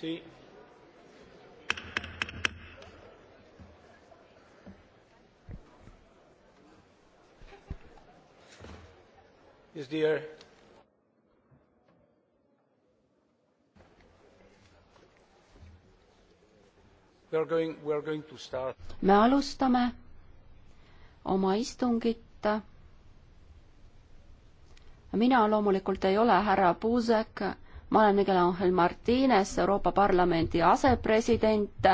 Sí. Is there We are going, we are going to start. me alustame oma istungit. mina loomulikult ei ole härra Puusek ma olen Miguel Angel Martines, Euroopa Parlamendi asepresident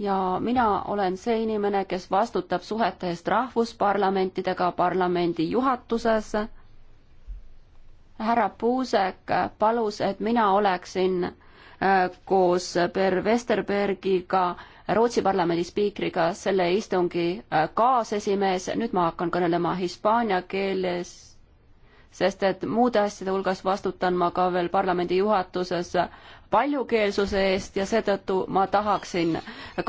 ja mina olen see inimene, kes vastutab suhete eest rahvusparlamentidega parlamendi juhatuses. härra Puusek palus, et mina oleksin äh, koos Per Westerbergiga, Rootsi parlamendi spiikriga, selle istungi äh, kaasesimees, nüüd ma hakkan kõnelema hispaania keeles sest et muude asjade hulgas vastutan ma ka veel parlamendi juhatuses paljukeelsuse eest ja seetõttu ma tahaksin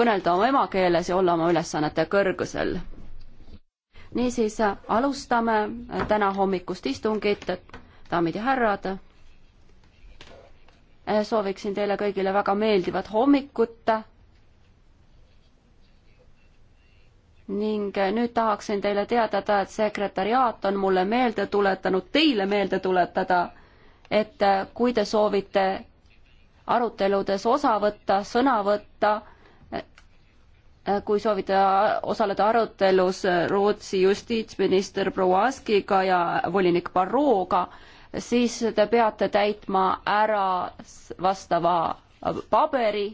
kõnelda oma emakeeles ja olla oma ülesannete kõrgusel. niisiis, alustame täna hommikust istungit, daamid ja härrad. sooviksin teile kõigile väga meeldivat hommikut ning eh, nüüd tahaksin teile teatada, et sekretariaat on mulle meelde tuletanud, teile meelde tuletada, et eh, kui te soovite aruteludes osa võtta, sõna võtta, eh, kui soovite osaleda arutelus Rootsi justiitsminister Proaskiga ja volinik Barroga, siis te peate täitma ära vastava paberi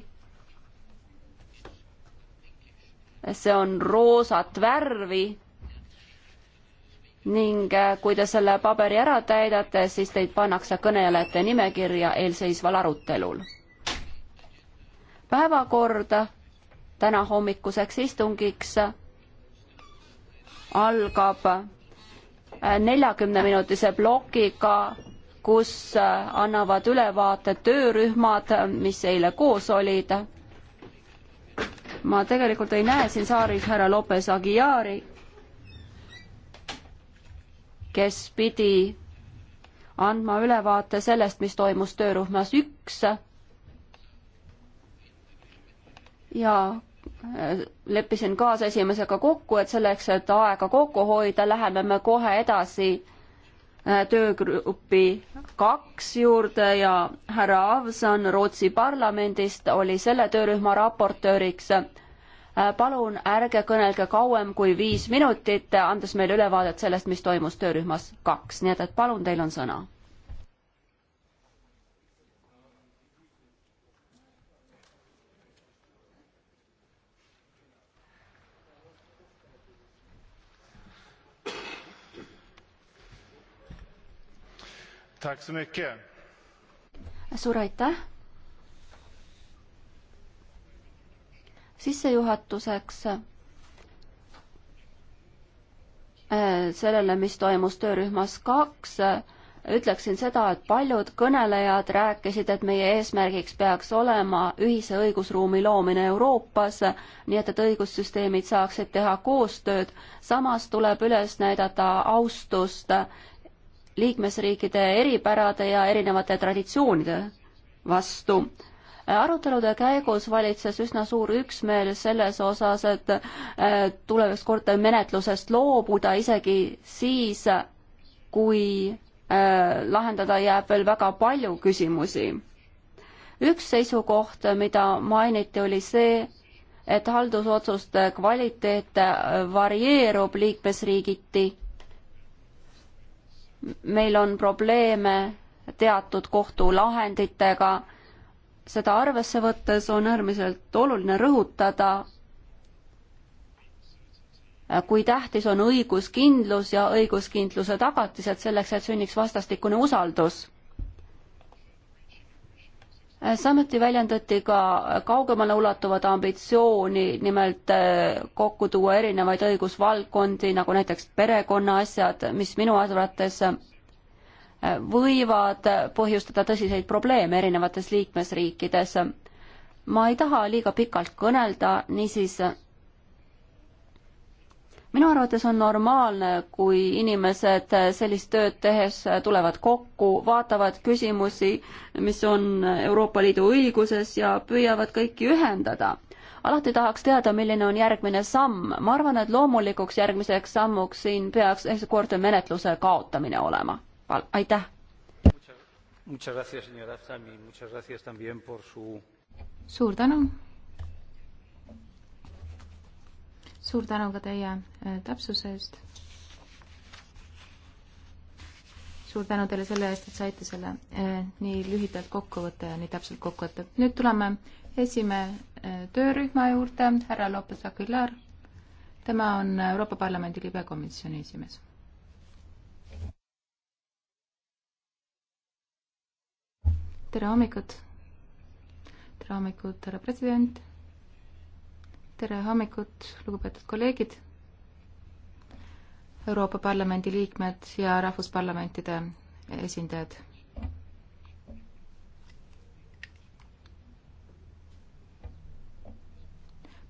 see on roosat värvi. ning äh, kui te selle paberi ära täidate, siis teid pannakse kõnelejate nimekirja eelseisval arutelul. päevakord täna hommikuseks istungiks algab äh, neljakümneminutise plokiga, kus äh, annavad ülevaate töörühmad, mis eile koos olid ma tegelikult ei näe siin saalis härra Lopez Aguiari, kes pidi andma ülevaate sellest, mis toimus töörühmas üks ja äh, leppisin kaasesimesega kokku, et selleks, et aega kokku hoida, läheme me kohe edasi Äh, töögruppi kaks juurde ja härra Avsan Rootsi parlamendist oli selle töörühma raportööriks. Äh, palun ärge kõnelge kauem kui viis minutit, andes meile ülevaadet sellest, mis toimus töörühmas kaks, nii et, et palun, teil on sõna suur aitäh. sissejuhatuseks äh, sellele, mis toimus töörühmas kaks, äh, ütleksin seda, et paljud kõnelejad rääkisid, et meie eesmärgiks peaks olema ühise õigusruumi loomine Euroopas, nii et, et õigussüsteemid saaksid teha koostööd. samas tuleb üles näidata austust liikmesriikide eripärade ja erinevate traditsioonide vastu arutelude käigus valitses üsna suur üksmeel selles osas, et tuleks kord menetlusest loobuda isegi siis, kui äh, lahendada jääb veel väga palju küsimusi. üks seisukoht, mida mainiti, oli see, et haldusotsuste kvaliteet varieerub liikmesriigiti meil on probleeme teatud kohtulahenditega, seda arvesse võttes on äärmiselt oluline rõhutada, kui tähtis on õiguskindlus ja õiguskindluse tagatised selleks, et sünniks vastastikune usaldus samuti väljendati ka kaugemale ulatuvat ambitsiooni, nimelt äh, kokku tuua erinevaid õigusvaldkondi, nagu näiteks perekonnaasjad, mis minu arvates äh, võivad põhjustada tõsiseid probleeme erinevates liikmesriikides. ma ei taha liiga pikalt kõnelda, niisiis minu arvates on normaalne, kui inimesed sellist tööd tehes tulevad kokku, vaatavad küsimusi, mis on Euroopa Liidu õiguses ja püüavad kõiki ühendada. alati tahaks teada, milline on järgmine samm. ma arvan, et loomulikuks järgmiseks sammuks siin peaks eskordi menetluse kaotamine olema. aitäh! suur tänu! suur tänu ka teie äh, täpsuse eest. suur tänu teile selle eest, et saite selle äh, nii lühidalt kokkuvõtte ja nii täpselt kokkuvõtte. nüüd tuleme esimene äh, töörühma juurde, härra Lopez Aguilar. tema on Euroopa Parlamendi libekomisjoni esimees. tere hommikut! tere hommikut, härra president tere hommikut, lugupeetud kolleegid, Euroopa Parlamendi liikmed ja rahvusparlamentide esindajad.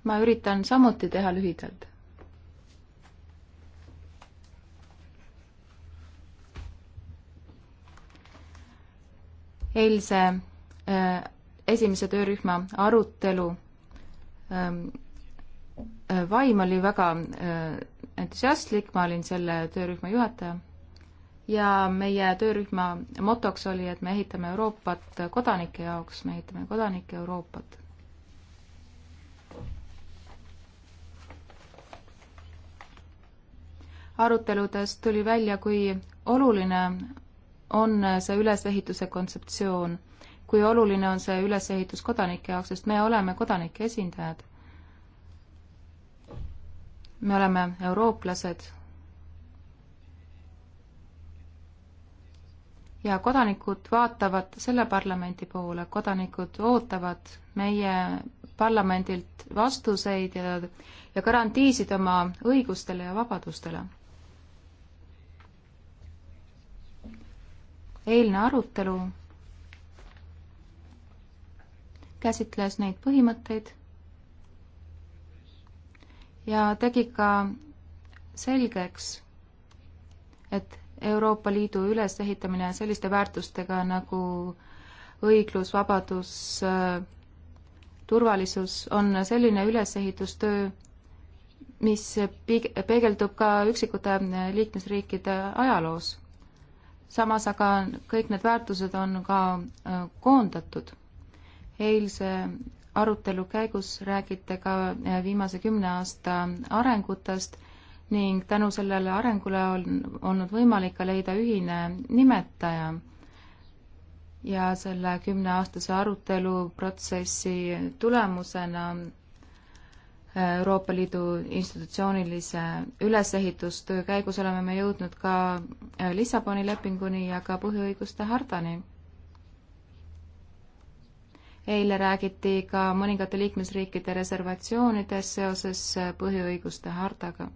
ma üritan samuti teha lühidalt. eilse äh, esimese töörühma arutelu ähm, Äh, vaim oli väga äh, entusiastlik, ma olin selle töörühma juhataja ja meie töörühma motoks oli, et me ehitame Euroopat kodanike jaoks, me ehitame kodanike Euroopat. aruteludest tuli välja, kui oluline on see ülesehituse kontseptsioon, kui oluline on see ülesehitus kodanike jaoks, sest me oleme kodanike esindajad me oleme eurooplased ja kodanikud vaatavad selle parlamendi poole, kodanikud ootavad meie parlamendilt vastuseid ja, ja garantiisid oma õigustele ja vabadustele. eilne arutelu käsitles neid põhimõtteid ja tegi ka selgeks, et Euroopa Liidu ülesehitamine selliste väärtustega nagu õiglus, vabadus, turvalisus on selline ülesehitustöö, mis pig-, peegeldub ka üksikute liikmesriikide ajaloos. samas aga kõik need väärtused on ka äh, koondatud. eilse arutelu käigus räägite ka äh, viimase kümne aasta arengutest ning tänu sellele arengule on olnud võimalik ka leida ühine nimetaja ja selle kümneaastase aruteluprotsessi tulemusena äh, Euroopa Liidu institutsioonilise ülesehitustöö käigus oleme me jõudnud ka äh, Lissaboni lepinguni ja ka põhiõiguste hardani eile räägiti ka mõningate liikmesriikide reservatsioonides seoses põhiõiguste hardaga.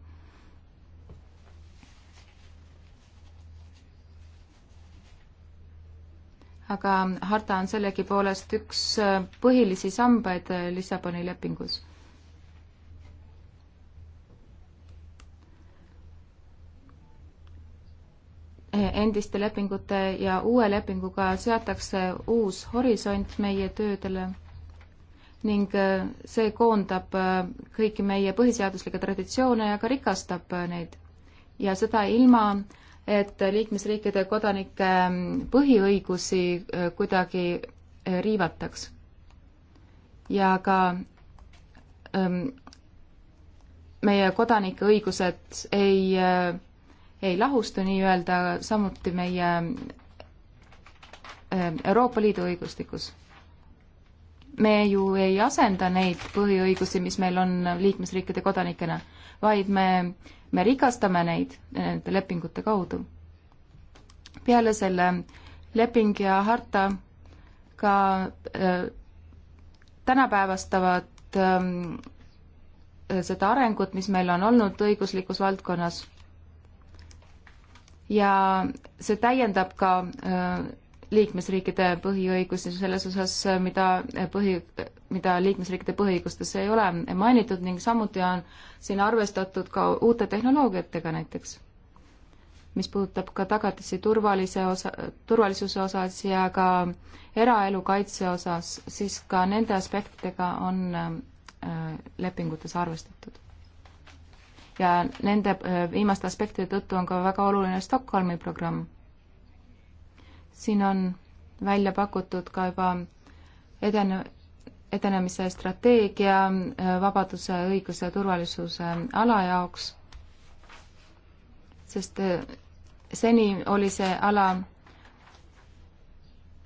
aga harta on sellegipoolest üks põhilisi sambaid Lissaboni lepingus endiste lepingute ja uue lepinguga seatakse uus horisont meie töödele ning äh, see koondab äh, kõiki meie põhiseaduslikke traditsioone ja ka rikastab äh, neid. ja seda ilma, et liikmesriikide kodanike ähm, põhiõigusi kuidagi riivataks. ja ka ähm, meie kodanike õigused ei äh, ei lahustu nii-öelda samuti meie äh, Euroopa Liidu õigustikus. me ju ei asenda neid põhiõigusi, mis meil on liikmesriikide kodanikena, vaid me, me rikastame neid äh, nende lepingute kaudu. peale selle leping ja harta ka äh, tänapäevastavad ähm, äh, seda arengut, mis meil on olnud õiguslikus valdkonnas ja see täiendab ka äh, liikmesriikide põhiõigusi selles osas, äh, mida äh, põhi, mida liikmesriikide põhiõigustes ei ole mainitud ning samuti on siin arvestatud ka uute tehnoloogiatega näiteks, mis puudutab ka tagatisi turvalise osa, turvalisuse osas ja ka eraelu kaitse osas, siis ka nende aspektidega on lepingutes arvestatud ja nende äh, viimaste aspektide tõttu on ka väga oluline Stockholmi programm. siin on välja pakutud ka juba edene-, edenemise strateegia äh, vabaduse, õiguse ja turvalisuse ala jaoks, sest äh, seni oli see ala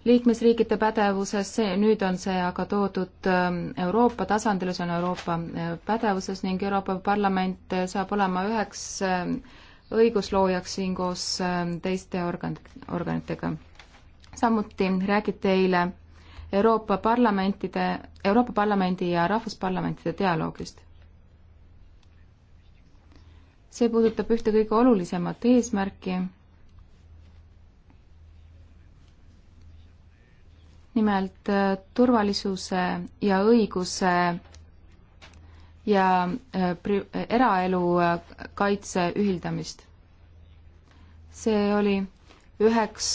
liikmesriikide pädevuses, see, nüüd on see aga toodud ähm, Euroopa tasandile, see on Euroopa äh, pädevuses ning Euroopa Parlament äh, saab olema üheks ähm, õigusloojaks siin koos ähm, teiste organ-, organitega. samuti räägiti eile Euroopa parlamentide, Euroopa Parlamendi ja rahvusparlamentide dialoogist see puudutab ühte kõige olulisemat eesmärki, nimelt äh, turvalisuse ja õiguse ja äh, eraelu äh, kaitse ühildamist. see oli üheks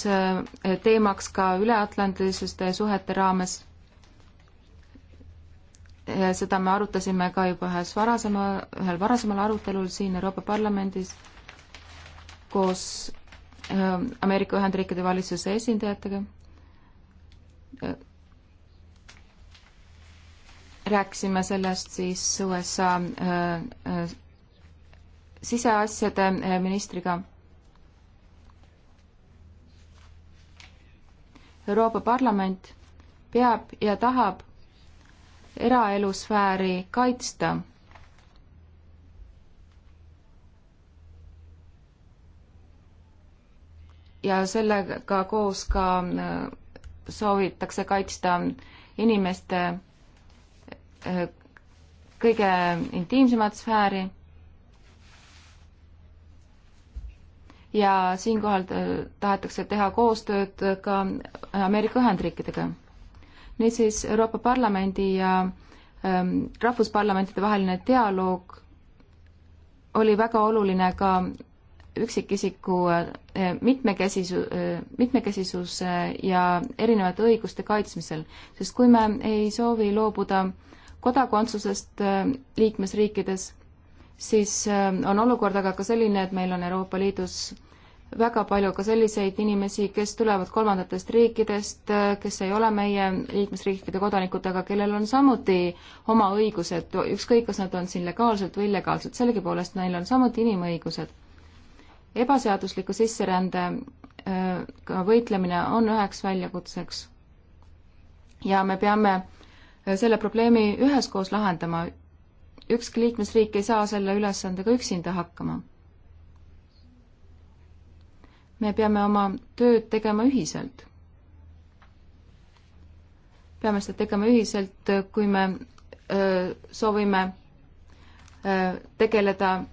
teemaks ka üleatlantilisuste suhete raames. seda me arutasime ka juba ühes varasema, ühel varasemal arutelul siin Euroopa Parlamendis koos Ameerika Ühendriikide valitsuse esindajatega rääkisime sellest siis USA äh, äh, siseasjade äh, ministriga. Euroopa Parlament peab ja tahab eraelusfääri kaitsta. ja sellega koos ka soovitakse kaitsta inimeste eh, kõige intiimsemat sfääri. ja siinkohal eh, tahetakse teha koostööd ka Ameerika Ühendriikidega. niisiis Euroopa Parlamendi ja ehm, rahvusparlamentide vaheline dialoog oli väga oluline ka üksikisiku eh, mitmekesisu, eh, mitmekesisuse ja erinevate õiguste kaitsmisel, sest kui me ei soovi loobuda kodakondsusest eh, liikmesriikides, siis on olukord aga ka selline, et meil on Euroopa Liidus väga palju ka selliseid inimesi, kes tulevad kolmandatest riikidest, kes ei ole meie liikmesriikide kodanikud, aga kellel on samuti oma õigused, ükskõik, kas nad on siin legaalselt või illegaalselt, sellegipoolest neil on samuti inimõigused ebaseadusliku sisserändega äh, võitlemine on üheks väljakutseks. ja me peame äh, selle probleemi üheskoos lahendama. ükski liikmesriik ei saa selle ülesandega üksinda hakkama. me peame oma tööd tegema ühiselt. peame seda tegema ühiselt, äh, kui me öö, soovime öö, tegeleda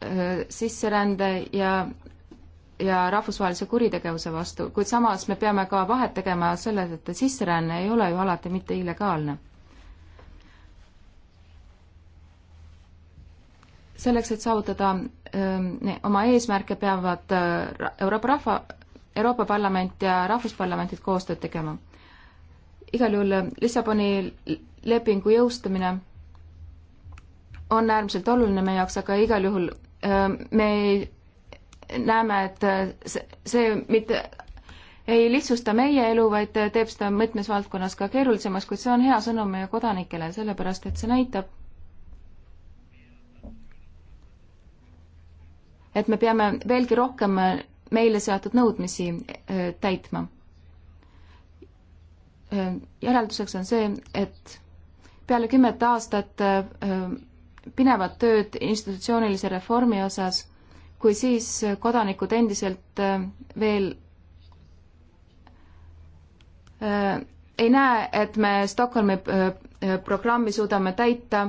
Äh, sisserände ja ja rahvusvahelise kuritegevuse vastu, kuid samas me peame ka vahet tegema selles, et sisseränne ei ole ju alati mitte illegaalne. selleks, et saavutada öö, äh, oma eesmärke, peavad öö, äh, Euroopa rahva, Euroopa Parlament ja rahvusparlamentid koostööd tegema. igal juhul Lissaboni lepingu jõustamine on äärmiselt oluline meie jaoks, aga igal juhul Äh, me näeme, et äh, see mitte ei lihtsusta meie elu, vaid äh, teeb seda mitmes valdkonnas ka keerulisemaks, kuid see on hea sõnum meie kodanikele, sellepärast et see näitab, et me peame veelgi rohkem meile seatud nõudmisi täitma. järelduseks on see, et peale kümmet aastat pinevat tööd institutsioonilise reformi osas, kui siis kodanikud endiselt äh, veel äh, ei näe, et me Stockholmi äh, programmi suudame täita,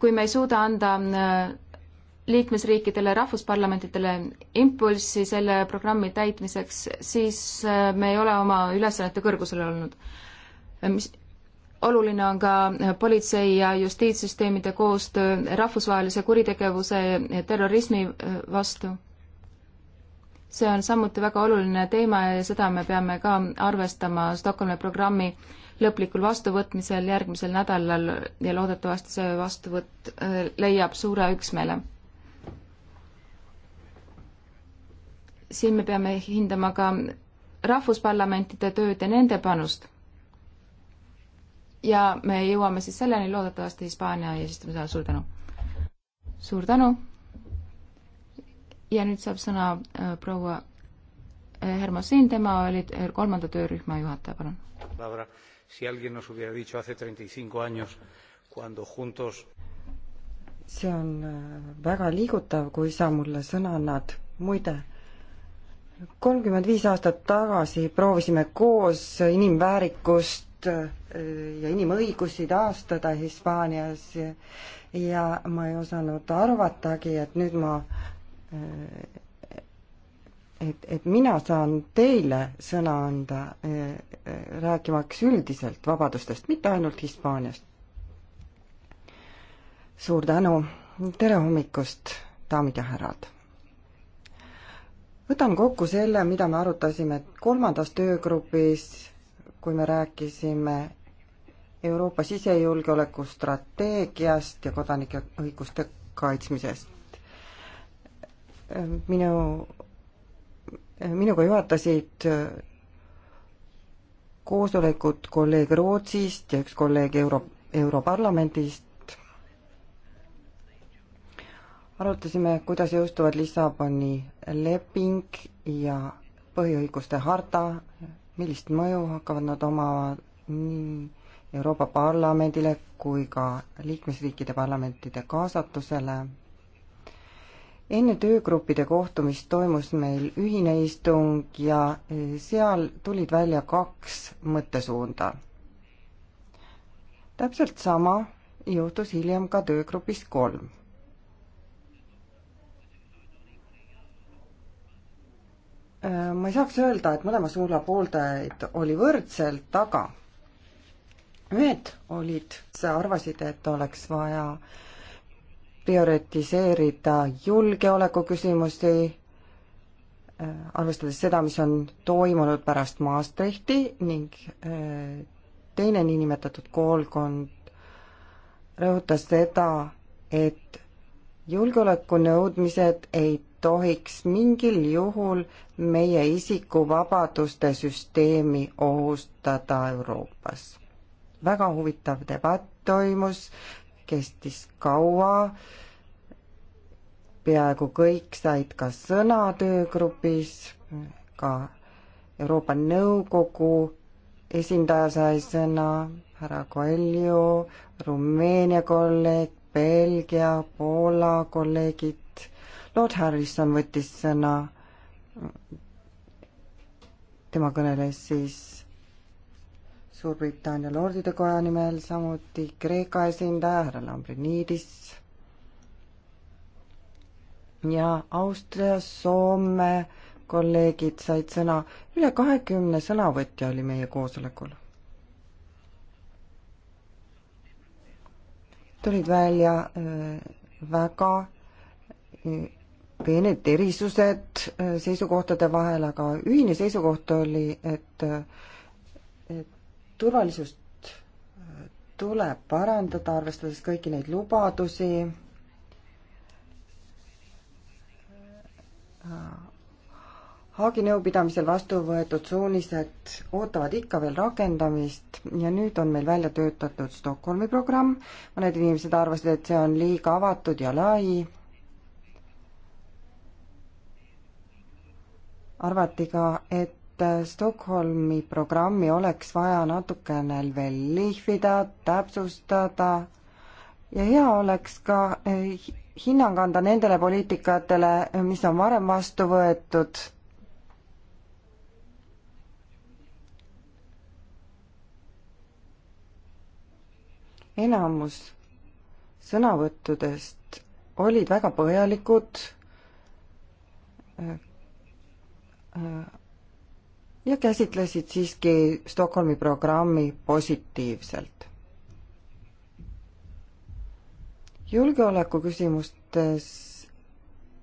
kui me ei suuda anda liikmesriikidele, rahvusparlamentidele impulssi selle programmi täitmiseks, siis me ei ole oma ülesannete kõrgusel olnud. mis oluline on ka politsei ja justiitssüsteemide koostöö rahvusvahelise kuritegevuse ja terrorismi äh, vastu. see on samuti väga oluline teema ja seda me peame ka arvestama Stockholmi programmi lõplikul vastuvõtmisel järgmisel nädalal ja loodetavasti see vastuvõtt äh, leiab suure üksmeele. siin me peame hindama ka rahvusparlamentide tööd ja nende panust ja me jõuame siis selleni loodetavasti Hispaania eesistumise ajal, suur tänu! suur tänu! ja nüüd saab sõna äh, proua äh, Hermosin, tema oli äh, kolmanda töörühma juhataja, palun. see on äh, väga liigutav, kui sa mulle sõna annad. muide, kolmkümmend viis aastat tagasi proovisime koos inimväärikust Äh, ja inimõigusi taastada Hispaanias ja ma ei osanud arvatagi, et nüüd ma, äh, et, et mina saan teile sõna anda, äh, rääkimaks üldiselt vabadustest, mitte ainult Hispaaniast. suur tänu, tere hommikust, daamid ja härrad võtan kokku selle, mida me arutasime kolmandas töögrupis kui me rääkisime Euroopa sisejulgeoleku strateegiast ja kodanike õiguste kaitsmisest. minu, minuga juhatasid koosolekut kolleeg Rootsist ja üks kolleeg Euro, Europarlamendist. arutasime, kuidas jõustuvad Lissaboni leping ja põhiõiguste harta millist mõju hakkavad nad omama nii Euroopa Parlamendile kui ka liikmesriikide parlamentide kaasatusele. enne töögruppide kohtumist toimus meil ühine istung ja e, seal tulid välja kaks mõttesuunda. täpselt sama juhtus hiljem ka töögrupis kolm Äh, ma ei saaks öelda, et mõlema suuna pooldajaid oli võrdselt, aga ühed olid, arvasid, et oleks vaja prioritiseerida julgeoleku küsimusi, äh, arvestades seda, mis on toimunud pärast Maastrichti ning äh, teine niinimetatud koolkond rõhutas seda, et julgeolekunõudmised ei tohiks mingil juhul meie isikuvabaduste süsteemi ohustada Euroopas. väga huvitav debatt toimus, kestis kaua, peaaegu kõik said ka sõna töögrupis, ka Euroopa Nõukogu esindaja sai sõna, härra Coelho, Rumeenia kolleeg, Belgia, Poola kolleegid, Lord Harrison võttis sõna, tema kõneles siis Suurbritannia Lordide Koja nimel, samuti Kreeka esindaja härra Lambrinidis ja Austria, Soome kolleegid said sõna, üle kahekümne sõnavõtja oli meie koosolekul tulid välja äh, väga äh, peened erisused äh, seisukohtade vahel, aga ühine seisukoht oli, et, et turvalisust tuleb parandada, arvestades kõiki neid lubadusi Haagi nõupidamisel vastu võetud suunised ootavad ikka veel rakendamist ja nüüd on meil välja töötatud Stockholmi programm. mõned inimesed arvasid, et see on liiga avatud ja lai. arvati ka, et Stockholmi programmi oleks vaja natukene veel lihvida, täpsustada ja hea oleks ka eh, hinnang anda nendele poliitikatele, mis on varem vastu võetud enamus sõnavõttudest olid väga põhjalikud äh, äh, ja käsitlesid siiski Stockholmi programmi positiivselt. julgeolekuküsimustes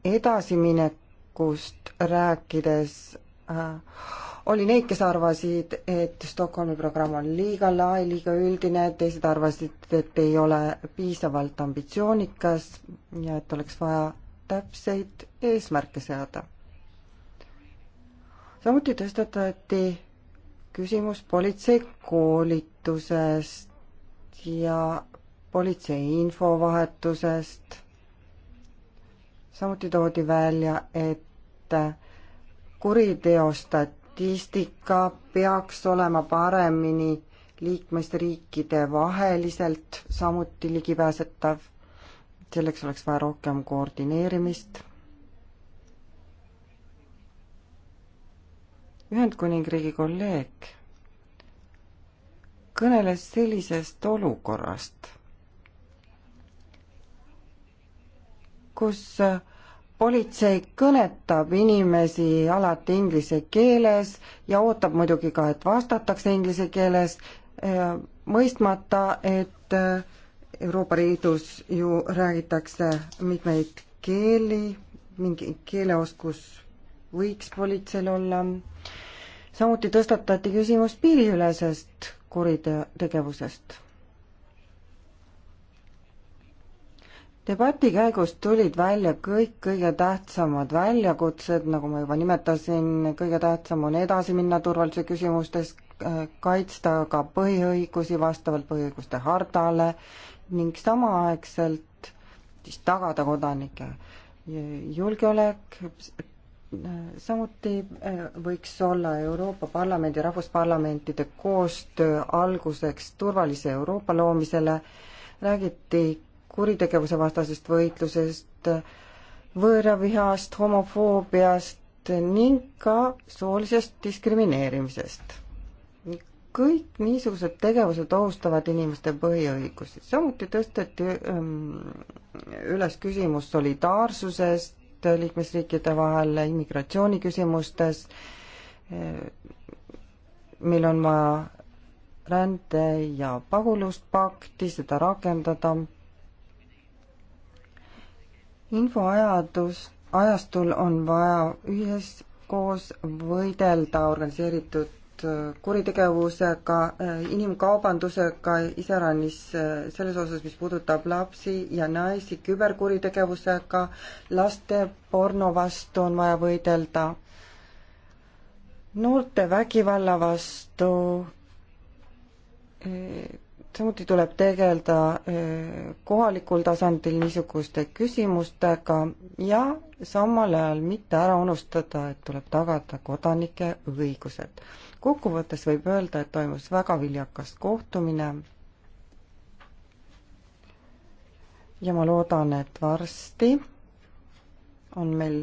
edasiminekust rääkides äh, oli neid, kes arvasid, et Stockholmi programm on liiga lai, liiga üldine, teised arvasid, et ei ole piisavalt ambitsioonikas ja et oleks vaja täpseid eesmärke seada. samuti tõstatati küsimus politsei koolitusest ja politsei infovahetusest. samuti toodi välja, et kuriteostat-, statistika peaks olema paremini liikmesriikide vaheliselt samuti ligipääsetav, selleks oleks vaja rohkem koordineerimist. Ühendkuningriigi kolleeg kõneles sellisest olukorrast, kus politsei kõnetab inimesi alati inglise keeles ja ootab muidugi ka, et vastatakse inglise keeles, eh, mõistmata, et eh, Euroopa Liidus ju räägitakse mitmeid keeli, mingi keeleoskus võiks politseil olla. samuti tõstatati küsimus piiriülesest kuritegevusest debati käigus tulid välja kõik kõige tähtsamad väljakutsed, nagu ma juba nimetasin, kõige tähtsam on edasi minna turvalisuse küsimustes, äh, kaitsta ka põhiõigusi vastavalt põhiõiguste hardale ning samaaegselt siis tagada kodanike äh, julgeolek, samuti äh, võiks olla Euroopa Parlamendi, rahvusparlamentide koostöö alguseks turvalise Euroopa loomisele, räägiti kuritegevuse vastasest võitlusest, võõravihast, homofoobiast ning ka soolisest diskrimineerimisest. kõik niisugused tegevused ohustavad inimeste põhiõigusi. samuti tõsteti ähm, üles küsimus solidaarsusest liikmesriikide vahel immigratsiooniküsimustes. Äh, meil on vaja rände- ja paguluspakti, seda rakendada infoajadus, ajastul on vaja üheskoos võidelda organiseeritud äh, kuritegevusega, äh, inimkaubandusega, iseäranis äh, selles osas, mis puudutab lapsi ja naisi, küberkuritegevusega, laste porno vastu on vaja võidelda, noorte vägivalla vastu, samuti tuleb tegeleda äh, kohalikul tasandil niisuguste küsimustega ja samal ajal mitte ära unustada, et tuleb tagada kodanike õigused. kokkuvõttes võib öelda, et toimus väga viljakas kohtumine. ja ma loodan, et varsti on meil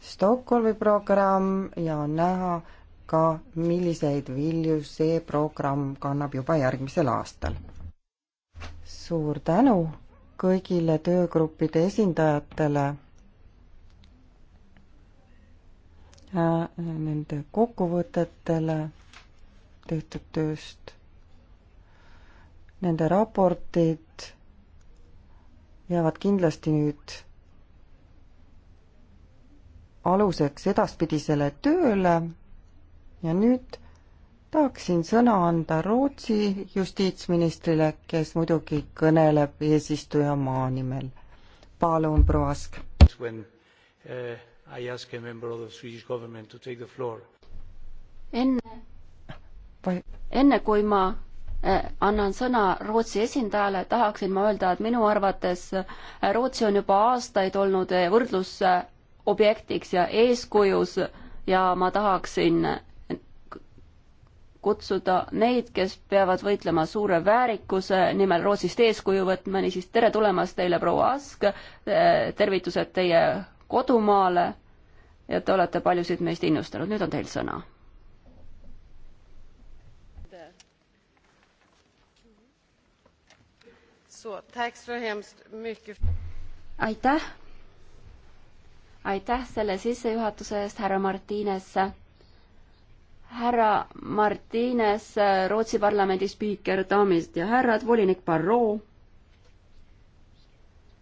Stockholmi programm ja on näha, ka, milliseid vilju see programm kannab juba järgmisel aastal. suur tänu kõigile töögruppide esindajatele ja äh, nende kokkuvõtetele tehtud tööst, nende raportid jäävad kindlasti nüüd aluseks edaspidisele tööle ja nüüd tahaksin sõna anda Rootsi justiitsministrile, kes muidugi kõneleb eesistuja maa nimel. palun, proua Ask. Uh, enne, enne kui ma eh, annan sõna Rootsi esindajale, tahaksin ma öelda, et minu arvates eh, Rootsi on juba aastaid olnud võrdlusobjektiks ja eeskujus ja ma tahaksin kutsuda neid, kes peavad võitlema suure väärikuse nimel Rootsist eeskuju võtma, niisiis tere tulemast teile, proua Ask, tervitused teie kodumaale ja te olete paljusid meist innustanud, nüüd on teil sõna. aitäh, aitäh selle sissejuhatuse eest, härra Martines härra Martines, Rootsi parlamendi spiiker, daamid ja härrad, volinik Barrot.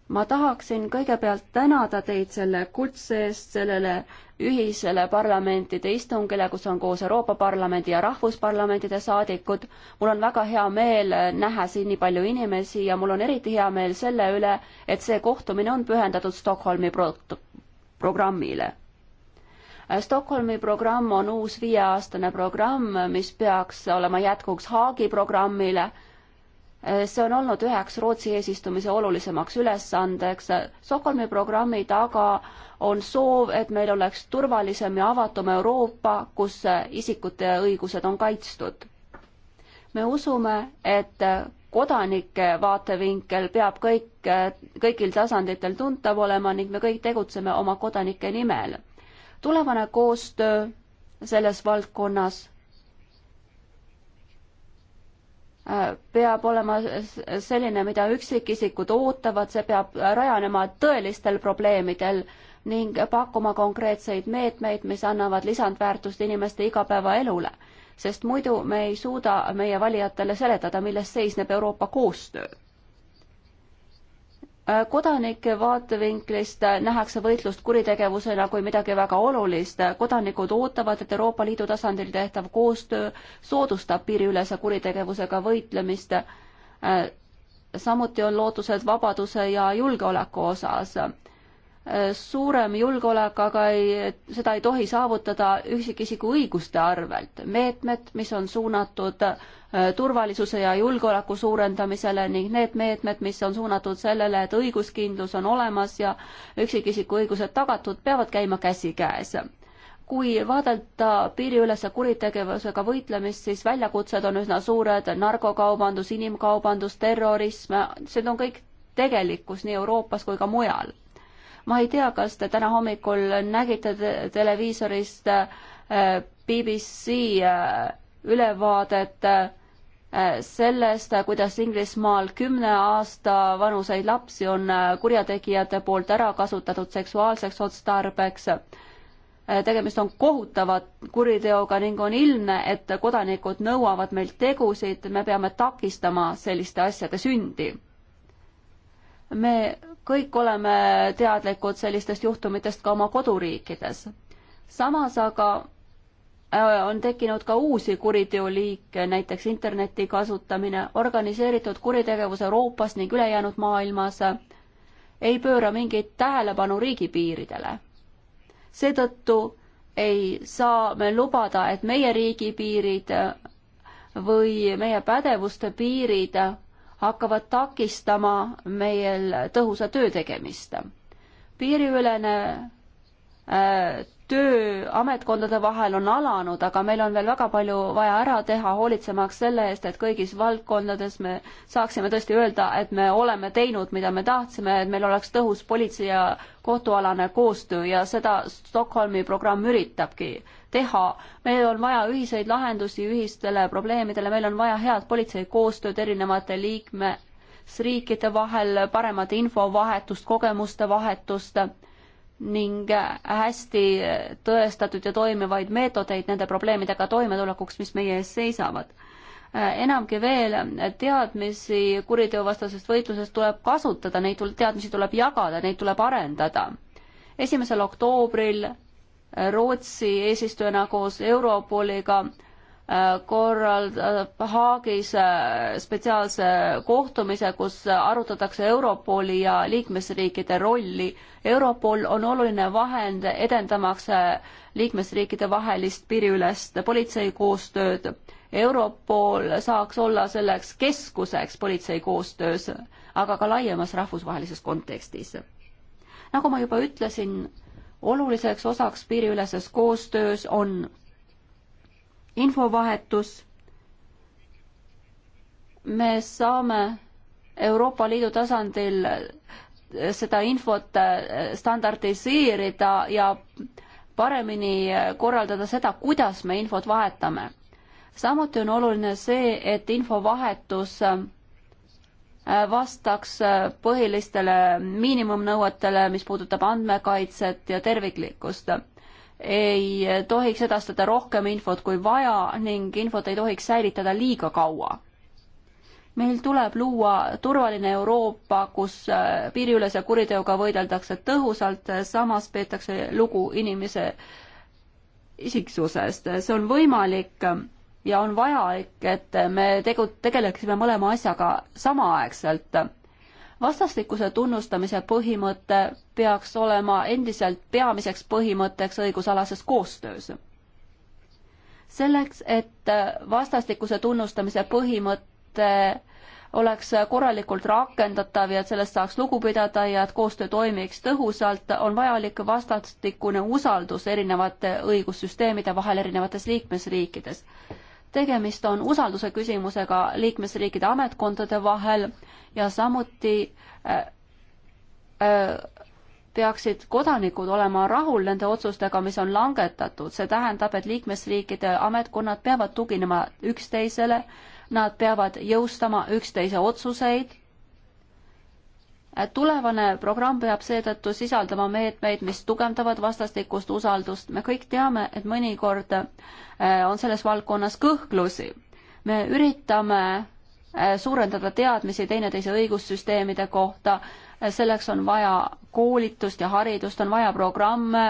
ma tahaksin kõigepealt tänada teid selle kutse eest sellele ühisele parlamentide istungile, kus on koos Euroopa Parlamendi ja Rahvusparlamentide saadikud. mul on väga hea meel näha siin nii palju inimesi ja mul on eriti hea meel selle üle, et see kohtumine on pühendatud Stockholmi pro-, programmile Äh, Stockholmi programm on uus viieaastane programm, mis peaks olema jätkuks Haagi programmile äh, see on olnud üheks Rootsi eesistumise olulisemaks ülesandeks. Äh, Stockholmi programmi taga on soov, et meil oleks turvalisem ja avatum Euroopa, kus isikute õigused on kaitstud. me usume, et kodanike vaatevinkel peab kõik, kõigil tasanditel tuntav olema ning me kõik tegutseme oma kodanike nimel tulevane koostöö selles valdkonnas äh, peab olema selline, mida üksikisikud ootavad, see peab rajanema tõelistel probleemidel ning pakkuma konkreetseid meetmeid, mis annavad lisandväärtust inimeste igapäevaelule. sest muidu me ei suuda meie valijatele seletada, milles seisneb Euroopa koostöö kodanike vaatevinklist nähakse võitlust kuritegevusena kui midagi väga olulist. kodanikud ootavad, et Euroopa Liidu tasandil tehtav koostöö soodustab piiriülese kuritegevusega võitlemist. samuti on lootused vabaduse ja julgeoleku osas suurem julgeolek, aga ei, seda ei tohi saavutada üksikisiku õiguste arvelt. meetmed, mis on suunatud äh, turvalisuse ja julgeoleku suurendamisele ning need meetmed, mis on suunatud sellele, et õiguskindlus on olemas ja üksikisiku õigused tagatud, peavad käima käsikäes kui vaadelda piiriülese kuritegevusega võitlemist, siis väljakutsed on üsna suured, narkokaubandus, inimkaubandus, terrorism, see on kõik tegelikkus nii Euroopas kui ka mujal ma ei tea, kas te täna hommikul nägite te televiisorist äh, BBC äh, ülevaadet äh, sellest, kuidas Inglismaal kümne aasta vanuseid lapsi on kurjategijate poolt ära kasutatud seksuaalseks otstarbeks tegemist on kohutava kuriteoga ning on ilmne, et kodanikud nõuavad meilt tegusid, me peame takistama selliste asjade sündi. me kõik oleme teadlikud sellistest juhtumitest ka oma koduriikides. samas aga äh, on tekkinud ka uusi kuriteoliike, näiteks interneti kasutamine, organiseeritud kuritegevus Euroopas ning ülejäänud maailmas ei pööra mingit tähelepanu riigipiiridele. seetõttu ei saa me lubada, et meie riigipiirid või meie pädevuste piirid hakkavad takistama meil tõhusa töö tegemist. piiriülene äh, töö ametkondade vahel on alanud, aga meil on veel väga palju vaja ära teha, hoolitsemaks selle eest, et kõigis valdkondades me saaksime tõesti öelda, et me oleme teinud, mida me tahtsime, et meil oleks tõhus politsei ja kohtualane koostöö ja seda Stockholmi programm üritabki teha. meil on vaja ühiseid lahendusi ühistele probleemidele, meil on vaja head politsei koostööd erinevate liikmesriikide vahel, paremat infovahetust, kogemuste vahetust ning hästi tõestatud ja toimivaid meetodeid nende probleemidega toimetulekuks, mis meie ees seisavad. enamgi veel, teadmisi kuriteovastasest võitlusest tuleb kasutada, neid teadmisi tuleb jagada, neid tuleb arendada. esimesel oktoobril Rootsi eesistujana koos Europoliga korraldab äh, Haagis äh, spetsiaalse kohtumise, kus arutatakse Europoli ja liikmesriikide rolli. Europol on oluline vahend edendamaks äh, liikmesriikide vahelist piiriülest politseikoostööd. Europol saaks olla selleks keskuseks politsei koostöös, aga ka laiemas rahvusvahelises kontekstis. nagu ma juba ütlesin, oluliseks osaks piiriüleses koostöös on infovahetus. me saame Euroopa Liidu tasandil seda infot äh, standardiseerida ja paremini korraldada seda, kuidas me infot vahetame. samuti on oluline see, et infovahetus äh, vastaks äh, põhilistele miinimumnõuetele, mis puudutab andmekaitset ja terviklikkust ei tohiks edastada rohkem infot kui vaja ning infot ei tohiks säilitada liiga kaua. meil tuleb luua turvaline Euroopa, kus äh, piiriülese kuriteoga võideldakse tõhusalt, äh, samas peetakse lugu inimese isiksusest, see on võimalik äh, ja on vajalik, et me tegu-, tegeleksime mõlema asjaga samaaegselt vastastikuse tunnustamise põhimõte peaks olema endiselt peamiseks põhimõtteks õigusalases koostöös. selleks, et vastastikuse tunnustamise põhimõte oleks korralikult rakendatav ja et sellest saaks lugu pidada ja et koostöö toimiks tõhusalt, on vajalik vastastikune usaldus erinevate õigussüsteemide vahel erinevates liikmesriikides. tegemist on usalduse küsimusega liikmesriikide ametkondade vahel ja samuti äh, äh, peaksid kodanikud olema rahul nende otsustega, mis on langetatud, see tähendab, et liikmesriikide ametkonnad peavad tuginema üksteisele, nad peavad jõustama üksteise otsuseid. tulevane programm peab seetõttu sisaldama meetmeid, mis tugevdavad vastastikust usaldust, me kõik teame, et mõnikord äh, on selles valdkonnas kõhklusi. me üritame Äh, suurendada teadmisi teineteise õigussüsteemide kohta, äh, selleks on vaja koolitust ja haridust, on vaja programme,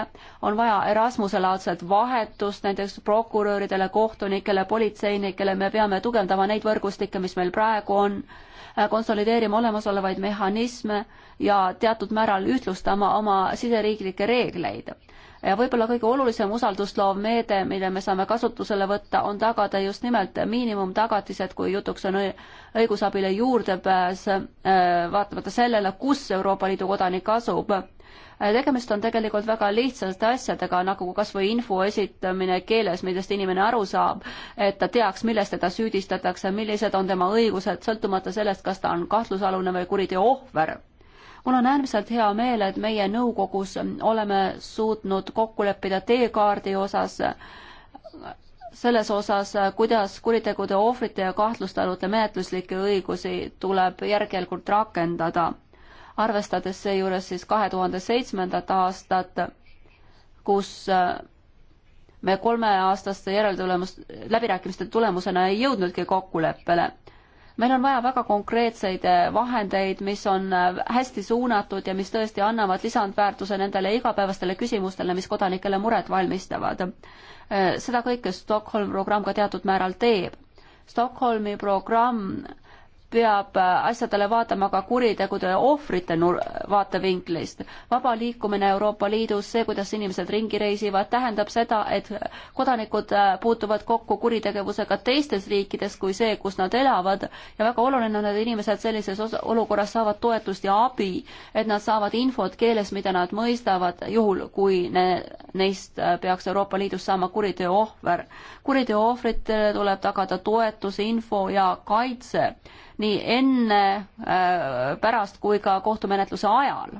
on vaja Erasmuse-laadset vahetust näiteks prokuröridele, kohtunikele, politseinikele, me peame tugevdama neid võrgustikke, mis meil praegu on Äh, konsolideerima olemasolevaid mehhanisme ja teatud määral ühtlustama oma siseriiklikke reegleid. ja võib-olla kõige olulisem usaldusloob meede, mille me saame kasutusele võtta, on tagada just nimelt miinimumtagatised, kui jutuks on õigusabile juurdepääs, äh, vaatamata sellele, kus Euroopa Liidu kodanik asub Äh, tegemist on tegelikult väga lihtsate asjadega, nagu kas või info esitamine keeles, millest inimene aru saab, et ta teaks, milles teda süüdistatakse, millised on tema õigused, sõltumata sellest, kas ta on kahtlusalune või kuriteo ohver mul on äärmiselt hea meel, et meie nõukogus oleme suutnud kokku leppida teekaardi osas, selles osas, kuidas kuritegude ohvrite ja kahtlustanute menetluslikke õigusi tuleb järk-järgult rakendada arvestades seejuures siis kahe tuhande seitsmendat aastat, kus äh, me kolmeaastaste järeltulemus, läbirääkimiste tulemusena ei jõudnudki kokkuleppele. meil on vaja väga konkreetseid äh, vahendeid, mis on äh, hästi suunatud ja mis tõesti annavad lisandväärtuse nendele igapäevastele küsimustele, mis kodanikele muret valmistavad. seda kõike Stockholm programm ka teatud määral teeb. Stockholmi programm peab asjadele vaatama ka kuritegude ohvrite vaatevinklist. vaba liikumine Euroopa Liidus, see, kuidas inimesed ringi reisivad, tähendab seda, et kodanikud äh, puutuvad kokku kuritegevusega teistes riikides kui see, kus nad elavad ja väga oluline on, et inimesed sellises olukorras saavad toetust ja abi, et nad saavad infot keeles, mida nad mõistavad, juhul kui ne, neist äh, peaks Euroopa Liidus saama kuriteo ohver. kuriteo ohvritele tuleb tagada toetus, info ja kaitse nii enne, äh, pärast kui ka kohtumenetluse ajal.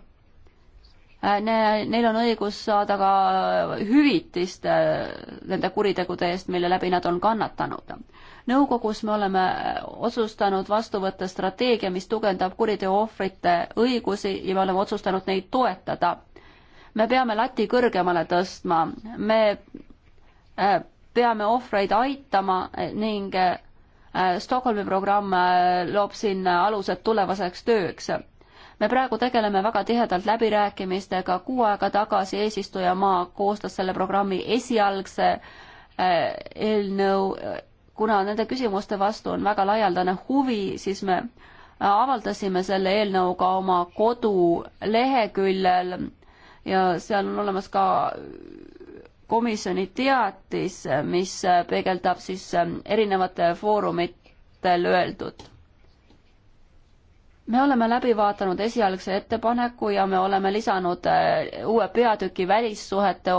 Äh, neil on õigus saada ka hüvitist äh, nende kuritegude eest, mille läbi nad on kannatanud. nõukogus me oleme otsustanud vastu võtta strateegia, mis tugevdab kuriteo ohvrite õigusi ja me oleme otsustanud neid toetada me peame lati kõrgemale tõstma, me peame ohvreid aitama ning Äh, Stockholmi programm äh, loob siin äh, alused tulevaseks tööks. me praegu tegeleme väga tihedalt läbirääkimistega, kuu aega tagasi eesistujamaa koostas selle programmi esialgse eelnõu, kuna nende küsimuste vastu on väga laialdane huvi, siis me avaldasime selle eelnõuga oma koduleheküljel ja seal on olemas ka komisjoni teatis, mis peegeldab siis ähm, erinevate foorumitel öeldut. me oleme läbi vaadanud esialgse ettepaneku ja me oleme lisanud äh, uue peatüki välissuhete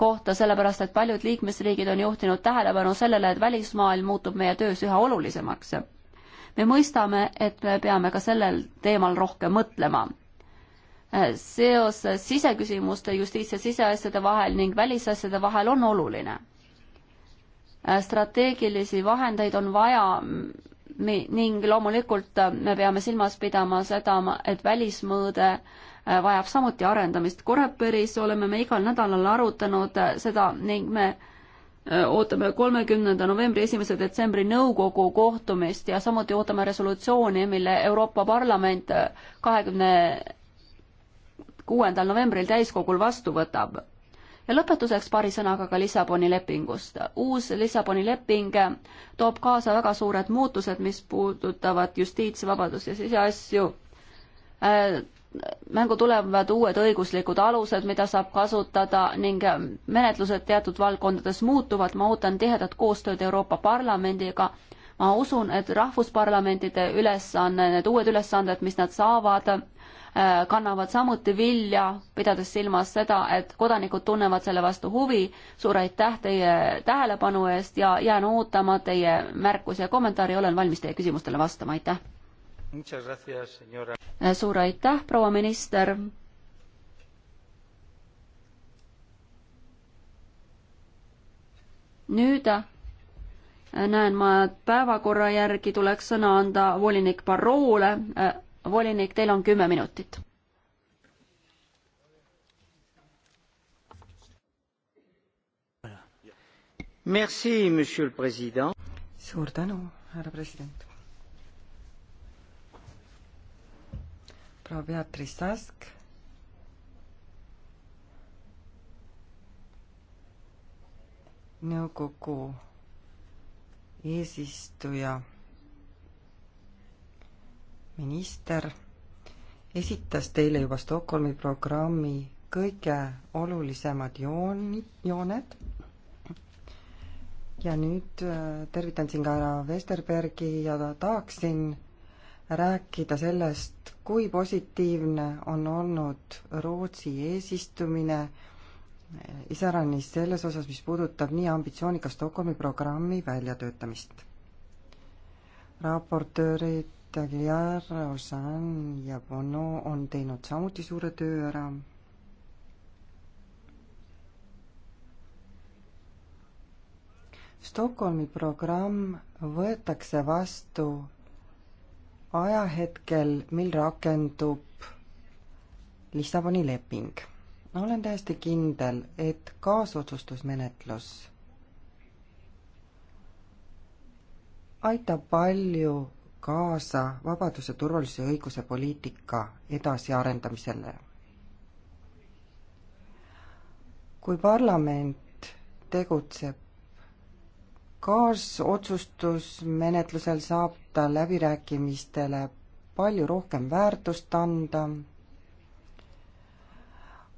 kohta, sellepärast et paljud liikmesriigid on juhtinud tähelepanu sellele, et välismaailm muutub meie töös üha olulisemaks. me mõistame, et me peame ka sellel teemal rohkem mõtlema seos siseküsimuste justiits- ja siseasjade vahel ning välisasjade vahel on oluline. strateegilisi vahendeid on vaja ning loomulikult me peame silmas pidama seda, et välismõõde äh, vajab samuti arendamist. Koreperis oleme me igal nädalal arutanud äh, seda ning me äh, ootame kolmekümnenda novembri, esimese detsembri nõukogu kohtumist ja samuti ootame resolutsiooni, mille Euroopa Parlament kahekümne 20 kuuendal novembril täiskogul vastu võtab. ja lõpetuseks paari sõnaga ka Lissaboni lepingust. uus Lissaboni leping toob kaasa väga suured muutused, mis puudutavad justiitsvabadust ja siseasju. Äh, mängu tulevad uued õiguslikud alused, mida saab kasutada ning menetlused teatud valdkondades muutuvad, ma ootan tihedat koostööd Euroopa Parlamendiga ma usun, et rahvusparlamentide ülesanne, need uued ülesanded, mis nad saavad, Äh, kannavad samuti vilja, pidades silmas seda, et kodanikud tunnevad selle vastu huvi. suur aitäh teie tähelepanu eest ja jään ootama teie märkusi ja kommentaare ja olen valmis teie küsimustele vastama, aitäh. Äh, suur aitäh, proua minister. nüüd äh, näen ma, et päevakorra järgi tuleks sõna anda volinik Barrole volinik, teil on kümme minutit. Merci, monsieur le president. suur tänu, härra president. proua Beatrice Task nõukogu eesistuja minister esitas teile juba Stockholmi programmi kõige olulisemad jooni, jooned. ja nüüd äh, tervitan siin ka härra Vesterbergi ja tahaksin rääkida sellest, kui positiivne on olnud Rootsi eesistumine iseäranis selles osas, mis puudutab nii ambitsioonika Stockholmi programmi väljatöötamist. raportöörid Tagliar, Osan ja Bono on teinud samuti suure töö ära. Stockholmi programm võetakse vastu ajahetkel, mil rakendub Lissaboni leping. olen täiesti kindel, et kaasotsustusmenetlus aitab palju kaasa vabaduse, turvalisuse ja õiguse poliitika edasiarendamisele. kui parlament tegutseb kaasotsustusmenetlusel, saab ta läbirääkimistele palju rohkem väärtust anda.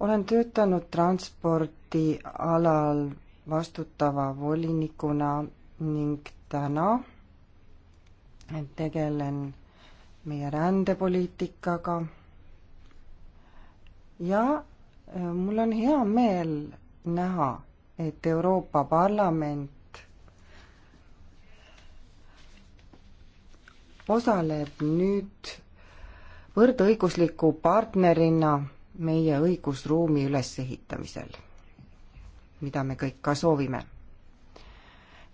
olen töötanud transpordialal vastutava volinikuna ning täna tegelen meie rändepoliitikaga. ja äh, mul on hea meel näha, et Euroopa Parlament osaleb nüüd võrdõigusliku partnerina meie õigusruumi ülesehitamisel, mida me kõik ka soovime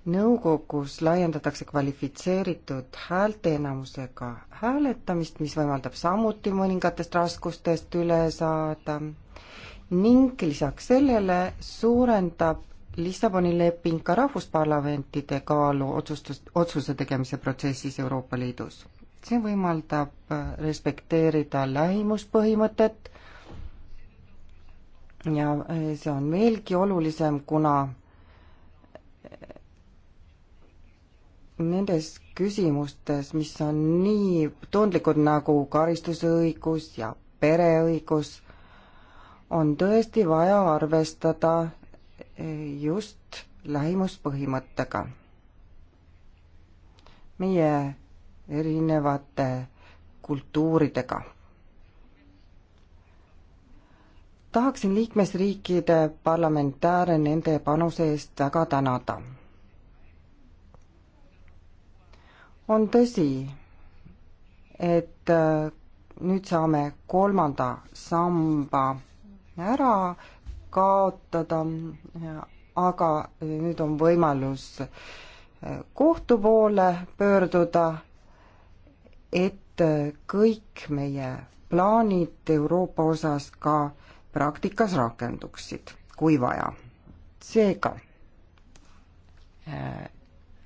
nõukogus laiendatakse kvalifitseeritud häälteenamusega hääletamist, mis võimaldab samuti mõningatest raskustest üle saada ning lisaks sellele suurendab Lissaboni leping ka rahvusparlamentide kaalu otsustus, otsuse tegemise protsessis Euroopa Liidus. see võimaldab äh, respekteerida lähimuspõhimõtet ja äh, see on veelgi olulisem, kuna nendes küsimustes, mis on nii tundlikud nagu karistusõigus ja pereõigus, on tõesti vaja arvestada eh, just lähimuspõhimõttega. meie erinevate kultuuridega. tahaksin liikmesriikide parlamentääre nende panuse eest väga tänada on tõsi, et äh, nüüd saame kolmanda samba ära kaotada, aga nüüd on võimalus äh, kohtu poole pöörduda, et äh, kõik meie plaanid Euroopa osas ka praktikas rakenduksid, kui vaja. seega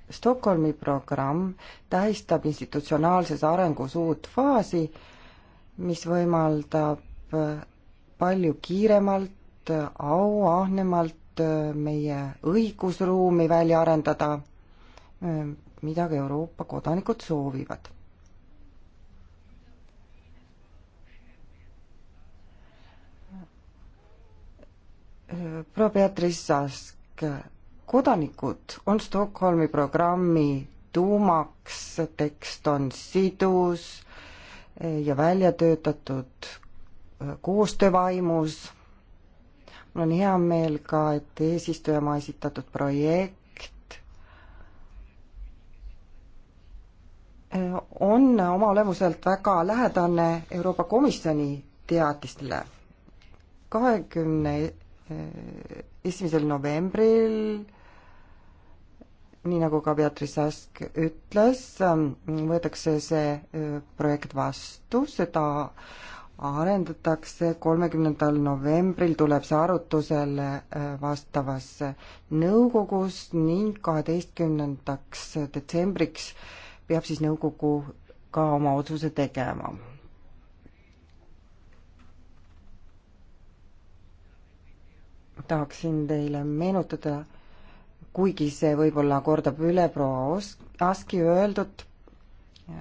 Stockholmi programm tähistab institutsionaalses arengus uut faasi, mis võimaldab palju kiiremalt, auahnemalt meie õigusruumi välja arendada, mida ka Euroopa kodanikud soovivad. proua Beatrice Sask kodanikud on Stockholmi programmi tuumaks, tekst on sidus ja välja töötatud äh, koostöövaimus. mul on hea meel ka, et eesistujamaa esitatud projekt äh, on oma olemuselt väga lähedane Euroopa Komisjoni teadistele. kahekümne äh, esimesel novembril nii nagu ka Beatrice Ask ütles, ähm, võetakse see äh, projekt vastu, seda arendatakse, kolmekümnendal novembril tuleb see arutusele äh, vastavas nõukogus ning kaheteistkümnendaks detsembriks peab siis nõukogu ka oma otsuse tegema tahaksin teile meenutada, kuigi see võib-olla kordab üle proua Aski öeldud, äh,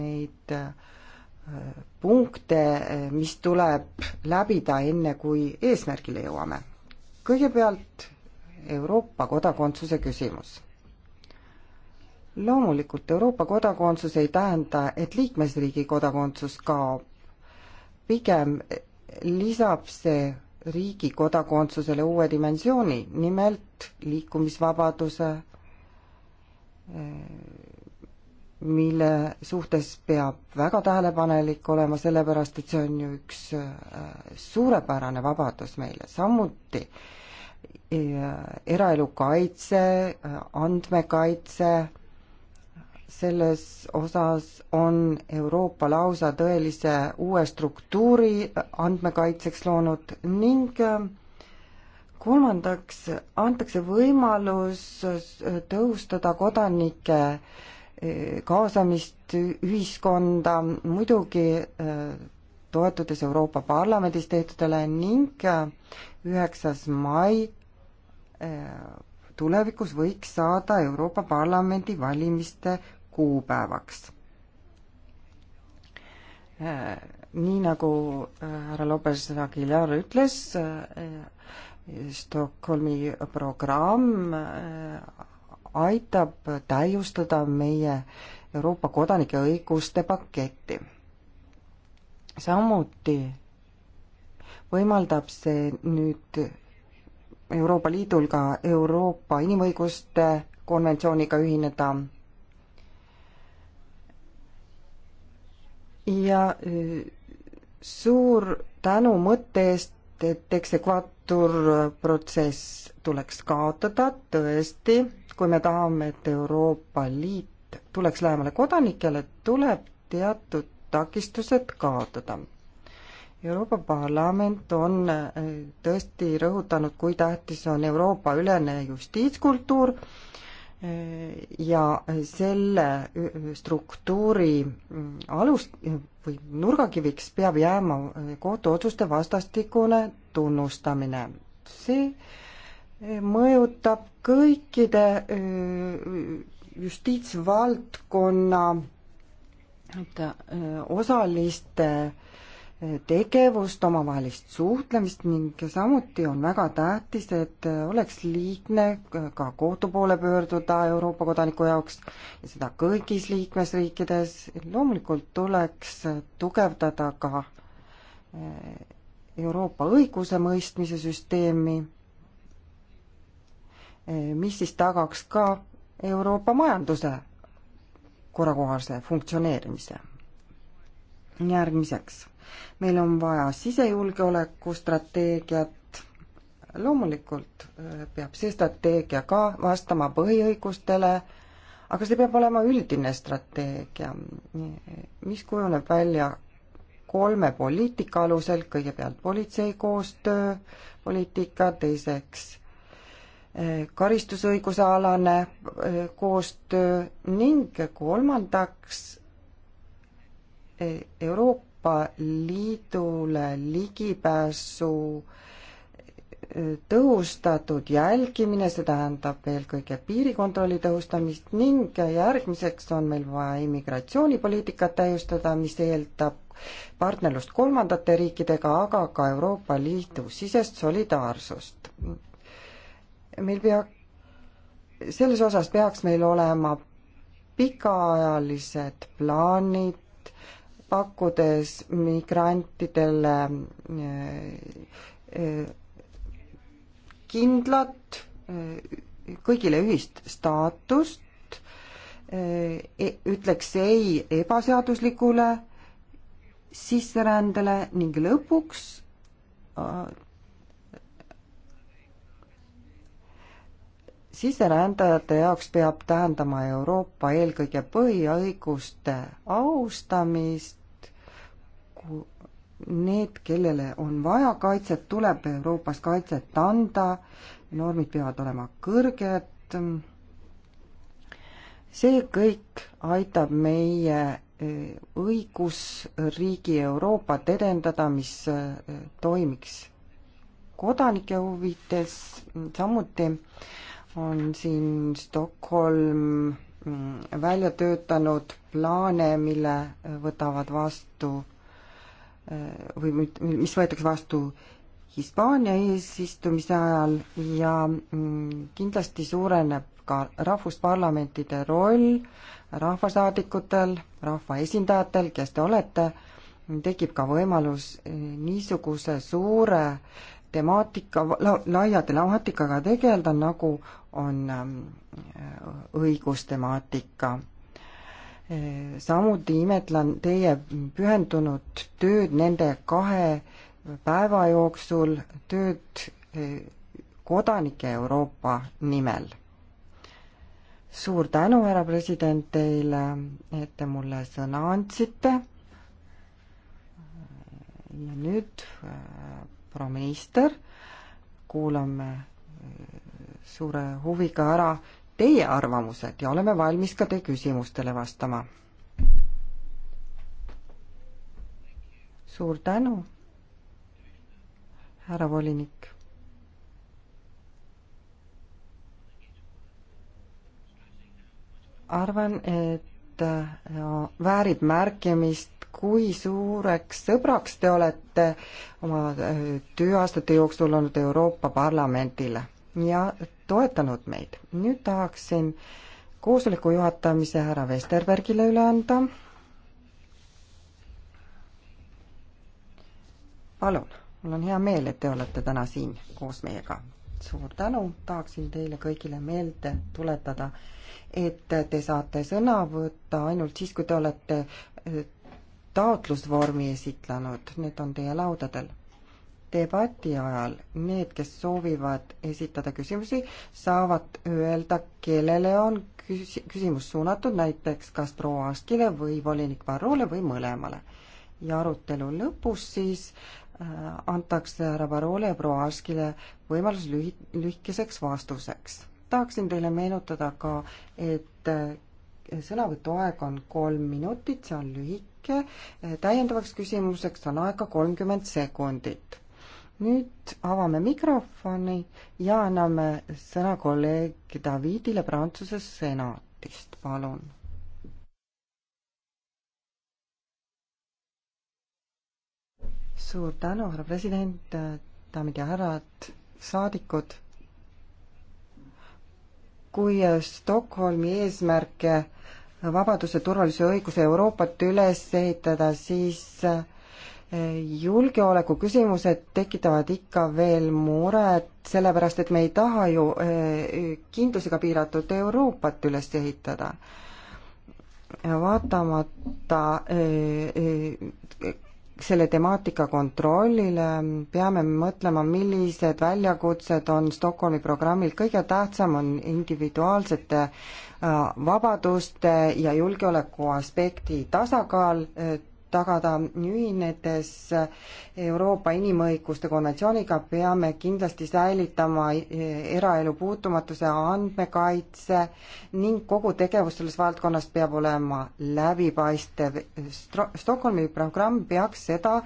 neid äh, punkte, äh, mis tuleb läbida, enne kui eesmärgile jõuame. kõigepealt Euroopa kodakondsuse küsimus loomulikult Euroopa kodakondsus ei tähenda, et liikmesriigi kodakondsus kaob. pigem lisab see riigi kodakondsusele uue dimensiooni, nimelt liikumisvabaduse, eh, mille suhtes peab väga tähelepanelik olema, sellepärast et see on ju üks eh, suurepärane vabadus meile, samuti eh, eraelu kaitse, andmekaitse selles osas on Euroopa lausa tõelise uue struktuuri andmekaitseks loonud ning äh, kolmandaks antakse võimalus tõhustada kodanike äh, kaasamist ühiskonda, muidugi äh, toetudes Euroopa Parlamendis tehtudele ning üheksas mai tulevikus võiks saada Euroopa Parlamendi valimiste kuupäevaks. Äh, nii nagu äh, härra Lopes Aguilar ütles, äh, Stockholmi programm aitab täiustada meie Euroopa kodanike õiguste paketti. samuti võimaldab see nüüd Euroopa Liidul ka Euroopa inimõiguste konventsiooniga ühineda ja suur tänu mõtte eest, et eksekvaator protsess tuleks kaotada, tõesti, kui me tahame, et Euroopa Liit tuleks lähemale kodanikele, tuleb teatud takistused kaotada. Euroopa Parlament on tõesti rõhutanud, kui tähtis on Euroopa ülene justiitskultuur ja selle struktuuri alus või nurgakiviks peab jääma kohtuotsuste vastastikune tunnustamine. see mõjutab kõikide äh, justiitsvaldkonna äh, osaliste äh, tegevust, omavahelist suhtlemist ning samuti on väga tähtis, et oleks lihtne ka kohtu poole pöörduda Euroopa kodaniku jaoks ja seda kõigis liikmesriikides. loomulikult tuleks tugevdada ka eh, Euroopa õigusemõistmise süsteemi, eh, mis siis tagaks ka Euroopa majanduse korrakohase funktsioneerimise. järgmiseks meil on vaja sisejulgeoleku strateegiat, loomulikult äh, peab see strateegia ka vastama põhiõigustele, aga see peab olema üldine strateegia, mis kujuneb välja kolme poliitika alusel, kõigepealt politsei koostöö poliitika, teiseks äh, karistusõiguse alane äh, koostöö ning kolmandaks Euroopa Euroopa Liidule ligipääsu e, tõhustatud jälgimine, see tähendab eelkõige piirikontrolli tõhustamist ning järgmiseks on meil vaja immigratsioonipoliitikat täiustada, mis eeldab partnerlust kolmandate riikidega, aga ka Euroopa Liidu sisest solidaarsust. meil pea, selles osas peaks meil olema pikaajalised plaanid, pakkudes migrantidele eh, eh, kindlat, eh, kõigile ühist staatust, e-, ütleks ei ebaseaduslikule sisserändele ning lõpuks sisserändajate jaoks peab tähendama Euroopa eelkõige põhiõiguste austamist Nagu need, kellele on vaja kaitset, tuleb Euroopas kaitset anda, normid peavad olema kõrged, see kõik aitab meie eh, õigusriigi Euroopat edendada, mis eh, toimiks kodanike huvides, samuti on siin Stockholm mm, välja töötanud plaane, mille võtavad vastu Äh, või mis võetakse vastu Hispaania eesistumise ajal ja mm, kindlasti suureneb ka rahvusparlamentide roll rahvasaadikutel, rahvaesindajatel, kes te olete, tekib ka võimalus äh, niisuguse suure temaatika, laia temaatikaga tegeleda, nagu on ähm, õigustemaatika samuti imetlen teie pühendunud tööd nende kahe päeva jooksul, tööd eh, kodanike Euroopa nimel. suur tänu, härra president, teile, et te mulle sõna andsite. ja nüüd eh, proua minister, kuulame eh, suure huviga ära teie arvamused ja oleme valmis ka teie küsimustele vastama. suur tänu, härra volinik. arvan, et äh, väärib märkimist, kui suureks sõbraks te olete oma äh, tööaastate jooksul olnud Euroopa Parlamendile ja toetanud meid. nüüd tahaksin koosoleku juhatamise härra Vesterbergile üle anda. palun, mul on hea meel, et te olete täna siin koos meiega. suur tänu, tahaksin teile kõigile meelde tuletada, et te saate sõna võtta ainult siis, kui te olete eh, taotlusvormi esitlenud, need on teie laudadel debati ajal need, kes soovivad esitada küsimusi, saavad öelda, kellele on küs-, küsimus suunatud, näiteks kas proua Askile või volinik Varrole või mõlemale. ja arutelu lõpus siis äh, antakse härra Varrole ja proua Askile võimalus lühi-, lühikeseks vastuseks. tahaksin teile meenutada ka, et äh, sõnavõtuaeg on kolm minutit, see on lühike, äh, täiendavaks küsimuseks on aega kolmkümmend sekundit nüüd avame mikrofoni ja anname sõna kolleeg Davidile Prantsuse senatist, palun. suur tänu, härra president, daamid ja härrad, saadikud. kui Stockholmi eesmärke vabaduse, turvalisuse, õiguse Euroopat üles ehitada, siis julgeoleku küsimused tekitavad ikka veel muret, sellepärast et me ei taha ju eh, kindlusega piiratud Euroopat üles ehitada. vaatamata eh, eh, selle temaatika kontrollile peame mõtlema, millised väljakutsed on Stockholmi programmil, kõige tähtsam on individuaalsete vabaduste ja julgeoleku aspekti tasakaal tagada ühinedes Euroopa inimõiguste konventsiooniga, peame kindlasti säilitama eraelu puutumatuse, andmekaitse ning kogu tegevus selles valdkonnas peab olema läbipaistev. Stockholmi programm peaks seda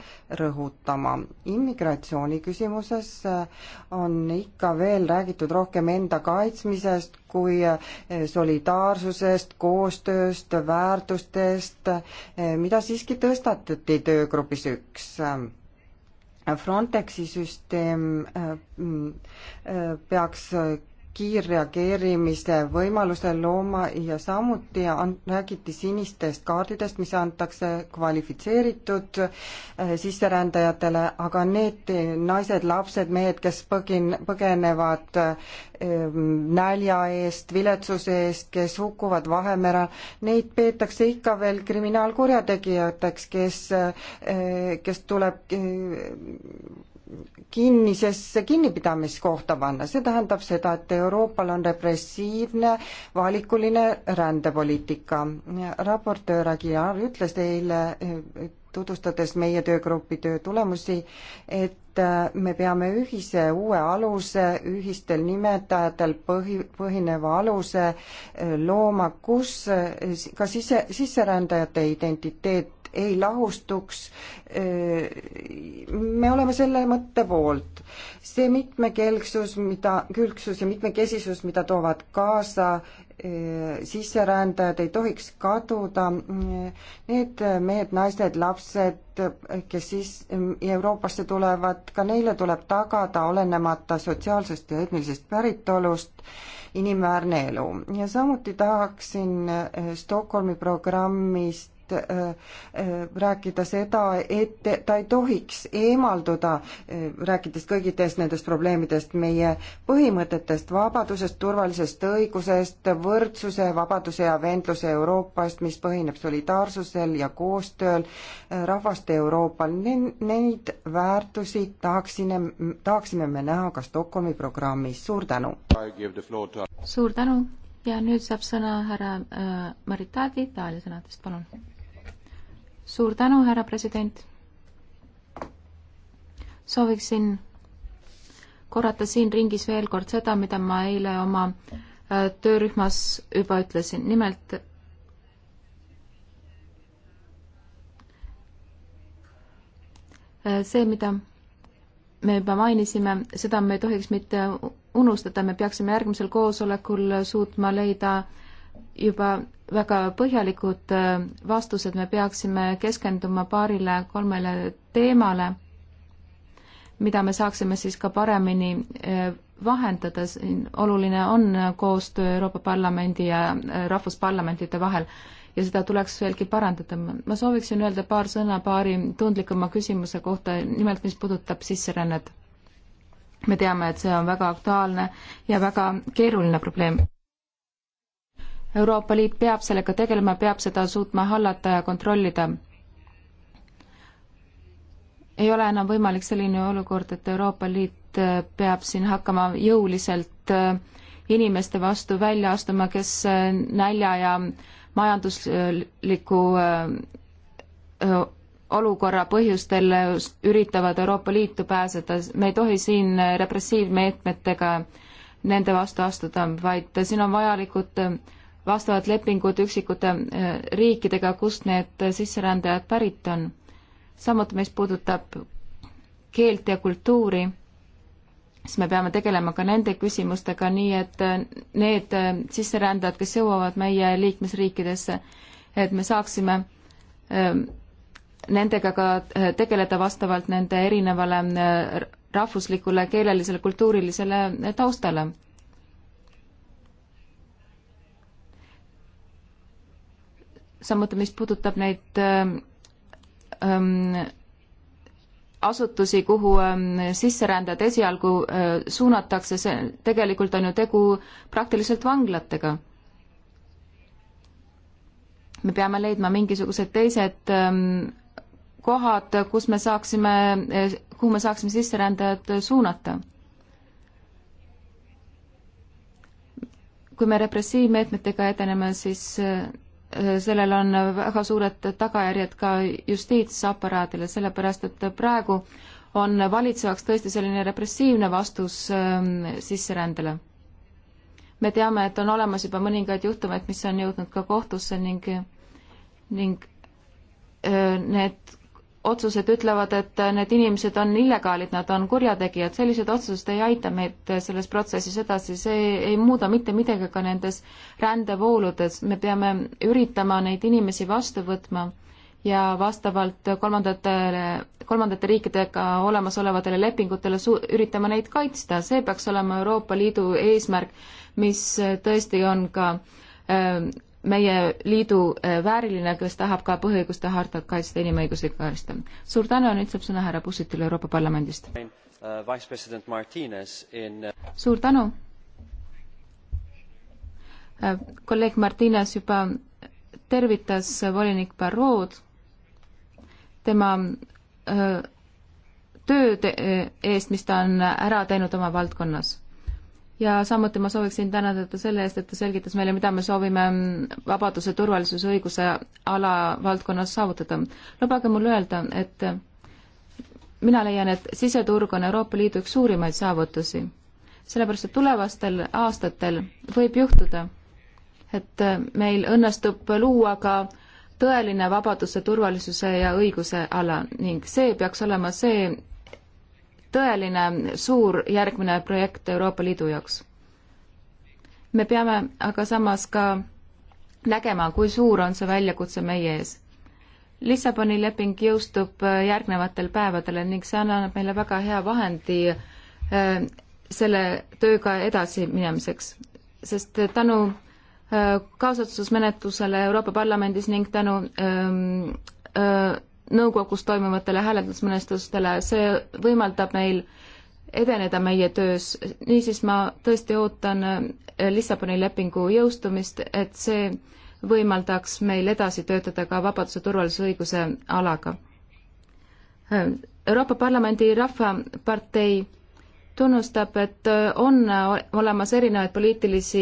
rõhutama. immigratsiooni küsimuses on ikka veel räägitud rohkem enda kaitsmisest, kui eh, solidaarsusest, koostööst, väärtustest, eh, mida siiski tõstatati töögrupis üks. Frontexi süsteem eh, mm, peaks kiirreageerimise võimaluste looma ja samuti an-, räägiti sinistest kaardidest, mis antakse kvalifitseeritud eh, sisserändajatele, aga need naised, lapsed, mehed, kes põgin-, põgenevad eh, nälja eest, viletsuse eest, kes hukkuvad Vahemerel, neid peetakse ikka veel kriminaalkurjategijateks, kes, eh, kes tuleb kinnisesse kinnipidamiskohta panna, see tähendab seda, et Euroopal on repressiivne valikuline rändepoliitika. raportöör Aguiar ütles eile, tutvustades meie töögrupi töö tulemusi, et äh, me peame ühise uue aluse, ühistel nimetajatel põhi, põhineva aluse äh, looma, kus äh, ka sise, sisserändajate identiteet ei lahustuks. me oleme selle mõtte poolt. see mitmekelgsus, mida, külgsus ja mitmekesisus, mida toovad kaasa eh, sisserändajad ei tohiks kaduda. Need mehed, naised, lapsed, kes siis Euroopasse tulevad, ka neile tuleb tagada, olenemata sotsiaalsest ja etnilisest päritolust, inimväärne elu ja samuti tahaksin eh, Stockholmi programmist poolt äh, äh, rääkida seda, et ta ei tohiks eemalduda, äh, rääkides kõigitest nendest probleemidest, meie põhimõtetest, vabadusest, turvalisest õigusest, võrdsuse, vabaduse ja vendluse Euroopast, mis põhineb solidaarsusel ja koostööl rahvaste Euroopal, neid väärtusi tahaksime, tahaksime me näha ka Stockholmi programmis, suur tänu! suur tänu! ja nüüd saab sõna härra äh, Maritadi Itaalia sõnadest, palun suur tänu, härra president. sooviksin korrata siin ringis veel kord seda, mida ma eile oma äh, töörühmas juba ütlesin, nimelt äh, see, mida me juba mainisime, seda me ei tohiks mitte unustada, me peaksime järgmisel koosolekul suutma leida äh, juba väga põhjalikud äh, vastused, me peaksime keskenduma paarile-kolmele teemale, mida me saaksime siis ka paremini äh, vahendada, oluline on äh, koostöö Euroopa Parlamendi ja rahvusparlamentide vahel ja seda tuleks veelgi parandada. ma sooviksin öelda paar sõna paari tundlikuma küsimuse kohta, nimelt mis puudutab sisserännet. me teame, et see on väga aktuaalne ja väga keeruline probleem Euroopa Liit peab sellega tegelema, peab seda suutma hallata ja kontrollida. ei ole enam võimalik selline olukord, et Euroopa Liit äh, peab siin hakkama jõuliselt äh, inimeste vastu välja astuma, kes äh, nälja ja majandusliku olukorra põhjustel üritavad Euroopa Liitu pääseda, me ei tohi siin repressiivmeetmetega nende vastu astuda, vaid siin on vajalikud vastavad lepingud üksikute äh, riikidega, kust need sisserändajad pärit on. samuti, mis puudutab keelt ja kultuuri, siis me peame tegelema ka nende küsimustega, nii et äh, need äh, sisserändajad, kes jõuavad meie liikmesriikidesse, et me saaksime ähm, nendega ka tegeleda vastavalt nende erinevale rahvuslikule, keelelisele, kultuurilisele taustale samuti, mis puudutab neid ähm, ähm, asutusi, kuhu ähm, sisserändajad esialgu äh, suunatakse, see tegelikult on ju tegu praktiliselt vanglatega. me peame leidma mingisugused teised ähm, kohad, kus me saaksime, äh, kuhu me saaksime sisserändajad suunata kui me repressiivmeetmetega edeneme, siis äh, sellel on väga suured tagajärjed ka justiitsaparaadile, sellepärast et praegu on valitsevaks tõesti selline repressiivne vastus ähm, sisserändele. me teame, et on olemas juba mõningaid juhtumeid, mis on jõudnud ka kohtusse ning, ning äh, need otsused ütlevad, et need inimesed on illegaalid, nad on kurjategijad, sellised otsused ei aita meid selles protsessis edasi, see ei muuda mitte midagi ka nendes rändevooludes, me peame üritama neid inimesi vastu võtma ja vastavalt kolmandatele, kolmandate riikidega olemasolevatele lepingutele su-, üritama neid kaitsta, see peaks olema Euroopa Liidu eesmärk, mis tõesti on ka öö, äh, meie liidu äh, vääriline, kes tahab ka põhiõiguste hartat kaitsta, inimõigusi kaitsta. suur tänu ja nüüd saab sõna härra Pussitile Euroopa Parlamendist. Äh, äh, suur tänu. kolleeg Martines juba tervitas volinik Barrod tema öö, tööd eest, mis ta on ära teinud oma valdkonnas ja samuti ma sooviksin tänada ta selle eest, et ta selgitas meile, mida me soovime vabaduse, turvalisuse, õiguse ala valdkonnas saavutada. lubage mul öelda, et mina leian, et siseturg on Euroopa Liidu üks suurimaid saavutusi. sellepärast, et tulevastel aastatel võib juhtuda, et meil õnnestub luua ka tõeline vabaduse, turvalisuse ja õiguse ala ning see peaks olema see tõeline suur järgmine projekt Euroopa Liidu jaoks. me peame aga samas ka nägema, kui suur on see väljakutse meie ees. Lissaboni leping jõustub äh, järgnevatel päevadel ning see annab meile väga hea vahendi äh, selle tööga edasi minemiseks, sest äh, tänu kaasotsustusmenetlusele Euroopa Parlamendis ning tänu öö, ähm, öö, nõukogus toimuvatele hääletusmenestustele, see võimaldab meil edeneda meie töös. niisiis ma tõesti ootan äh, Lissaboni lepingu jõustumist, et see võimaldaks meil edasi töötada ka vabaduse turvalisuse õiguse alaga. Äh, Euroopa Parlamendi Rahvapartei tunnustab, et äh, on äh, olemas erinevaid poliitilisi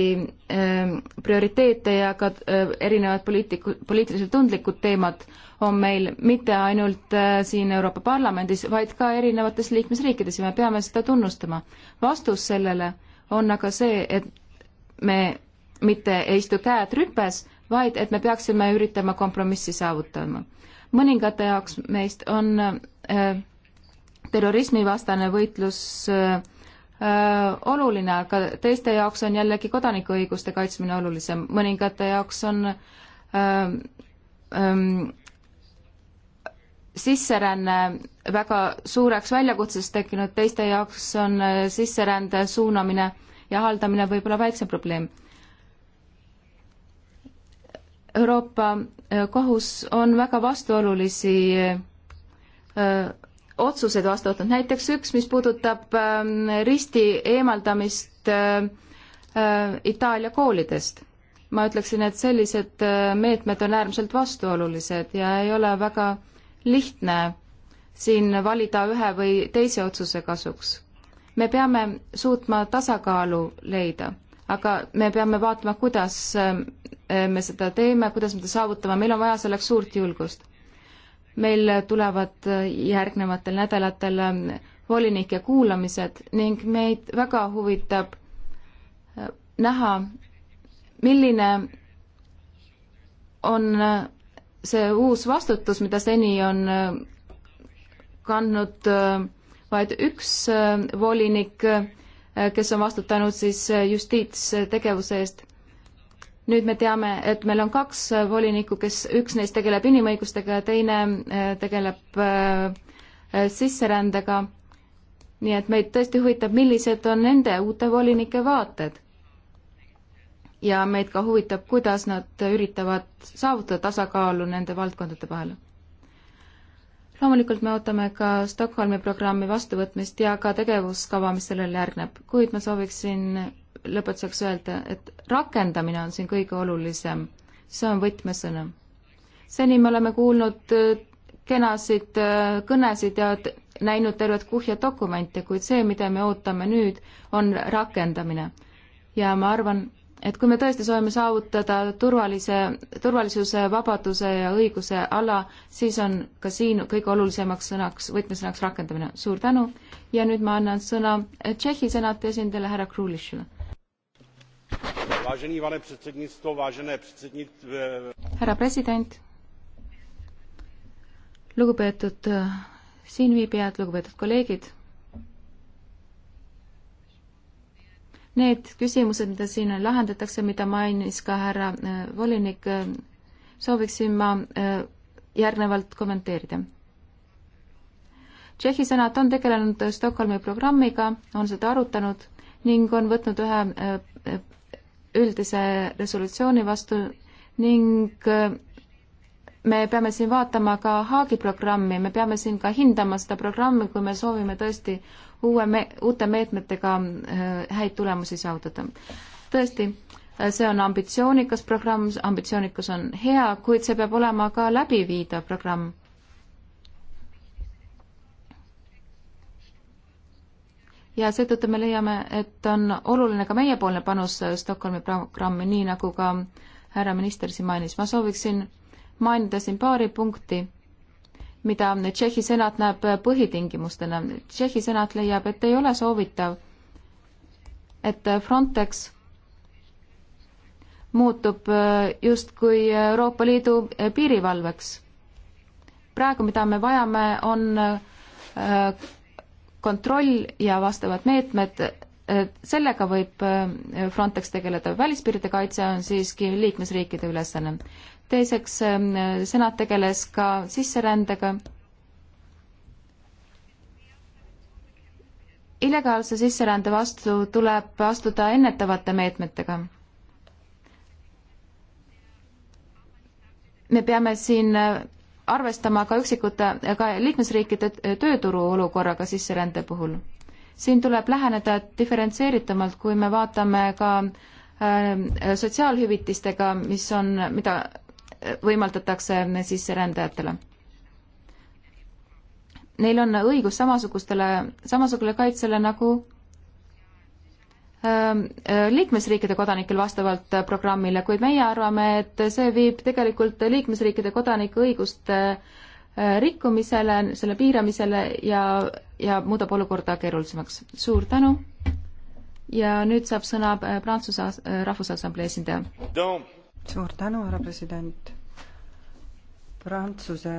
ähm, prioriteete ja ka äh, erinevad poliitiku, poliitiliselt tundlikud teemad on meil mitte ainult siin Euroopa Parlamendis, vaid ka erinevates liikmesriikides ja me peame seda tunnustama. vastus sellele on aga see, et me mitte ei istu käed rüpes, vaid et me peaksime üritama kompromissi saavutama. mõningate jaoks meist on äh, terrorismivastane võitlus äh, äh, oluline, aga teiste jaoks on jällegi kodanikuõiguste kaitsmine olulisem, mõningate jaoks on ähm, ähm, sisseränne väga suureks väljakutseks tekkinud, teiste jaoks on äh, sisserände suunamine ja haldamine võib-olla väiksem probleem. Euroopa Kohus on väga vastuolulisi äh, otsuseid vastu võtnud, näiteks üks, mis puudutab ähm, risti eemaldamist äh, äh, Itaalia koolidest. ma ütleksin, et sellised äh, meetmed on äärmiselt vastuolulised ja ei ole väga lihtne siin valida ühe või teise otsuse kasuks. me peame suutma tasakaalu leida, aga me peame vaatama, kuidas me seda teeme, kuidas me seda saavutame, meil on vaja selleks suurt julgust meil tulevad järgnevatel nädalatel volinike kuulamised ning meid väga huvitab äh, näha, milline on äh, see uus vastutus, mida seni on äh, kandnud vaid üks volinik, kes on vastutanud siis justiitstegevuse eest nüüd me teame, et meil on kaks volinikku, kes, üks neist tegeleb inimõigustega ja teine äh, tegeleb äh, sisserändega. nii et meid tõesti huvitab, millised on nende uute volinike vaated. ja meid ka huvitab, kuidas nad üritavad saavutada tasakaalu nende valdkondade vahel loomulikult me ootame ka Stockholmi programmi vastuvõtmist ja ka tegevuskava, mis sellele järgneb, kuid ma sooviksin lõpetuseks öelda, et rakendamine on siin kõige olulisem, see on võtmesõna. seni me oleme kuulnud äh, kenasid äh, kõnesid ja näinud tervet kuhja dokumente, kuid see, mida me ootame nüüd, on rakendamine. ja ma arvan, et kui me tõesti soovime saavutada turvalise, turvalisuse, vabaduse ja õiguse ala, siis on ka siin kõige olulisemaks sõnaks, võtmesõnaks rakendamine. suur tänu ja nüüd ma annan sõna Tšehhi senati esindajale härra Krulišile Eh, härra president, lugupeetud eh, siinviibijad, lugupeetud kolleegid. Need küsimused, mida siin lahendatakse, mida mainis ka härra eh, volinik, sooviksin ma järgnevalt kommenteerida. Tšehhi senat on tegelenud Stockholmi programmiga, on seda arutanud ning on võtnud ühe üldise resolutsiooni vastu ning äh, me peame siin vaatama ka Haagi programmi, me peame siin ka hindama seda programmi, kui me soovime tõesti uue me-, uute meetmetega äh, häid tulemusi saavutada. tõesti, äh, see on ambitsioonikas programm, ambitsioonikus on hea, kuid see peab olema ka läbiviidav programm. ja seetõttu me leiame, et on oluline ka meiepoolne panus Stockholmi programmi, nii nagu ka härra minister siin mainis. ma sooviksin mainida siin paari punkti, mida Tšehhi senat näeb põhitingimustena. Tšehhi senat leiab, et ei ole soovitav, et Frontex muutub justkui Euroopa Liidu piirivalveks. praegu, mida me vajame, on äh, kontroll ja vastavad meetmed, sellega võib äh, Frontex tegeleda, välispiiride kaitse on siiski liikmesriikide ülesanne. teiseks, ähm, senat tegeles ka sisserändega. illegaalse sisserände vastu tuleb astuda ennetavate meetmetega me peame siin äh, arvestama ka üksikute, ka liikmesriikide tööturu olukorraga sisserände puhul. siin tuleb läheneda diferentseeritumalt, kui me vaatame ka äh, sotsiaalhüvitistega, mis on, mida äh, võimaldatakse sisserändajatele. Neil on õigus samasugustele, samasugusele kaitsele nagu Ähm, äh, liikmesriikide kodanikel vastavalt äh, programmile, kuid meie arvame, et see viib tegelikult liikmesriikide kodanike õiguste äh, rikkumisele, selle piiramisele ja, ja muudab olukorda keerulisemaks. suur tänu ja nüüd saab sõna Prantsuse Rahvusassamblee esindaja. suur tänu, härra president. Prantsuse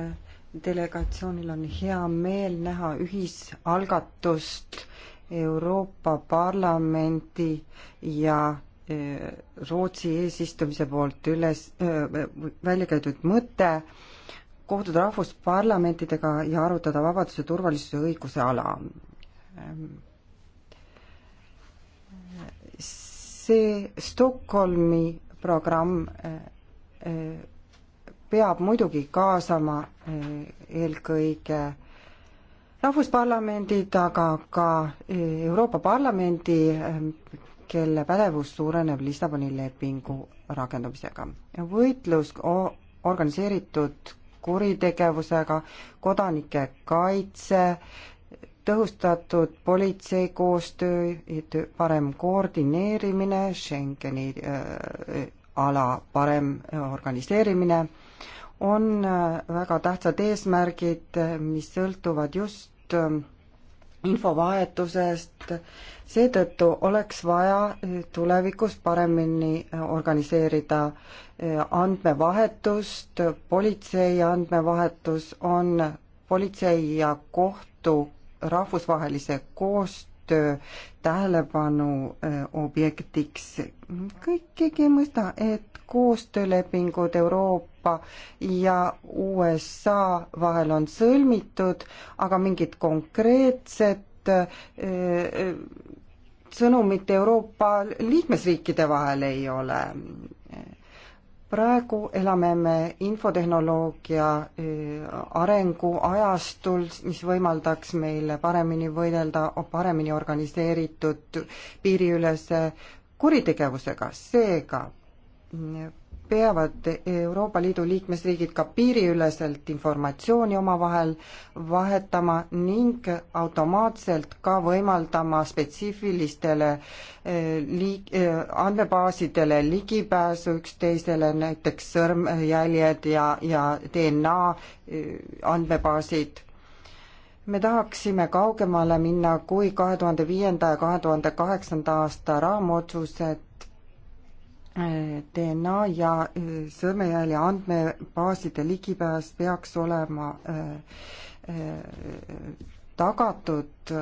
delegatsioonil on hea meel näha ühisalgatust Euroopa Parlamendi ja eh, Rootsi eesistumise poolt üles, eh, välja käidud mõte kohtuda rahvusparlamentidega ja arutada vabaduse, turvalisuse, õiguse ala. see Stockholmi programm eh, peab muidugi kaasama eelkõige rahvusparlamendid, aga ka Euroopa Parlamendi, kelle pädevus suureneb Lissaboni lepingu rakendamisega. võitlus organiseeritud kuritegevusega, kodanike kaitse, tõhustatud politsei koostöö, parem koordineerimine, Schengeni äh, ala parem äh, organiseerimine, on äh, väga tähtsad eesmärgid, mis sõltuvad just Ähm, infovahetusest, seetõttu oleks vaja äh, tulevikus paremini äh, organiseerida äh, andmevahetust, politsei andmevahetus on politsei ja kohtu rahvusvahelise koostöö töö tähelepanu äh, objektiks. kõik, keegi ei mõista, et koostöölepingud Euroopa ja USA vahel on sõlmitud, aga mingit konkreetset äh, sõnumit Euroopa liikmesriikide vahel ei ole praegu elame me infotehnoloogia äh, arengu ajastul, mis võimaldaks meil paremini võidelda paremini organiseeritud piiriülese kuritegevusega, seega peavad Euroopa Liidu liikmesriigid ka piiriüleselt informatsiooni omavahel vahetama ning automaatselt ka võimaldama spetsiifilistele eh, liik-, eh, andmebaasidele ligipääsu üksteisele, näiteks sõrmjäljed ja, ja DNA eh, andmebaasid me tahaksime kaugemale minna kui kahe tuhande viienda ja kahe tuhande kaheksanda aasta raamotsused DNA ja äh, sõrmejälje andmebaaside ligipääs peaks olema äh, äh, tagatud,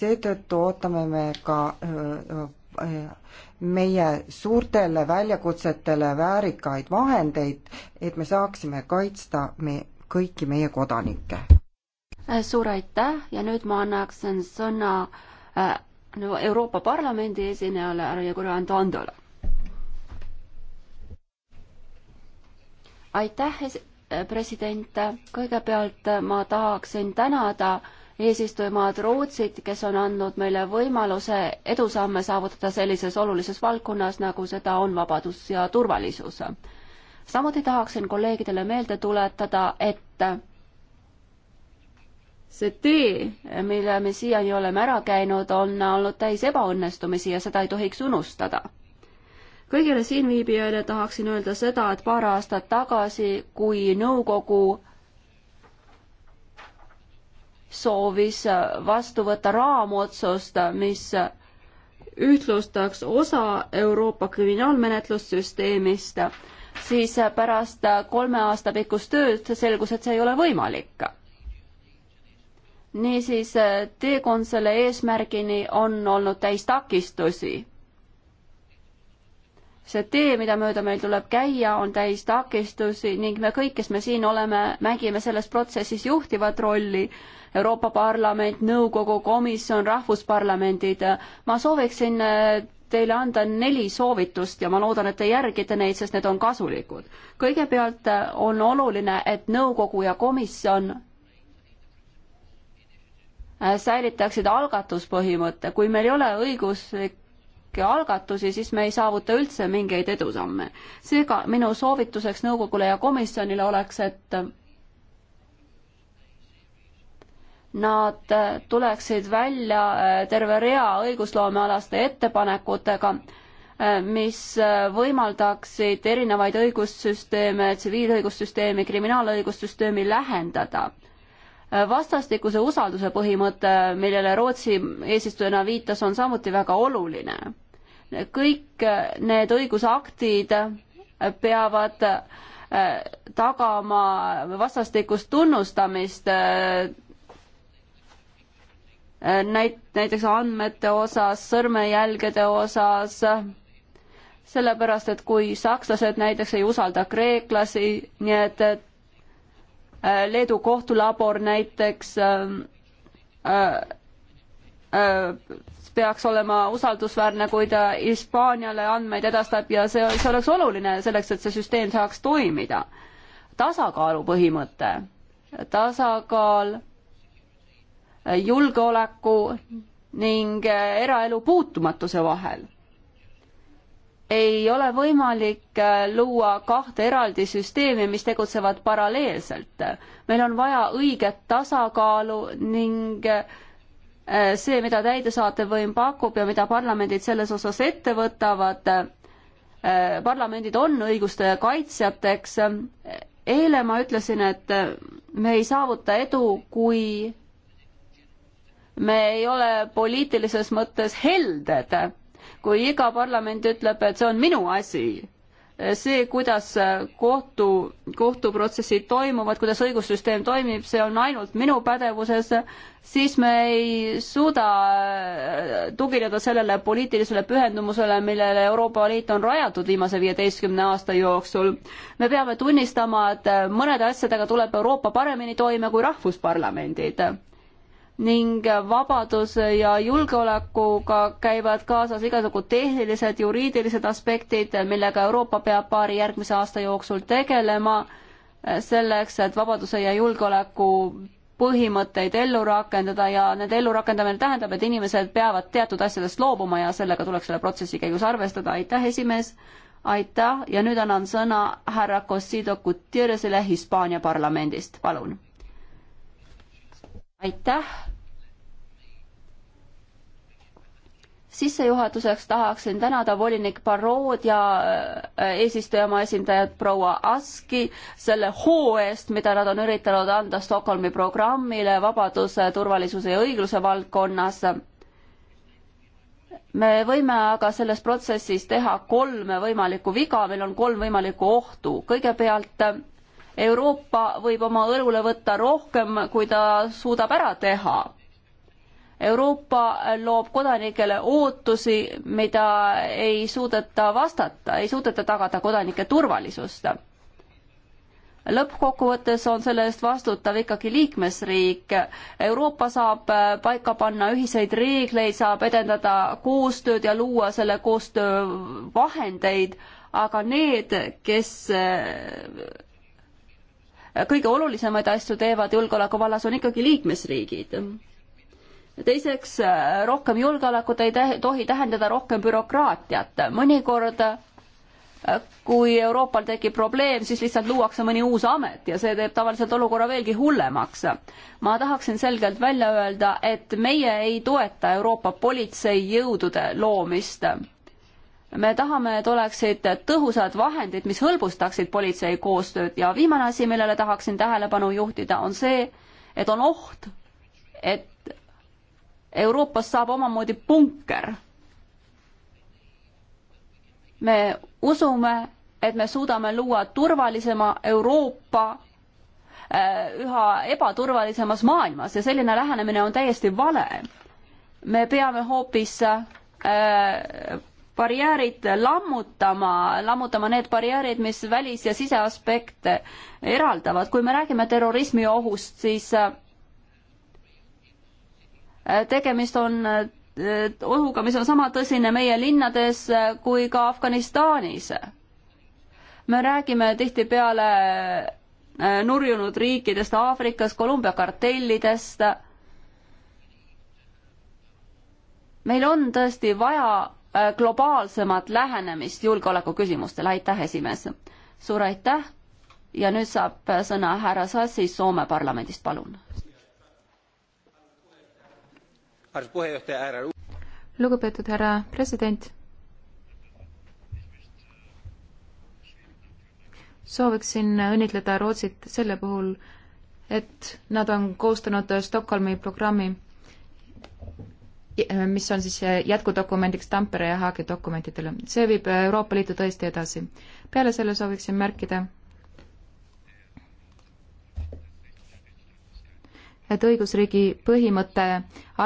seetõttu ootame me ka meie suurtele väljakutsetele väärikaid vahendeid, et me saaksime kaitsta me kõiki meie kodanikke. suur aitäh ja nüüd ma annaksin sõna no, Euroopa Parlamendi esinejale, härra Jegor Antondole aitäh, äh, president, kõigepealt äh, ma tahaksin tänada eesistujamaad Rootsit, kes on andnud meile võimaluse edusamme saavutada sellises olulises valdkonnas, nagu seda on vabadus ja turvalisus. samuti tahaksin kolleegidele meelde tuletada, et see tee, mille me siiani oleme ära käinud, on olnud täis ebaõnnestumisi ja seda ei tohiks unustada kõigile siinviibijaile tahaksin öelda seda, et paar aastat tagasi, kui nõukogu soovis vastu võtta raamotsust, mis ühtlustaks osa Euroopa kriminaalmenetlussüsteemist, siis pärast kolme aasta pikkust tööd selgus, et see ei ole võimalik. niisiis, teekond selle eesmärgini on olnud täis takistusi see tee, mida mööda meil tuleb käia, on täis takistusi ning me kõik, kes me siin oleme, mängime selles protsessis juhtivat rolli. Euroopa Parlament, Nõukogu Komisjon, rahvusparlamendid. ma sooviksin äh, teile anda neli soovitust ja ma loodan, et te järgite neid, sest need on kasulikud. kõigepealt äh, on oluline, et nõukogu ja komisjon äh, säilitaksid algatuspõhimõtte, kui meil ei ole õiguslik kõiki algatusi, siis me ei saavuta üldse mingeid edusamme. seega minu soovituseks nõukogule ja komisjonile oleks, et nad tuleksid välja äh, terve rea õigusloomealaste ettepanekutega, äh, mis äh, võimaldaksid erinevaid õigussüsteeme, tsiviilõigussüsteemi, kriminaalõigussüsteemi lähendada vastastikuse usalduse põhimõte, millele Rootsi eesistujana viitas, on samuti väga oluline. kõik need õigusaktid peavad äh, tagama vastastikust tunnustamist äh, näit-, näiteks andmete osas, sõrmejälgede osas, sellepärast et kui sakslased näiteks ei usalda kreeklasi, nii et, et Äh, Leedu kohtulabor näiteks äh, äh, peaks olema usaldusväärne, kui ta Hispaaniale andmeid edastab ja see, see oleks oluline selleks, et see süsteem saaks toimida. tasakaalu põhimõte, tasakaal julgeoleku ning eraelu puutumatuse vahel ei ole võimalik äh, luua kahte eraldi süsteemi, mis tegutsevad paralleelselt. meil on vaja õiget tasakaalu ning äh, see, mida täidesaatev võim pakub ja mida parlamendid selles osas ette võtavad, äh, parlamendid on õiguste kaitsjateks. eile ma ütlesin, et me ei saavuta edu, kui me ei ole poliitilises mõttes helded kui iga parlament ütleb, et see on minu asi, see, kuidas kohtu, kohtuprotsessid toimuvad, kuidas õigussüsteem toimib, see on ainult minu pädevuses, siis me ei suuda äh, tugineda sellele poliitilisele pühendumusele, millele Euroopa Liit on rajatud viimase viieteistkümne aasta jooksul. me peame tunnistama, et mõnede asjadega tuleb Euroopa paremini toime kui rahvusparlamendid ning vabaduse ja julgeolekuga käivad kaasas igasugu tehnilised, juriidilised aspektid, millega Euroopa peab paari järgmise aasta jooksul tegelema, eh, selleks, et vabaduse ja julgeoleku põhimõtteid ellu rakendada ja nende ellurakendamine tähendab, et inimesed peavad teatud asjadest loobuma ja sellega tuleks selle protsessi käigus arvestada, aitäh, esimees, aitäh ja nüüd annan sõna härra Cosido Gutierrezile Hispaania parlamendist, palun aitäh. sissejuhatuseks tahaksin tänada volinik Barood ja äh, eesistujamaa esindajat proua Aski selle hoo eest, mida nad on üritanud anda Stockholmi programmile vabaduse, turvalisuse ja õigluse valdkonnas me võime aga selles protsessis teha kolme võimalikku viga, meil on kolm võimalikku ohtu. kõigepealt Euroopa võib oma õlule võtta rohkem, kui ta suudab ära teha. Euroopa loob kodanikele ootusi, mida ei suudeta vastata, ei suudeta tagada kodanike turvalisust. lõppkokkuvõttes on selle eest vastutav ikkagi liikmesriik. Euroopa saab paika panna ühiseid reegleid, saab edendada koostööd ja luua selle koostöö vahendeid, aga need, kes kõige olulisemaid asju teevad julgeoleku vallas, on ikkagi liikmesriigid. teiseks, rohkem julgeolekut ei tähe, tohi tähendada rohkem bürokraatiat. mõnikord kui Euroopal tekib probleem, siis lihtsalt luuakse mõni uus amet ja see teeb tavaliselt olukorra veelgi hullemaks. ma tahaksin selgelt välja öelda, et meie ei toeta Euroopa politseijõudude loomist me tahame, et oleksid tõhusad vahendid, mis hõlbustaksid politsei koostööd ja viimane asi, millele tahaksin tähelepanu juhtida, on see, et on oht, et Euroopast saab omamoodi punker. me usume, et me suudame luua turvalisema Euroopa äh, üha ebaturvalisemas maailmas ja selline lähenemine on täiesti vale. me peame hoopis äh, barjäärid lammutama, lammutama need barjäärid, mis välis- ja siseaspekte eraldavad. kui me räägime terrorismi ohust, siis äh, tegemist on äh, ohuga, mis on sama tõsine meie linnades äh, kui ka Afganistanis. me räägime tihtipeale nurjunud riikidest Aafrikas, Kolumbia kartellidest. meil on tõesti vaja Äh, globaalsemat lähenemist julgeolekuküsimustele, aitäh, esimees! suur aitäh ja nüüd saab sõna härra Sassi Soome parlamendist, palun! lugupeetud härra president, sooviksin õnnitleda Rootsit selle puhul, et nad on koostanud Stockholmi programmi Äh, mis on siis äh, jätkudokumendiks Tampere ja Haagi dokumentidele. see viib äh, Euroopa Liitu tõesti edasi. peale selle sooviksin märkida, et õigusriigi põhimõte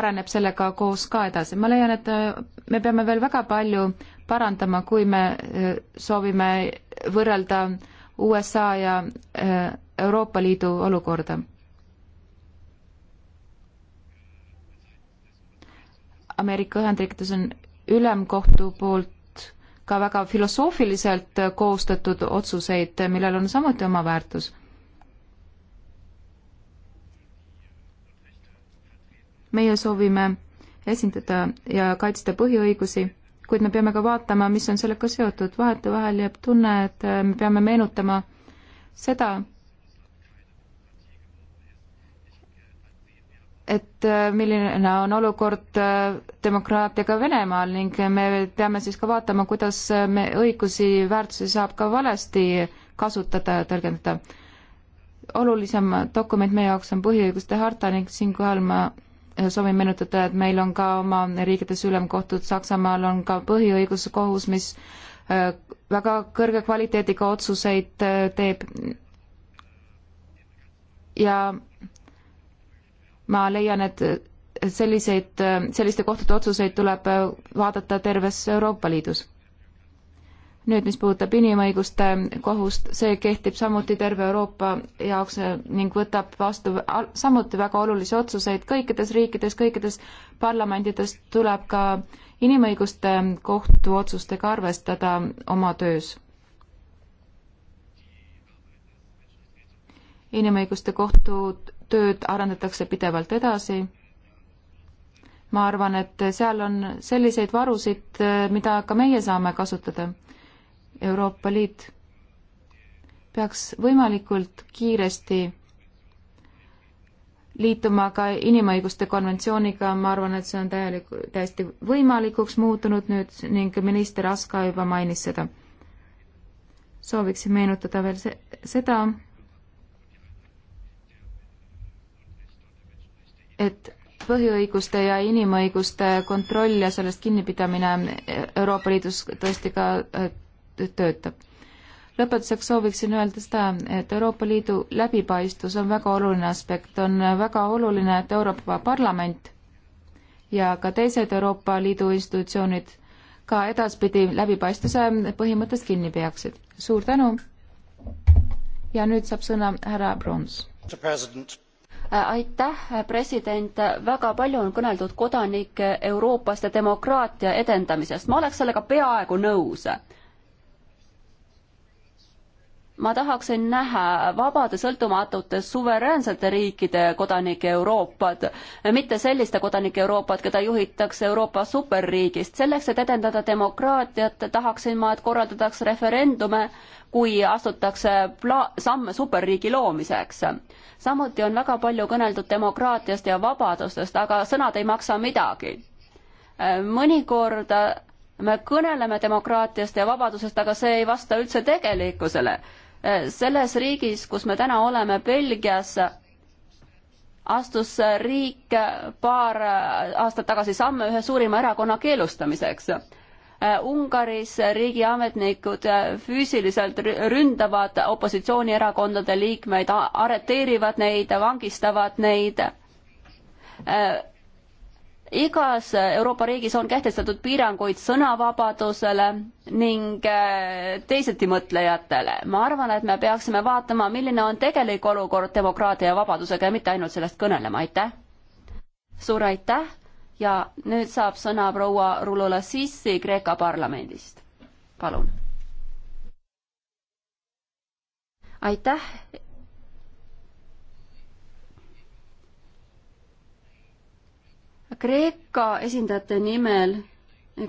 areneb sellega koos ka edasi. ma leian, et me peame veel väga palju parandama, kui me soovime võrrelda USA ja Euroopa Liidu olukorda Ameerika Ühendriikides on ülemkohtu poolt ka väga filosoofiliselt koostatud otsuseid, millel on samuti oma väärtus. meie soovime esindada ja kaitsta põhiõigusi, kuid me peame ka vaatama, mis on sellega seotud, vahetevahel jääb tunne, et me peame meenutama seda, et äh, milline on olukord äh, demokraatiaga Venemaal ning me peame siis ka vaatama, kuidas äh, me õigusi, väärtusi saab ka valesti kasutada ja tõlgendada. olulisem dokument meie jaoks on põhiõiguste harta ning siinkohal ma soovin meenutada, et meil on ka oma riikides ülemkohtud, Saksamaal on ka põhiõiguse kohus, mis väga kõrge kvaliteediga otsuseid teeb. ja ma leian, et selliseid, selliste kohtade otsuseid tuleb vaadata terves Euroopa Liidus. nüüd, mis puudutab inimõiguste kohust, see kehtib samuti terve Euroopa jaoks ning võtab vastu samuti väga olulisi otsuseid kõikides riikides, kõikides parlamendides tuleb ka inimõiguste kohtu otsustega arvestada oma töös. inimõiguste kohtud tööd arendatakse pidevalt edasi. ma arvan, et seal on selliseid varusid, mida ka meie saame kasutada. Euroopa Liit peaks võimalikult kiiresti liituma ka inimõiguste konventsiooniga, ma arvan, et see on täielik, täiesti võimalikuks muutunud nüüd ning minister Aska juba mainis seda. sooviksin meenutada veel se-, seda, et põhiõiguste ja inimõiguste kontroll ja sellest kinnipidamine Euroopa Liidus tõesti ka äh, töötab. lõpetuseks sooviksin öelda seda, et Euroopa Liidu läbipaistvus on väga oluline aspekt, on väga oluline, et Euroopa Parlament ja ka teised Euroopa Liidu institutsioonid ka edaspidi läbipaistvuse põhimõttest kinni peaksid. suur tänu ja nüüd saab sõna härra Brons. Äh, aitäh, äh, president, väga palju on kõneldud kodanike Euroopast ja demokraatia edendamisest, ma oleks sellega peaaegu nõus ma tahaksin näha vabade, sõltumatute, suveräänsete riikide kodanike Euroopat, mitte selliste kodanike Euroopat, keda juhitakse Euroopa superriigist. selleks, et edendada demokraatiat, tahaksin ma, et korraldataks referendume, kui astutakse pla-, samme superriigi loomiseks. samuti on väga palju kõneldud demokraatiast ja vabadustest, aga sõnad ei maksa midagi. mõnikord me kõneleme demokraatiast ja vabadusest, aga see ei vasta üldse tegelikkusele selles riigis, kus me täna oleme, Belgias, astus riik paar aastat tagasi samme ühe suurima erakonna keelustamiseks. Ungaris riigiametnikud füüsiliselt ründavad opositsioonierakondade liikmeid, arreteerivad neid, vangistavad neid igas Euroopa riigis on kehtestatud piiranguid sõnavabadusele ning äh, teisitimõtlejatele. ma arvan, et me peaksime vaatama, milline on tegelik olukord demokraatia ja vabadusega ja mitte ainult sellest kõnelema, aitäh! suur aitäh ja nüüd saab sõna proua Rulula Sissi Kreeka parlamendist. palun! aitäh, Kreeka esindajate nimel,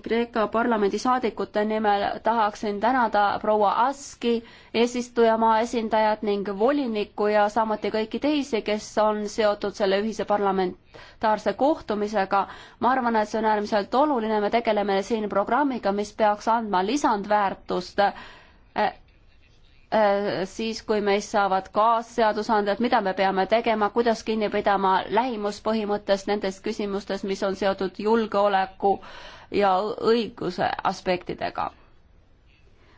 Kreeka parlamendi saadikute nimel tahaksin tänada proua Aski, eesistujamaa esindajat ning volinikku ja samuti kõiki teisi, kes on seotud selle ühise parlamentaarse kohtumisega. ma arvan, et see on äärmiselt oluline, me tegeleme siin programmiga, mis peaks andma lisandväärtust Äh, siis, kui meist saavad kaasseadusandjad, mida me peame tegema, kuidas kinni pidama lähimuspõhimõttest nendes küsimustes, mis on seotud julgeoleku ja õiguse aspektidega.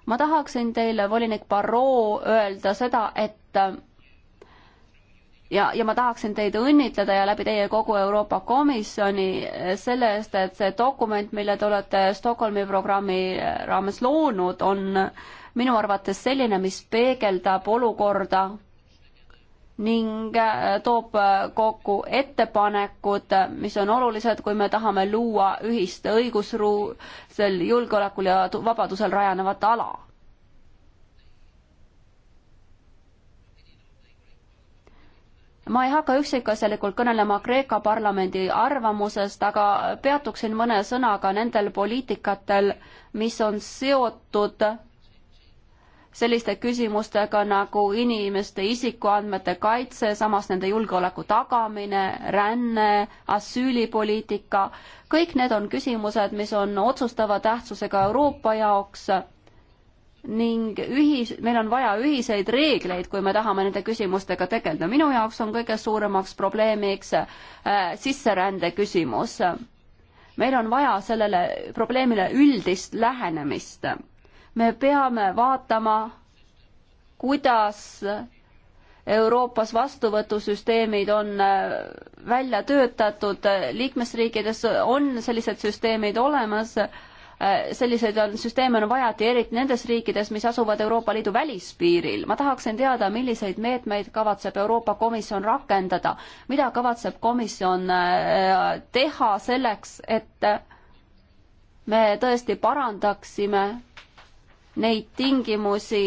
ma tahaksin teile, volinik Barrot, öelda seda, et ja, ja ma tahaksin teid õnnitleda ja läbi teie kogu Euroopa Komisjoni selle eest, et see dokument, mille te olete Stockholmi programmi raames loonud, on äh, minu arvates selline, mis peegeldab olukorda ning äh, toob äh, kokku ettepanekud, äh, mis on olulised, kui me tahame luua ühist õigusruu-, sel julgeolekul ja vabadusel rajanevat ala. ma ei hakka üksikasjalikult kõnelema Kreeka parlamendi arvamusest, aga peatuksin mõne sõnaga nendel poliitikatel, mis on seotud selliste küsimustega nagu inimeste isikuandmete kaitse, samas nende julgeoleku tagamine, ränne, asüülipoliitika, kõik need on küsimused, mis on otsustava tähtsusega Euroopa jaoks ning ühis, meil on vaja ühiseid reegleid, kui me tahame nende küsimustega tegeleda. minu jaoks on kõige suuremaks probleemiks äh, sisserände küsimus. meil on vaja sellele probleemile üldist lähenemist me peame vaatama, kuidas Euroopas vastuvõtusüsteemid on äh, välja töötatud, liikmesriikides on sellised süsteemid olemas, äh, selliseid on, süsteeme on vajati eriti nendes riikides, mis asuvad Euroopa Liidu välispiiril. ma tahaksin teada, milliseid meetmeid kavatseb Euroopa Komisjon rakendada, mida kavatseb komisjon äh, teha selleks, et me tõesti parandaksime neid tingimusi,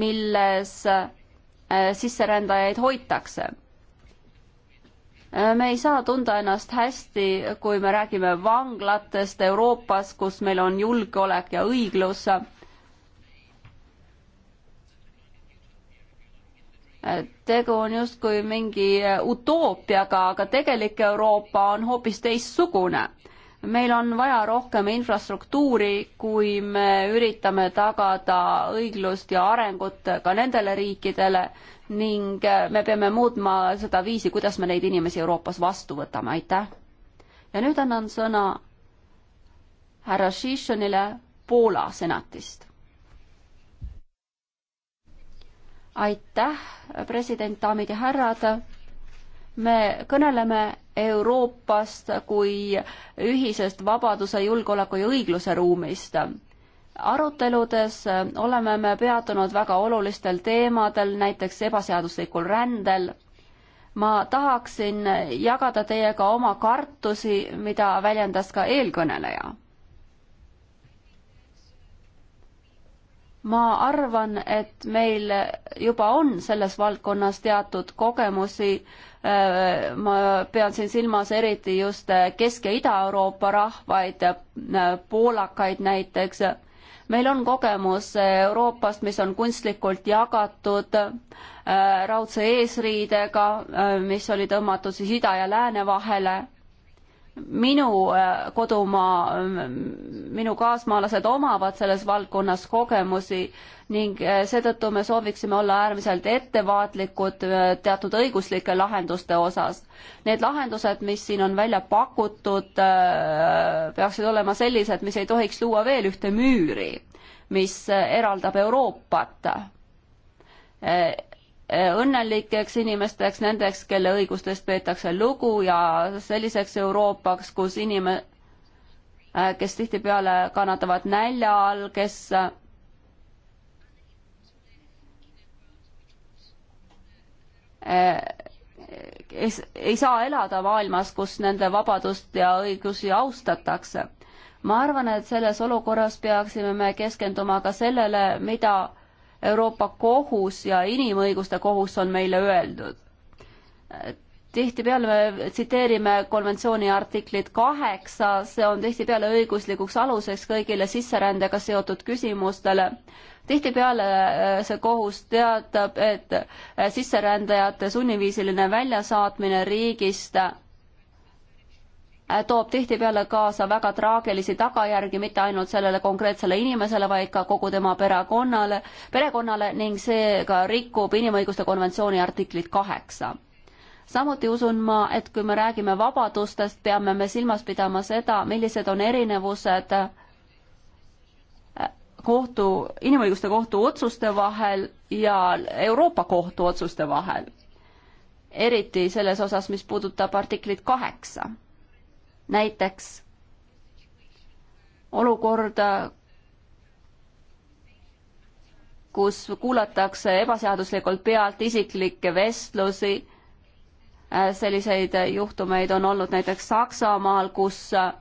milles äh, sisserändajaid hoitakse. Äh, me ei saa tunda ennast hästi, kui me räägime vanglatest Euroopas, kus meil on julgeolek ja õiglus. Äh, tegu on justkui mingi utoopiaga, aga tegelik Euroopa on hoopis teistsugune meil on vaja rohkem infrastruktuuri, kui me üritame tagada õiglust ja arengut ka nendele riikidele ning äh, me peame muutma seda viisi, kuidas me neid inimesi Euroopas vastu võtame, aitäh. ja nüüd annan sõna härra Šišonile Poola senatist. aitäh, president, daamid ja härrad me kõneleme Euroopast kui ühisest vabaduse, julgeoleku ja õigluse ruumist. aruteludes oleme me peatunud väga olulistel teemadel, näiteks ebaseaduslikul rändel. ma tahaksin jagada teiega oma kartusi, mida väljendas ka eelkõneleja ma arvan, et meil juba on selles valdkonnas teatud kogemusi. Äh, ma pean siin silmas eriti just äh, Kesk- ja Ida-Euroopa rahvaid, äh, poolakaid näiteks. meil on kogemus Euroopast, mis on kunstlikult jagatud raudse eesriidega, mis oli tõmmatud siis ida ja lääne vahele minu äh, kodumaa, ähm, minu kaasmaalased omavad selles valdkonnas kogemusi ning äh, seetõttu me sooviksime olla äärmiselt ettevaatlikud äh, teatud õiguslike lahenduste osas. Need lahendused, mis siin on välja pakutud, peaksid olema sellised, mis ei tohiks luua veel ühte müüri, mis eraldab Euroopat õnnelikeks inimesteks, nendeks, kelle õigustest peetakse lugu ja selliseks Euroopaks, kus inim-, äh, kes tihtipeale kannatavad nälja all, kes äh, kes ei saa elada maailmas, kus nende vabadust ja õigusi austatakse. ma arvan, et selles olukorras peaksime me keskenduma ka sellele, mida Euroopa Kohus ja Inimõiguste Kohus on meile öeldud. tihtipeale me tsiteerime konventsiooni artiklit kaheksa, see on tihtipeale õiguslikuks aluseks kõigile sisserändega seotud küsimustele. tihtipeale äh, see kohus teatab, et äh, sisserändajate sunniviisiline väljasaatmine riigist toob tihtipeale kaasa väga traagilisi tagajärgi mitte ainult sellele konkreetsele inimesele, vaid ka kogu tema perekonnale, perekonnale ning seega rikub inimõiguste konventsiooni artiklit kaheksa. samuti usun ma, et kui me räägime vabadustest, peame me silmas pidama seda, millised on erinevused äh, kohtu, inimõiguste kohtu otsuste vahel ja Euroopa kohtu otsuste vahel. eriti selles osas, mis puudutab artiklit kaheksa näiteks olukorda, kus kuulatakse ebaseaduslikult pealt isiklikke vestlusi. Äh, selliseid juhtumeid on olnud näiteks Saksamaal, kus äh,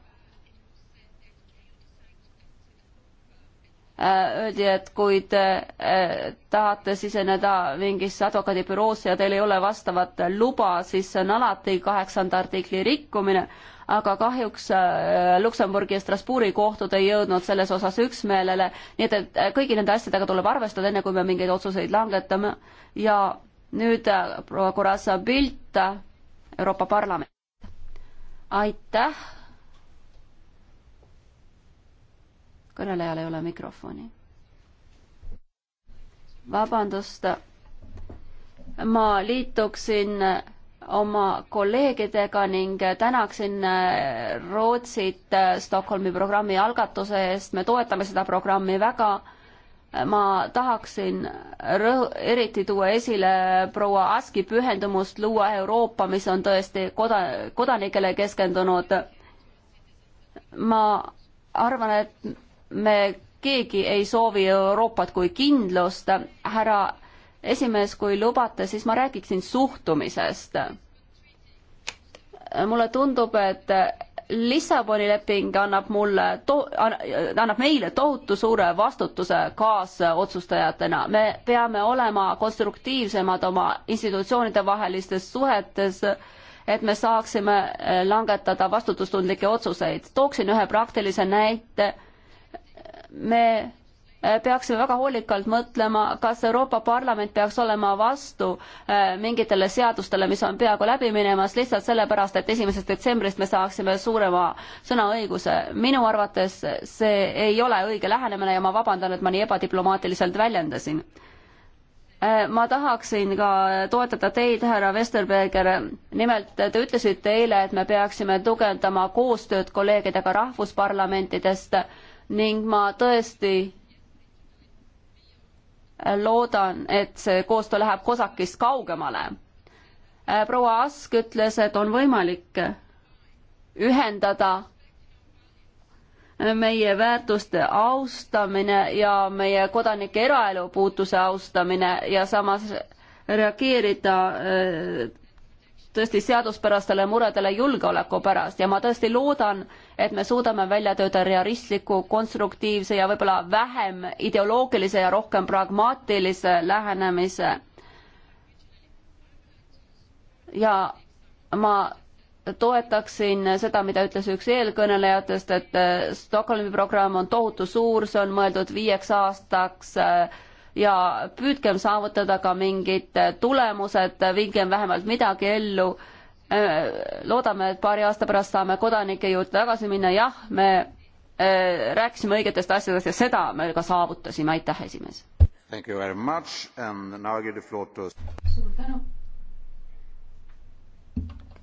öeldi, et kui te äh, tahate siseneda mingisse advokaadibüroosse ja teil ei ole vastavat luba, siis see on alati kaheksanda artikli rikkumine, aga kahjuks äh, Luksemburgi ja Strasbourgi kohtud ei jõudnud selles osas üksmeelele, nii et, et äh, kõigi nende asjadega tuleb arvestada, enne kui me mingeid otsuseid langetame ja nüüd äh, proua Kurasa Pilt, Euroopa Parlament. aitäh. kõnelejal ei ole mikrofoni. vabandust. ma liituksin oma kolleegidega ning tänaksin äh, Rootsit äh, Stockholmi programmi algatuse eest, me toetame seda programmi väga. ma tahaksin rõh-, eriti tuua esile proua Aski pühendumust luua Euroopa, mis on tõesti koda-, kodanikele keskendunud. ma arvan, et me keegi ei soovi Euroopat kui kindlust, härra esimees, kui lubate, siis ma räägiksin suhtumisest. mulle tundub, et Lissaboni leping annab mulle to-, annab meile tohutu suure vastutuse kaasotsustajatena. me peame olema konstruktiivsemad oma institutsioonide vahelistes suhetes, et me saaksime eh, langetada vastutustundlikke otsuseid. tooksin ühe praktilise näite. me Eh, peaksime väga hoolikalt mõtlema, kas Euroopa Parlament peaks olema vastu eh, mingitele seadustele, mis on peaaegu läbi minemas, lihtsalt sellepärast, et esimesest detsembrist me saaksime suurema sõnaõiguse. minu arvates see ei ole õige lähenemine ja ma vabandan, et ma nii ebadiplomaatiliselt väljendasin. Eh, ma tahaksin ka toetada teid, härra Vesterberger, nimelt te ütlesite eile, et me peaksime tugevdama koostööd kolleegidega rahvusparlamentidest ning ma tõesti loodan, et see koostöö läheb COSAC-ist kaugemale. Äh, proua Ask ütles, et on võimalik ühendada meie väärtuste austamine ja meie kodanike eraelu puutuse austamine ja samas reageerida äh, tõesti seaduspärastele muredele julgeoleku pärast ja ma tõesti loodan, et me suudame välja tööda realistliku, konstruktiivse ja võib-olla vähem ideoloogilise ja rohkem pragmaatilise lähenemise. ja ma toetaksin seda, mida ütles üks eelkõnelejatest, et Stockholmi programm on tohutu suur, see on mõeldud viieks aastaks äh, ja püüdkem saavutada ka mingid tulemused, viigem vähemalt midagi ellu. Äh, loodame, et paari aasta pärast saame kodanike juurde tagasi minna, jah, me äh, rääkisime õigetest asjadest ja seda me ka saavutasime, aitäh, esimees. Thank you very much and now I give the floor to. suur tänu.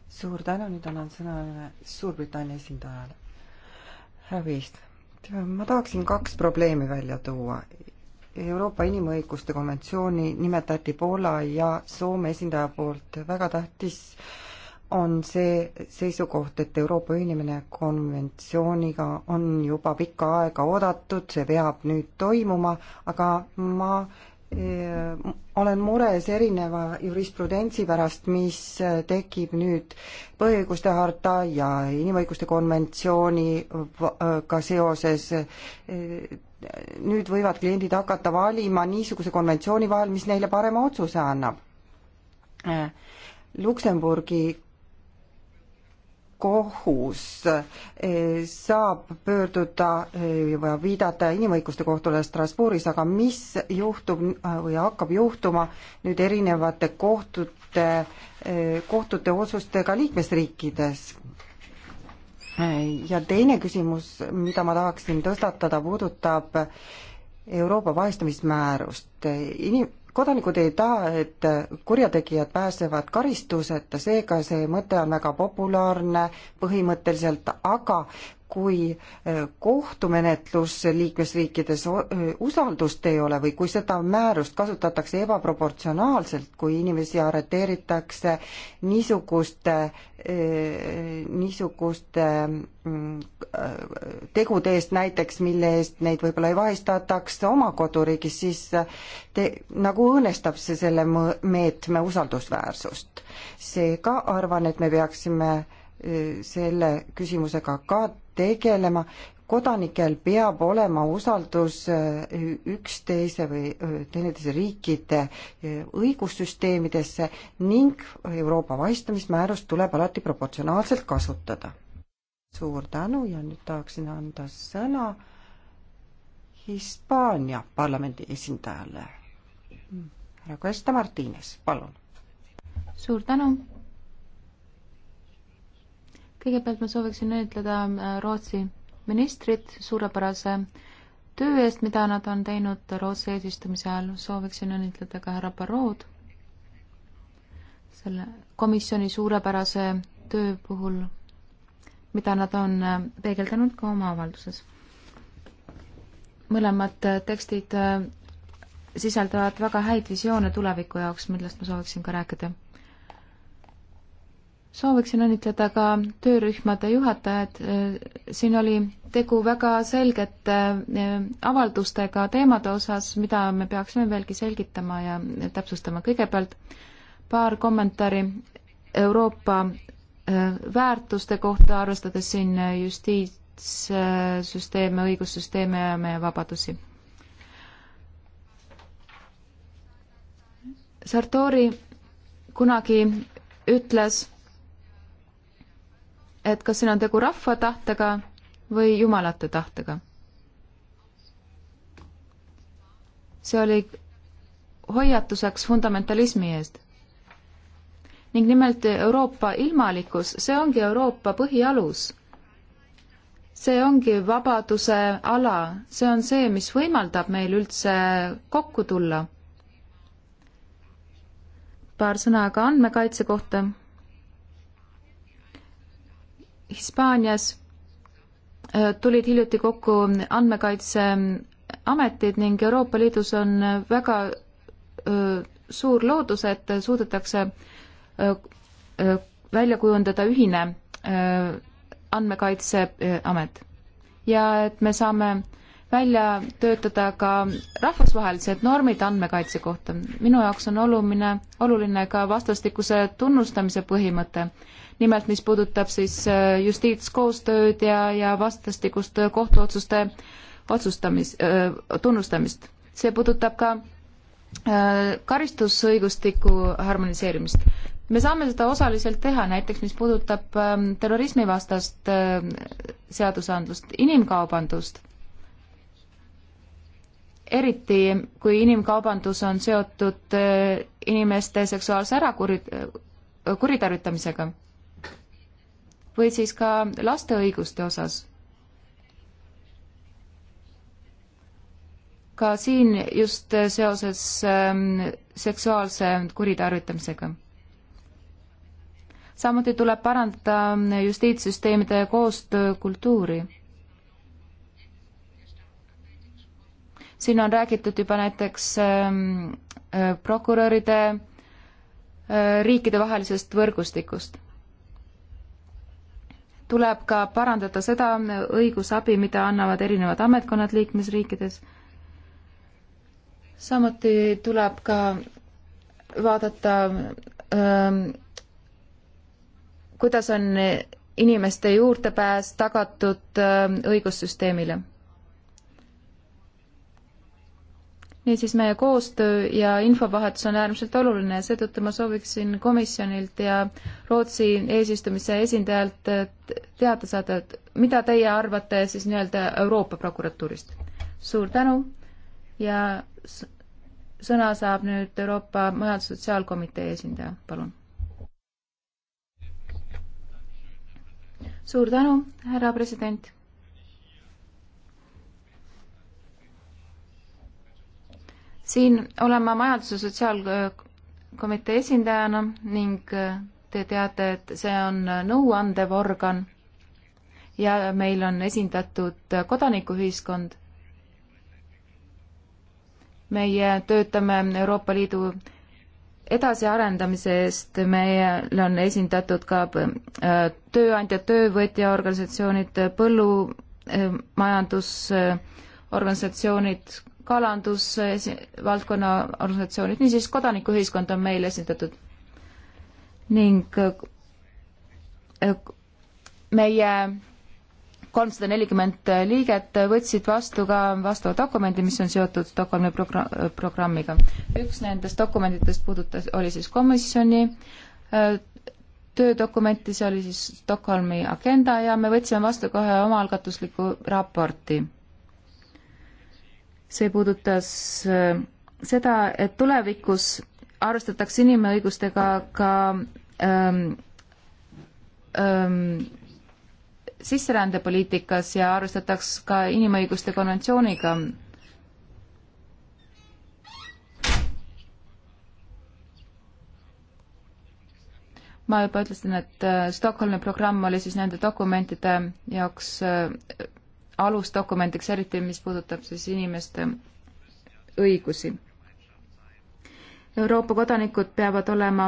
suur tänu, nüüd annan sõna Suurbritannia esindajale. härra Viist ma tahaksin kaks probleemi välja tuua. Euroopa Inimõiguste Konventsiooni nimetati Poola ja Soome esindaja poolt väga tähtis on see seisukoht, et Euroopa ühinemine konventsiooniga on juba pikka aega oodatud, see peab nüüd toimuma, aga ma eh, olen mures erineva jurisprudentsi pärast, mis tekib nüüd põhiõiguste harta ja inimõiguste konventsiooniga seoses nüüd võivad kliendid hakata valima niisuguse konventsiooni vahel, mis neile parema otsuse annab. Luksemburgi kohus eh, saab pöörduda eh, või viidata inimõiguste kohtule Strasbourgis, aga mis juhtub eh, või hakkab juhtuma nüüd erinevate kohtute, kohtute otsustega liikmesriikides? ja teine küsimus, mida ma tahaksin tõstatada, puudutab Euroopa vahistamismäärust. Inim-, kodanikud ei taha, et kurjategijad pääsevad karistuseta, seega see mõte on väga populaarne põhimõtteliselt, aga kui eh, kohtumenetlus liikmesriikides eh, usaldust ei ole või kui seda määrust kasutatakse ebaproportsionaalselt, kui inimesi arreteeritakse niisuguste, eh, niisuguste mm, tegude eest näiteks, mille eest neid võib-olla ei vahistataks oma koduriigis, siis te, nagu õõnestab see selle meetme usaldusväärsust. seega arvan, et me peaksime selle küsimusega ka tegelema, kodanikel peab olema usaldus eh, üksteise või eh, teineteise riikide eh, õigussüsteemidesse ning Euroopa vahistamismäärust tuleb alati proportsionaalselt kasutada. suur tänu ja nüüd tahaksin anda sõna Hispaania parlamendi esindajale. härra Cuesta Martines, palun. suur tänu kõigepealt ma sooviksin ütleda äh, Rootsi ministrit suurepärase töö eest, mida nad on teinud Rootsi eesistumise ajal, sooviksin õnnitleda ka härra Barrod selle komisjoni suurepärase töö puhul, mida nad on äh, peegeldanud ka oma avalduses. mõlemad äh, tekstid sisaldavad väga häid visioone tuleviku jaoks, millest ma sooviksin ka rääkida sooviksin õnnitleda ka töörühmade juhatajad, siin oli tegu väga selgete eh, avaldustega teemade osas, mida me peaksime veelgi selgitama ja täpsustama. kõigepealt paar kommentaari Euroopa eh, väärtuste kohta, arvestades siin justiitssüsteeme, õigussüsteeme ja meie vabadusi. Sartori kunagi ütles, et kas siin on tegu rahva tahtega või jumalate tahtega. see oli hoiatuseks fundamentalismi eest. ning nimelt Euroopa ilmalikkus, see ongi Euroopa põhialus. see ongi vabaduse ala, see on see, mis võimaldab meil üldse kokku tulla. paar sõna ka andmekaitse kohta Hispaanias äh, tulid hiljuti kokku andmekaitseametid ning Euroopa Liidus on väga äh, suur loodus, et suudetakse äh, välja kujundada ühine andmekaitseamet ja et me saame välja töötada ka rahvusvahelised normid andmekaitse kohta. minu jaoks on olumine, oluline ka vastastikuse tunnustamise põhimõte nimelt mis puudutab siis äh, justiitskoostööd ja, ja vastastikust äh, kohtuotsuste otsustamis, äh, tunnustamist. see puudutab ka karistusõigustiku harmoniseerimist. me saame seda osaliselt teha, näiteks mis puudutab ähm, terrorismivastast seadusandlust, inimkaubandust, eriti kui inimkaubandus on seotud inimeste seksuaalse ärakuri-, kuritarvitamisega või siis ka laste õiguste osas. ka siin just seoses ähm, seksuaalse kuritarvitamisega. samuti tuleb parandada justiitssüsteemide koostöökultuuri siin on räägitud juba näiteks ähm, äh, prokuröride äh, riikidevahelisest võrgustikust tuleb ka parandada seda õigusabi, mida annavad erinevad ametkonnad liikmesriikides. samuti tuleb ka vaadata, ähm, kuidas on inimeste juurdepääs tagatud ähm, õigussüsteemile niisiis, meie koostöö ja infovahetus on äärmiselt oluline ja seetõttu ma sooviksin komisjonilt ja Rootsi eesistumise esindajalt teada saada, et mida teie arvate siis nii-öelda Euroopa prokuratuurist. suur tänu ja sõna saab nüüd Euroopa Majandus-Sotsiaalkomitee esindaja, palun. suur tänu, härra president siin olen ma majandus- ja sotsiaalkomitee esindajana ning äh, te teate, et see on äh, nõuandev organ ja meil on esindatud äh, kodanikuühiskond. meie töötame Euroopa Liidu edasiarendamise eest, meil on esindatud ka tööandjad, töövõtja organisatsioonid, põllumajandus, organisatsioonid, kalandusvaldkonna organisatsioonid, niisiis kodanikuühiskond on meil esindatud. ning äh, meie kolmsada nelikümmend liiget võtsid vastu ka vastava dokumendi, mis on seotud Stockholmi progra-, programmiga. üks nendest dokumentidest puudutas, oli siis komisjoni äh, töödokumenti, see oli siis Stockholmi agenda ja me võtsime vastu kohe omaalgatusliku raporti see puudutas äh, seda, et tulevikus arvestatakse inimõigustega ka ähm, ähm, sisserändepoliitikas ja arvestataks ka inimõiguste konventsiooniga ma juba ütlesin, et äh, Stockholmi programm oli siis nende dokumentide jaoks äh, alusdokumendiks, eriti mis puudutab siis inimeste õigusi. Euroopa kodanikud peavad olema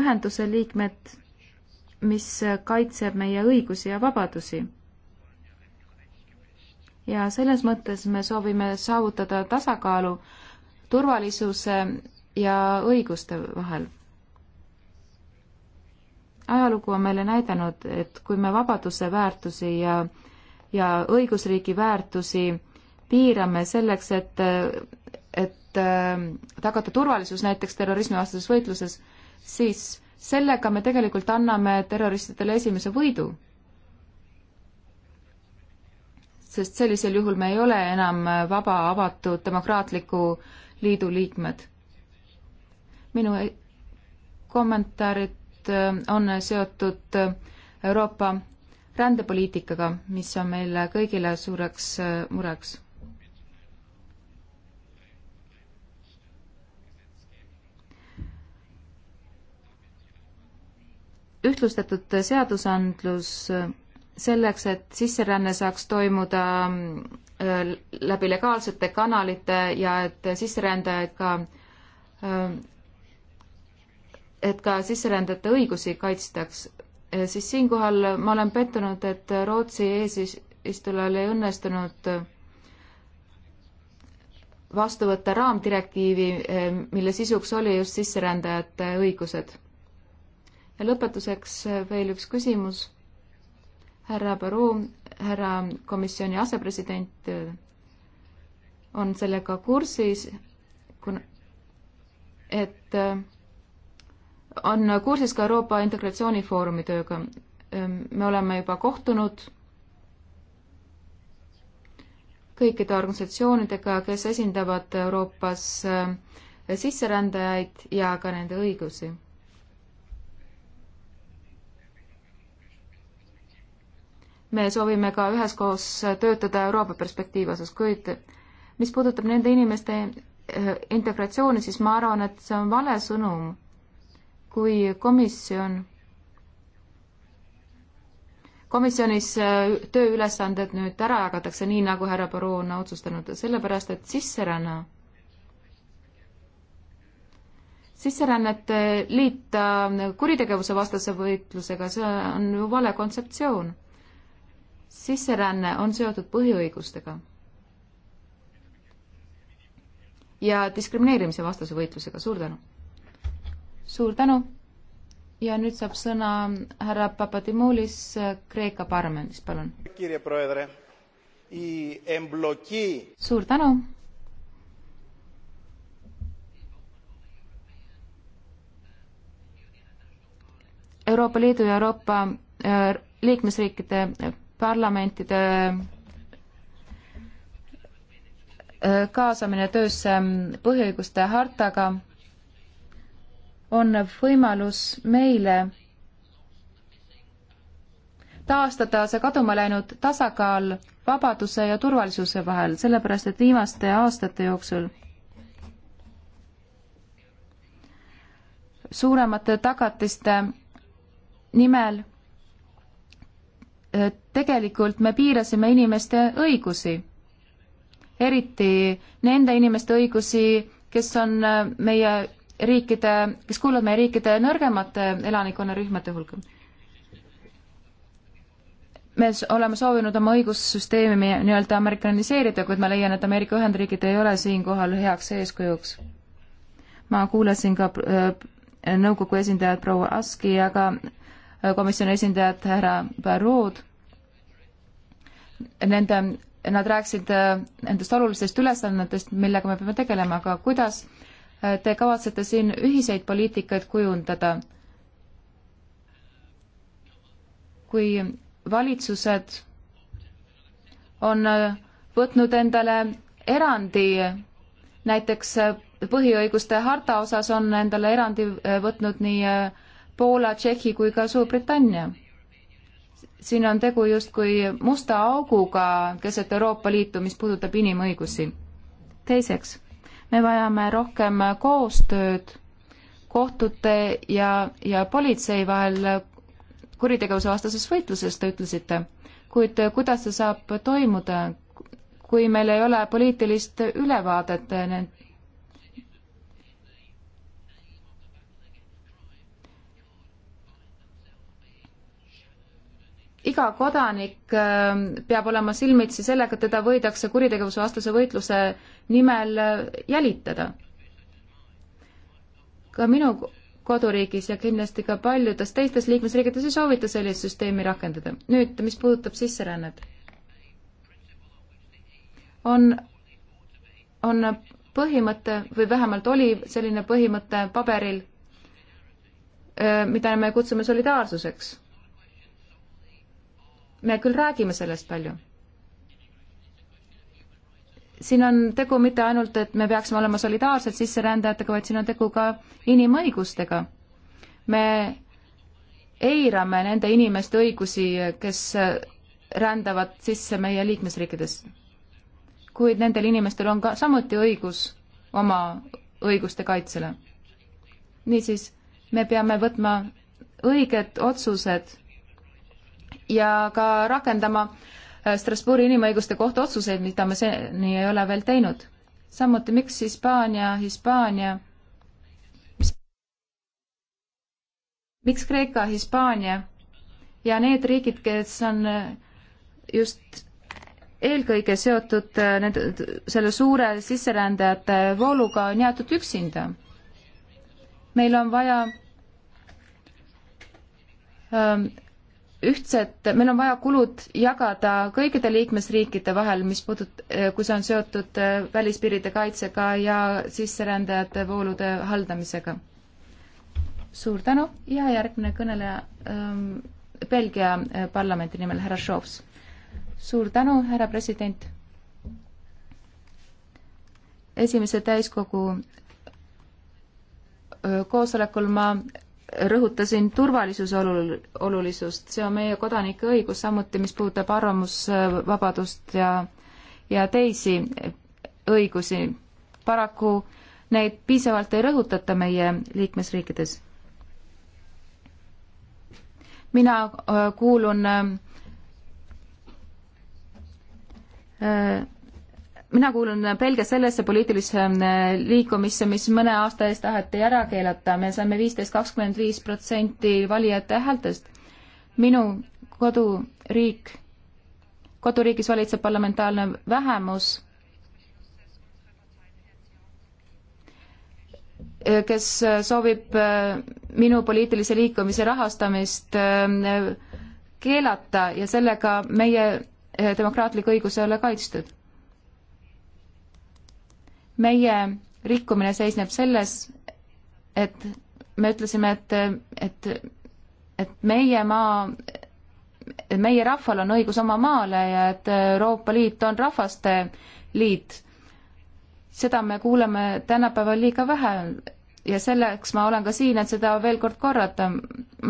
ühenduse liikmed, mis kaitseb meie õigusi ja vabadusi. ja selles mõttes me soovime saavutada tasakaalu turvalisuse ja õiguste vahel. ajalugu on meile näidanud, et kui me vabaduse väärtusi ja äh, ja õigusriigi väärtusi piirame selleks, et, et ähm, tagada turvalisus näiteks terrorismivastases võitluses, siis sellega me tegelikult anname terroristidele esimese võidu. sest sellisel juhul me ei ole enam vaba, avatud, demokraatliku liidu liikmed. minu kommentaarid äh, on seotud Euroopa rändepoliitikaga, mis on meil kõigile suureks äh, mureks. ühtlustatud seadusandlus äh, selleks, et sisseränne saaks toimuda äh, läbi legaalsete kanalite ja et sisserändajaid ka, et ka sisserändajate õigusi kaitstaks, Eh, siis siinkohal ma olen pettunud, et Rootsi eesistujal ei õnnestunud eh, vastu võtta raamdirektiivi, eh, mille sisuks oli just sisserändajate õigused. ja lõpetuseks veel üks küsimus. härra Barrou, härra komisjoni asepresident on sellega kursis, kuna, et äh, on kursis ka Euroopa Integratsioonifoorumi tööga. Ehm, me oleme juba kohtunud kõikide organisatsioonidega, kes esindavad Euroopas ehm, sisserändajaid ja ka nende õigusi. me soovime ka üheskoos töötada Euroopa perspektiivi osas, kuid mis puudutab nende inimeste ehm, integratsiooni, siis ma arvan, et see on vale sõnum kui komisjon, komisjonis äh, tööülesanded nüüd ära jagatakse nii, nagu härra Barroso on otsustanud, sellepärast et sisseränne, sisserännet liita äh, kuritegevuse vastase võitlusega, see on ju vale kontseptsioon. sisseränne on seotud põhiõigustega ja diskrimineerimise vastase võitlusega, suur tänu! suur tänu ja nüüd saab sõna härra Papadimoulis Kreeka parlamendist, palun. suur tänu. Euroopa Liidu ja Euroopa äh, liikmesriikide parlamentide äh, kaasamine töösse põhiõiguste hartaga on võimalus meile taastada see kaduma läinud tasakaal vabaduse ja turvalisuse vahel, sellepärast et viimaste aastate jooksul suuremate tagatiste nimel tegelikult me piirasime inimeste õigusi, eriti nende inimeste õigusi, kes on meie riikide, kes kuuluvad meie riikide nõrgemate elanikkonnarühmade hulka. me oleme soovinud oma õigussüsteemi nii-öelda amerikaniseerida, kuid ma leian, et Ameerika Ühendriigid ei ole siinkohal heaks eeskujuks. ma kuulasin ka äh, nõukogu esindajat proua Aski ja ka äh, komisjoni esindajat härra Barood. Nende nad rääkisid äh, nendest olulistest ülesannetest, millega me peame tegelema, aga kuidas te kavatsete siin ühiseid poliitikaid kujundada. kui valitsused on võtnud endale erandi, näiteks põhiõiguste harta osas on endale erandi võtnud nii Poola, Tšehhi kui ka Suurbritannia. siin on tegu justkui musta auguga keset Euroopa Liitu, mis puudutab inimõigusi. teiseks me vajame rohkem koostööd kohtute ja, ja politsei vahel kuritegevuse vastases võitluses, te ütlesite. kuid kuidas see saab toimuda, kui meil ei ole poliitilist ülevaadet iga kodanik ähm, peab olema silmitsi sellega, et teda võidakse kuritegevuse vastase võitluse nimel äh, jälitada. ka minu koduriigis ja kindlasti ka paljudes teistes liikmesriikides ei soovita sellist süsteemi rakendada. nüüd, mis puudutab sisserännet, on, on põhimõte või vähemalt oli selline põhimõte paberil, äh, mida me kutsume solidaarsuseks me küll räägime sellest palju. siin on tegu mitte ainult, et me peaksime olema solidaarsed sisserändajatega, vaid siin on tegu ka inimõigustega. me eirame nende inimeste õigusi, kes rändavad sisse meie liikmesriikidesse. kuid nendel inimestel on ka samuti õigus oma õiguste kaitsele. niisiis, me peame võtma õiged otsused ja ka rakendama äh, Strasbourgi inimõiguste kohta otsuseid, mida me seni ei ole veel teinud. samuti, miks Hispaania, Hispaania, miks Kreeka, Hispaania ja need riigid, kes on äh, just eelkõige seotud äh, nende, selle suure sisserändajate vooluga, on jäetud üksinda. meil on vaja ähm, ühtset, meil on vaja kulud jagada kõikide liikmesriikide vahel, mis puudut-, kui see on seotud äh, välispiiride kaitsega ja sisserändajate voolude haldamisega. suur tänu ja järgmine kõneleja ähm, Belgia äh, parlamendi nimel, härra Šovs. suur tänu, härra president. esimese täiskogu öö, äh, koosolekul ma rõhutasin turvalisuse olul-, olulisust, see on meie kodanike õigus, samuti mis puudutab arvamusvabadust ja, ja teisi õigusi. paraku neid piisavalt ei rõhutata meie liikmesriikides. mina äh, kuulun äh, äh mina kuulun Belgias sellesse poliitilisse ähm, liikumisse, mis mõne aasta eest taheti ära keelata, me saime viisteist, kakskümmend viis protsenti valijate häältest. minu koduriik, koduriigis valitseb parlamentaarne vähemus, äh, kes soovib äh, minu poliitilise liikumise rahastamist äh, keelata ja sellega meie demokraatlik õigus ei ole kaitstud meie rikkumine seisneb selles, et me ütlesime, et, et, et meie maa, meie rahval on õigus oma maale ja et Euroopa Liit on rahvaste liit. seda me kuuleme tänapäeval liiga vähe ja selleks ma olen ka siin, et seda veel kord korrata.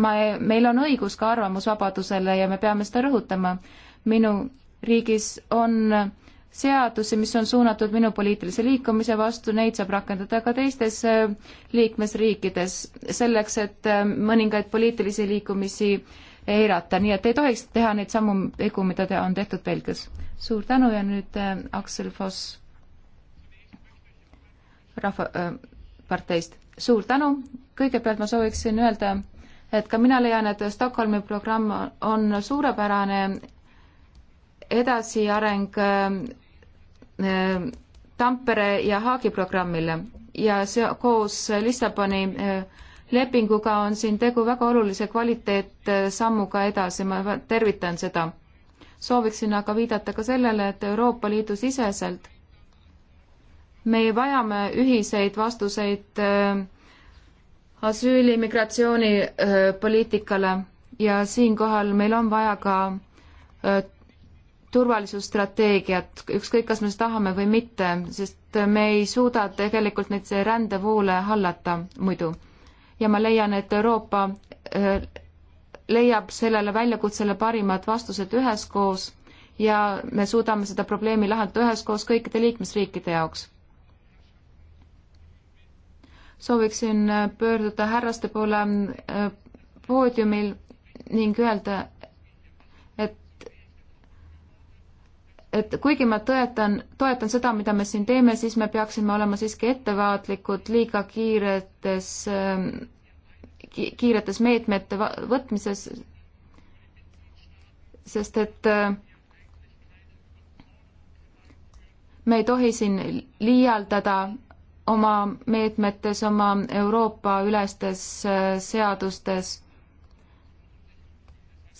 ma, meil on õigus ka arvamusvabadusele ja me peame seda rõhutama. minu riigis on seadusi, mis on suunatud minu poliitilise liikumise vastu, neid saab rakendada ka teistes äh, liikmesriikides, selleks et äh, mõningaid poliitilisi liikumisi eirata, nii et ei tohiks teha neid samu vigu, mida te on tehtud Belgias. suur tänu ja nüüd äh, Aksel Foss Rahvaparteist äh,. suur tänu, kõigepealt ma sooviksin öelda, et ka mina leian, et Stockholmi programm on suurepärane edasiareng äh, Äh, Tampere ja Haagi programmile ja see koos Lissaboni äh, lepinguga on siin tegu väga olulise kvaliteetsammuga edasi, ma tervitan seda. sooviksin aga viidata ka sellele, et Euroopa Liidu siseselt me vajame ühiseid vastuseid äh, asüüli, migratsioonipoliitikale ja siinkohal meil on vaja ka turvalisusstrateegiat, ükskõik, kas me seda tahame või mitte, sest me ei suuda tegelikult neid rändevoole hallata muidu. ja ma leian, et Euroopa äh, leiab sellele väljakutsele parimad vastused üheskoos ja me suudame seda probleemi lahendada üheskoos kõikide liikmesriikide jaoks. sooviksin pöörduda härraste poole äh, poodiumil ning öelda, et kuigi ma tõetan, toetan seda, mida me siin teeme, siis me peaksime olema siiski ettevaatlikud liiga kiiretes, ähm, kiiretes meetmete võtmises, sest et äh, me ei tohi siin liialdada oma meetmetes, oma Euroopa-ülestes äh, seadustes,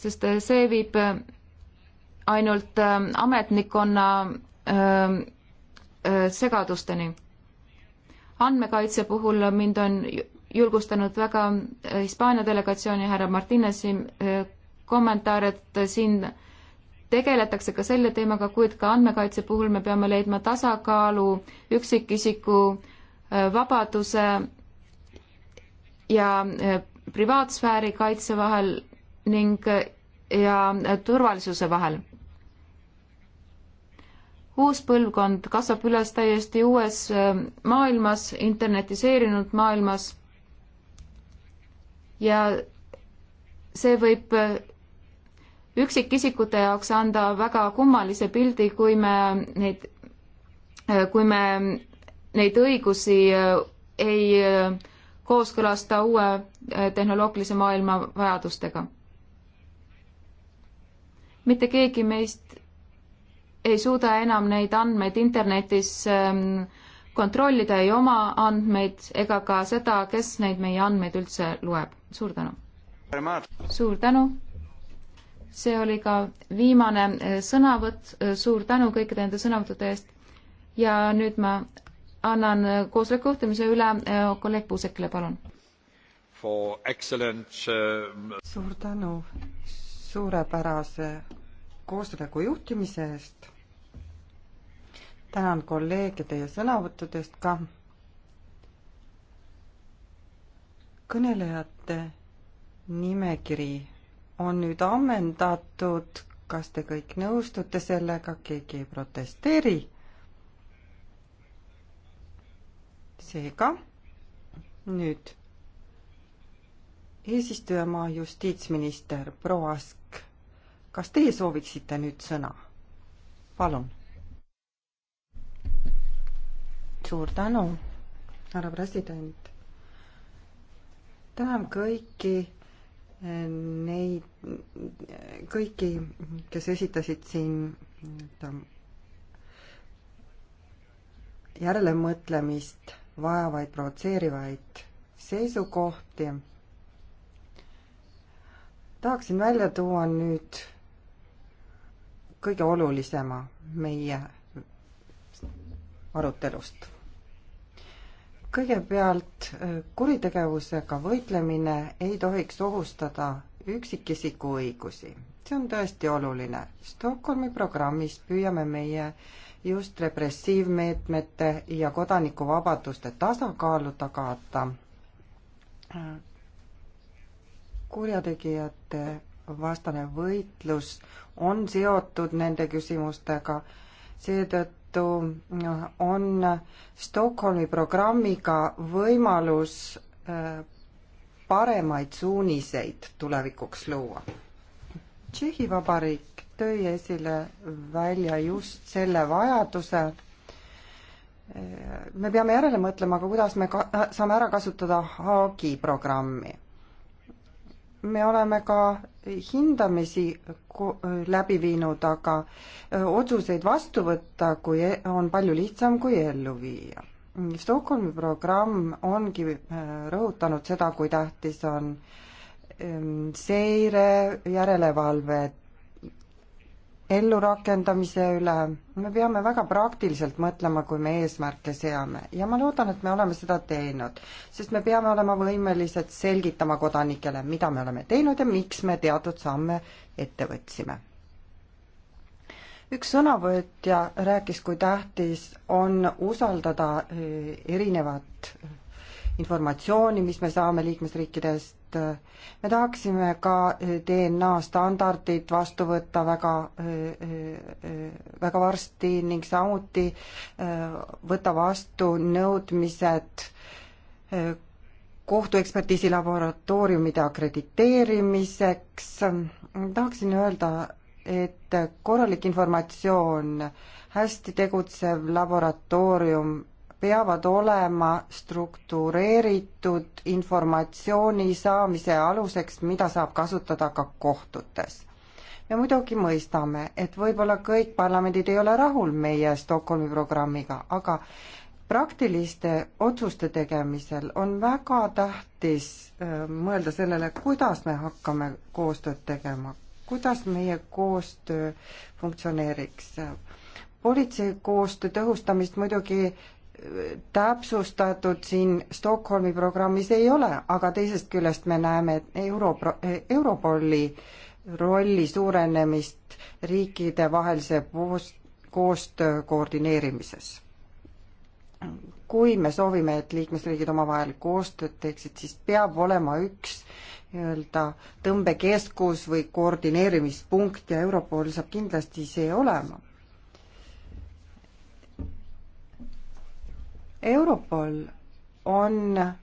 sest äh, see viib ainult ähm, ametnikkonna ähm, äh, segadusteni. andmekaitse puhul mind on julgustanud väga äh, Hispaania delegatsiooni härra Martinesi äh, kommentaar, et siin tegeletakse ka selle teemaga, kuid ka andmekaitse puhul me peame leidma tasakaalu üksikisiku vabaduse ja privaatsfääri kaitse vahel ning ja turvalisuse vahel uus põlvkond kasvab üles täiesti uues äh, maailmas, internetiseerinud maailmas ja see võib äh, üksikisikute jaoks anda väga kummalise pildi, kui me neid, äh, kui me neid õigusi ei kooskõlasta uue tehnoloogilise maailma vajadustega. mitte keegi meist ei suuda enam neid andmeid internetis ähm, kontrollida, ei oma andmeid ega ka seda, kes neid meie andmeid üldse loeb. suur tänu! suur tänu! see oli ka viimane äh, sõnavõtt, äh, suur tänu kõikide nende sõnavõttude eest ja nüüd ma annan äh, koosoleku juhtimise üle kolleeg Puusekile, palun. suur tänu suurepärase koosoleku juhtimise eest tänan kolleege teie sõnavõttudest ka. kõnelejate nimekiri on nüüd ammendatud, kas te kõik nõustute sellega, keegi ei protesteeri? seega nüüd eesistujamaa justiitsminister proua Ask, kas teie sooviksite nüüd sõna? palun suur tänu, härra president. tänan kõiki eh, neid, kõiki, kes esitasid siin nii-öelda järelemõtlemist vajavaid provotseerivaid seisukohti. tahaksin välja tuua nüüd kõige olulisema meie arutelust kõigepealt äh, kuritegevusega võitlemine ei tohiks ohustada üksikisiku õigusi. see on tõesti oluline. Stockholmi programmis püüame meie just repressiivmeetmete ja kodanikuvabaduste tasakaalu tagada kurjategijate vastane võitlus on seotud nende küsimustega, seetõttu tõttu on Stockholmi programmiga võimalus äh, paremaid suuniseid tulevikuks luua. Tšehhi Vabariik tõi esile välja just selle vajaduse, äh, me peame järele mõtlema, aga kuidas me ka-, saame ära kasutada Haagi programmi me oleme ka hindamisi läbi viinud, aga otsuseid vastu võtta, kui e-, on palju lihtsam kui ellu viia. Stockholmi programm ongi rõhutanud seda, kui tähtis on seire, järelevalve, ellurakendamise üle, me peame väga praktiliselt mõtlema, kui me eesmärke seame ja ma loodan, et me oleme seda teinud, sest me peame olema võimelised selgitama kodanikele, mida me oleme teinud ja miks me teatud samme ette võtsime. üks sõnavõtja rääkis, kui tähtis on usaldada eh, erinevat informatsiooni, mis me saame liikmesriikidest, me tahaksime ka eh, DNA standardid vastu võtta väga, eh, eh, väga varsti ning samuti võtta vastu nõudmised kohtuekspertiisi laboratooriumide akrediteerimiseks. tahaksin öelda, et korralik informatsioon, hästi tegutsev laboratoorium peavad olema struktureeritud informatsiooni saamise aluseks, mida saab kasutada ka kohtutes. me muidugi mõistame, et võib-olla kõik parlamendid ei ole rahul meie Stockholmi programmiga, aga praktiliste otsuste tegemisel on väga tähtis äh, mõelda sellele, kuidas me hakkame koostööd tegema, kuidas meie koostöö funktsioneeriks politsei koostöö tõhustamist muidugi täpsustatud siin Stockholmi programmis ei ole, aga teisest küljest me näeme euro, Europoli rolli suurenemist riikidevahelise koostöö koordineerimises. kui me soovime, et liikmesriigid omavahel koostööd teeksid, siis peab olema üks nii-öelda tõmbekeskus või koordineerimispunkt ja Europol saab kindlasti see olema Europol on äh,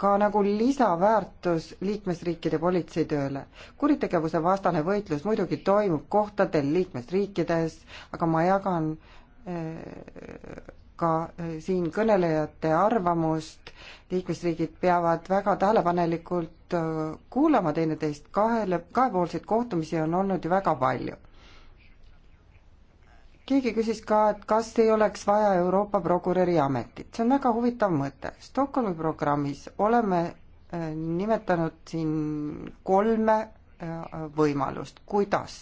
ka nagu lisaväärtus liikmesriikide politseitööle. kuritegevuse vastane võitlus muidugi toimub kohtadel liikmesriikides, aga ma jagan äh, ka äh, siin kõnelejate arvamust, liikmesriigid peavad väga tähelepanelikult kuulama teineteist, kahele, kahepoolseid kohtumisi on olnud ju väga palju keegi küsis ka, et kas ei oleks vaja Euroopa prokuröri ametit, see on väga huvitav mõte. Stockholmi programmis oleme äh, nimetanud siin kolme äh, võimalust, kuidas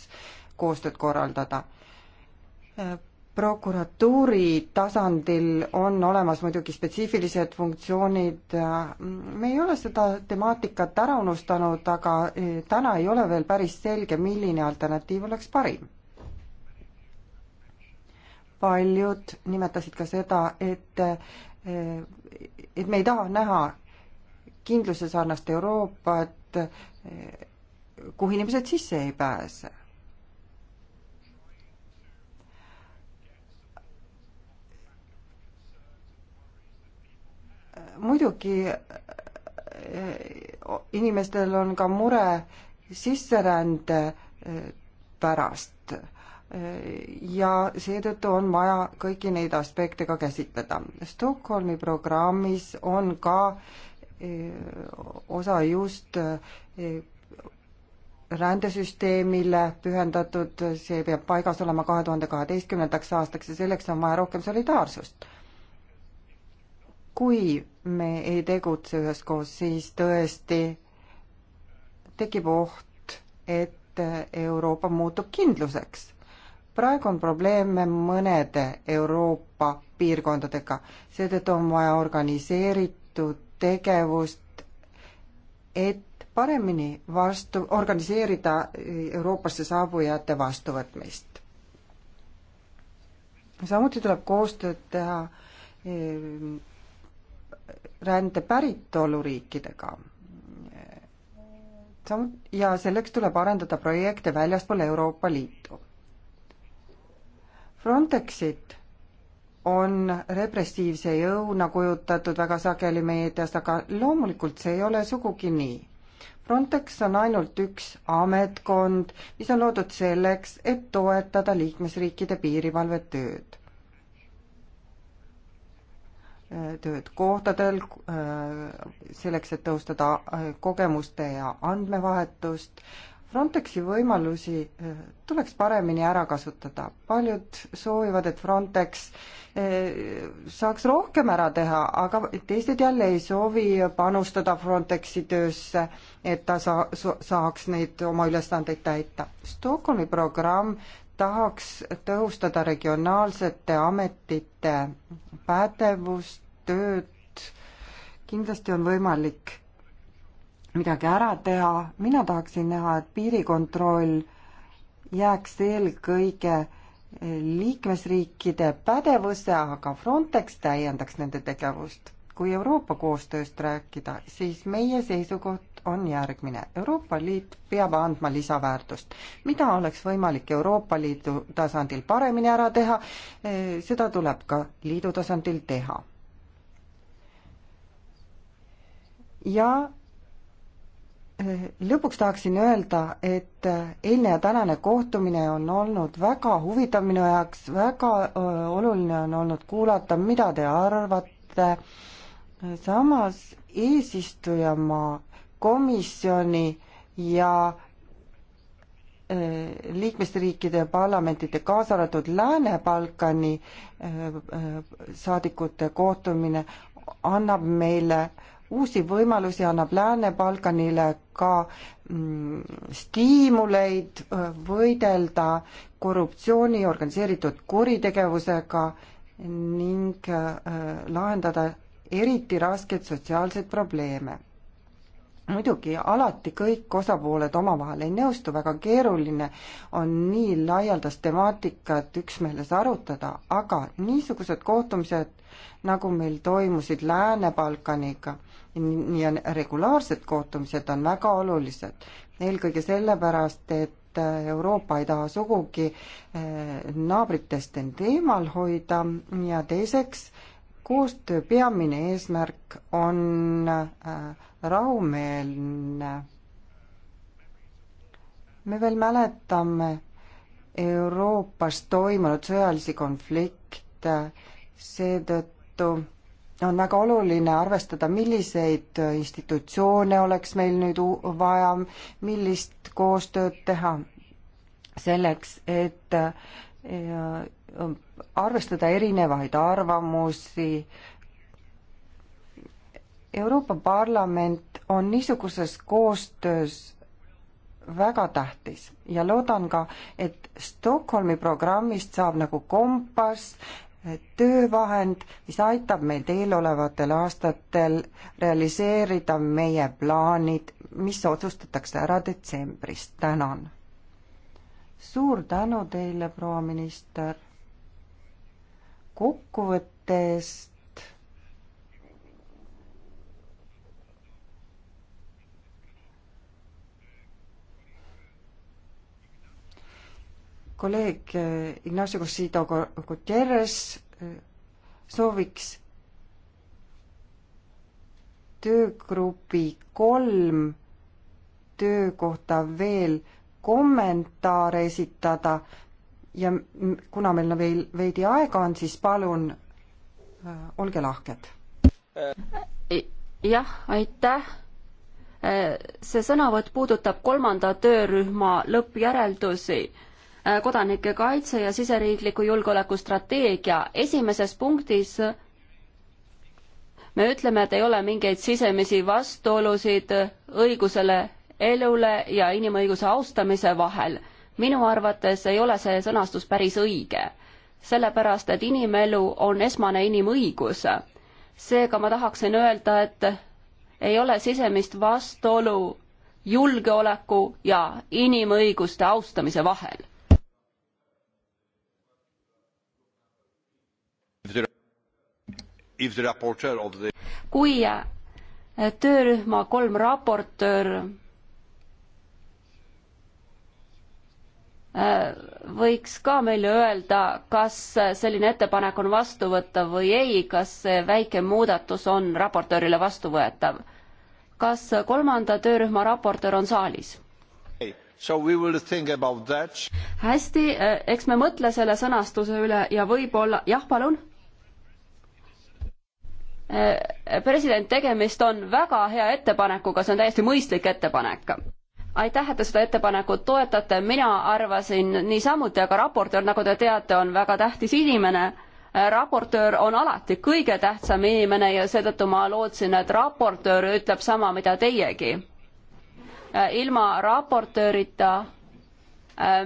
koostööd korraldada. Äh, prokuratuuri tasandil on olemas muidugi spetsiifilised funktsioonid, me ei ole seda temaatikat ära unustanud, aga täna ei ole veel päris selge, milline alternatiiv oleks parim paljud nimetasid ka seda, et et me ei taha näha kindluse sarnast Euroopat, kuhu inimesed sisse ei pääse. muidugi inimestel on ka mure sisserände pärast ja seetõttu on vaja kõiki neid aspekte ka käsitleda. Stockholmi programmis on ka e, osa just e, rändesüsteemile pühendatud, see peab paigas olema kahe tuhande kaheteistkümnendaks aastaks ja selleks on vaja rohkem solidaarsust. kui me ei tegutse üheskoos, siis tõesti tekib oht, et Euroopa muutub kindluseks praegu on probleeme mõnede Euroopa piirkondadega, seetõttu on vaja organiseeritud tegevust, et paremini vastu, organiseerida Euroopasse saabujate vastuvõtmist. samuti tuleb koostööd teha eh, rände päritoluriikidega samuti ja selleks tuleb arendada projekte väljaspool Euroopa Liitu Frontexit on repressiivse jõuna kujutatud väga sageli meedias, aga loomulikult see ei ole sugugi nii. Frontex on ainult üks ametkond, mis on loodud selleks, et toetada liikmesriikide piirivalvetööd. tööd kohtadel, äh, selleks, et tõustada äh, kogemuste ja andmevahetust, Frontexi võimalusi eh, tuleks paremini ära kasutada. paljud soovivad, et Frontex eh, saaks rohkem ära teha, aga teised jälle ei soovi panustada Frontexi töösse, et ta sa-, saaks neid oma ülesandeid täita. Stockholmi programm tahaks tõhustada regionaalsete ametite pädevust, tööd, kindlasti on võimalik midagi ära teha, mina tahaksin näha, et piirikontroll jääks eelkõige liikmesriikide pädevusse, aga Frontex täiendaks nende tegevust. kui Euroopa koostööst rääkida, siis meie seisukoht on järgmine. Euroopa Liit peab andma lisaväärtust. mida oleks võimalik Euroopa Liidu tasandil paremini ära teha, seda tuleb ka liidu tasandil teha. ja lõpuks tahaksin öelda, et eilne ja tänane kohtumine on olnud väga huvitav minu jaoks, väga oluline on olnud kuulata, mida te arvate. samas eesistujamaa komisjoni ja liikmesriikide parlamentide, kaasa arvatud Lääne-Balkani saadikute kohtumine annab meile äh, uusi võimalusi, annab Lääne-Balkanile ka mm, stiimuleid äh, võidelda korruptsiooni, organiseeritud kuritegevusega ning äh, lahendada eriti raskeid sotsiaalseid probleeme. muidugi alati kõik osapooled omavahel ei nõustu, väga keeruline on nii laialdast temaatikat üksmeeles arutada, aga niisugused kohtumised, nagu meil toimusid Lääne-Balkaniga, ja regulaarsed kohtumised on väga olulised. eelkõige sellepärast, et Euroopa ei taha sugugi eh, naabritest end eemal hoida ja teiseks, koostöö peamine eesmärk on eh, rahumeelne. me veel mäletame Euroopas toimunud sõjalisi konflikte, seetõttu on väga oluline arvestada, milliseid institutsioone oleks meil nüüd vaja, millist koostööd teha selleks, et arvestada erinevaid arvamusi. Euroopa Parlament on niisuguses koostöös väga tähtis ja loodan ka, et Stockholmi programmist saab nagu kompass, töövahend, mis aitab meil eelolevatel aastatel realiseerida meie plaanid, mis otsustatakse ära detsembris. tänan! suur tänu teile, proua minister! kokkuvõttes kolleeg eh, Ignacio Cosido Gutierrez eh, sooviks töögrupi kolm töökohta veel kommentaare esitada ja kuna meil veel veidi aega on, siis palun eh, olge lahked. jah, aitäh. see sõnavõtt puudutab kolmanda töörühma lõppjäreldusi Äh, kodanike kaitse ja siseriikliku julgeolekustrateegia. esimeses punktis me ütleme, et ei ole mingeid sisemisi vastuolusid õigusele elule ja inimõiguse austamise vahel. minu arvates ei ole see sõnastus päris õige, sellepärast et inimelu on esmane inimõigus. seega ma tahaksin öelda, et ei ole sisemist vastuolu julgeoleku ja inimõiguste austamise vahel The... kui eh, töörühma kolm raportöör eh, võiks ka meile öelda, kas selline ettepanek on vastuvõetav või ei, kas see väike muudatus on raportöörile vastuvõetav? kas kolmanda töörühma raportöör on saalis okay.? hästi, eh, eks me mõtle selle sõnastuse üle ja võib-olla, jah, palun Äh, president, tegemist on väga hea ettepanekuga, see on täiesti mõistlik ettepanek. aitäh, et te seda ettepanekut toetate, mina arvasin niisamuti, aga raportöör, nagu te teate, on väga tähtis inimene. Äh, raportöör on alati kõige tähtsam inimene ja seetõttu ma lootsin, et raportöör ütleb sama, mida teiegi. Äh, ilma raportöörita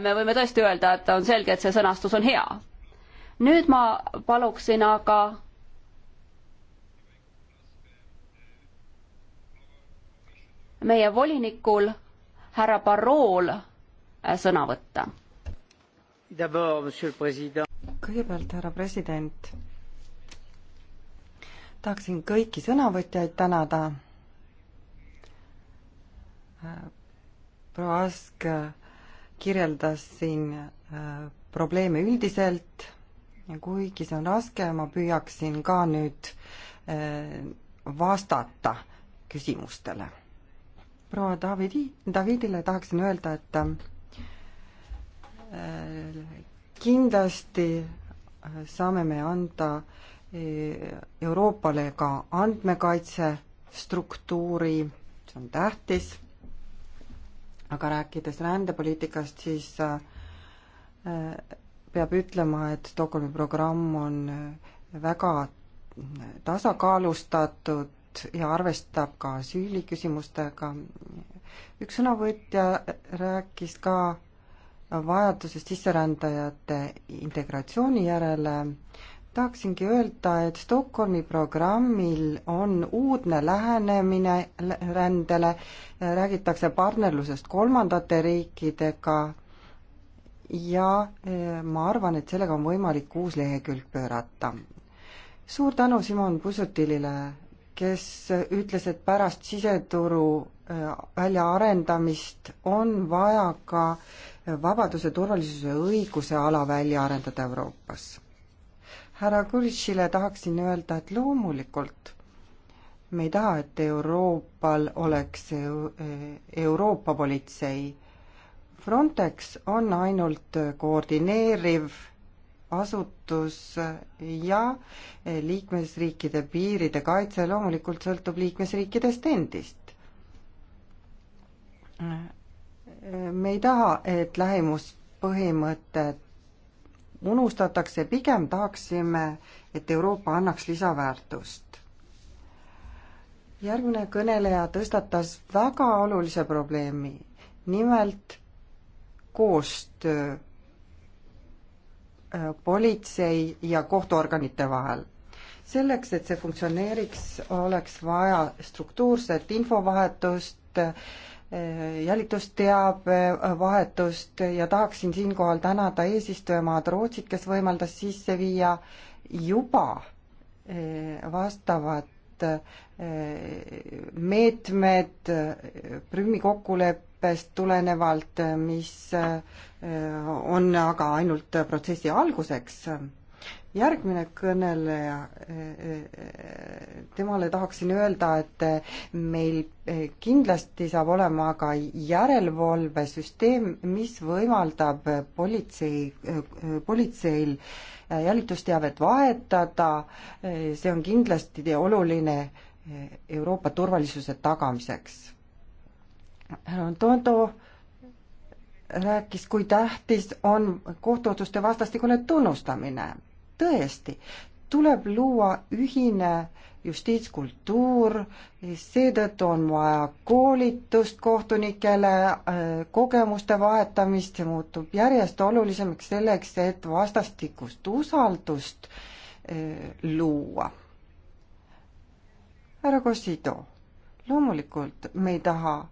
me võime tõesti öelda, et on selge, et see sõnastus on hea. nüüd ma paluksin aga meie volinikul härra Barrol äh, sõna võtta. kõigepealt, härra president, tahaksin kõiki sõnavõtjaid tänada. Äh, proua Ask äh, kirjeldas siin probleeme üldiselt ja kuigi see on raske, ma püüaksin ka nüüd vastata küsimustele proua Davidi, Davidile tahaksin öelda, et äh, kindlasti saame me anda äh, Euroopale ka andmekaitsestruktuuri, see on tähtis, aga rääkides rändepoliitikast, siis äh, peab ütlema, et Stockholmi programm on väga tasakaalustatud, poolt ja arvestab ka süüliküsimustega. üks sõnavõtja rääkis ka vajadusest sisserändajate integratsiooni järele. tahaksingi öelda, et Stockholmi programmil on uudne lähenemine rändele, räägitakse partnerlusest kolmandate riikidega ja eh, ma arvan, et sellega on võimalik uus lehekülg pöörata suur tänu Simon Pusutilile kes ütles, et pärast siseturu äh, väljaarendamist on vaja ka äh, vabaduse, turvalisuse ja õiguse ala välja arendada Euroopas. härra Kuritšile tahaksin öelda, et loomulikult me ei taha, et Euroopal oleks äh, Euroopa politsei. Frontex on ainult koordineeriv asutus ja liikmesriikide piiride kaitse loomulikult sõltub liikmesriikidest endist. me ei taha, et lähimuspõhimõtet unustatakse, pigem tahaksime, et Euroopa annaks lisaväärtust. järgmine kõneleja tõstatas väga olulise probleemi, nimelt koostöö Äh, politsei ja kohtuorganite vahel. selleks, et see funktsioneeriks, oleks vaja struktuurset infovahetust, äh, jälitusteabevahetust ja tahaksin siinkohal tänada eesistujamaad Rootsit, kes võimaldas sisse viia juba äh, vastavad Eh, meetmed eh, Prümi kokkuleppest tulenevalt, eh, mis on aga ainult protsessi alguseks. järgmine kõneleja, temale tahaksin öelda, et meil kindlasti saab olema ka järelevalvesüsteem, mis võimaldab politsei, politseil Äh, jälitusteavet vahetada, äh, see on kindlasti oluline äh, Euroopa turvalisuse tagamiseks. härra Antondo rääkis, kui tähtis on kohtuotsuste vastastikune tunnustamine. tõesti, tuleb luua ühine justiitskultuur, seetõttu on vaja koolitust kohtunikele, äh, kogemuste vahetamist, see muutub järjest olulisemaks selleks, et vastastikust usaldust äh, luua. härra Kossido, loomulikult me ei taha,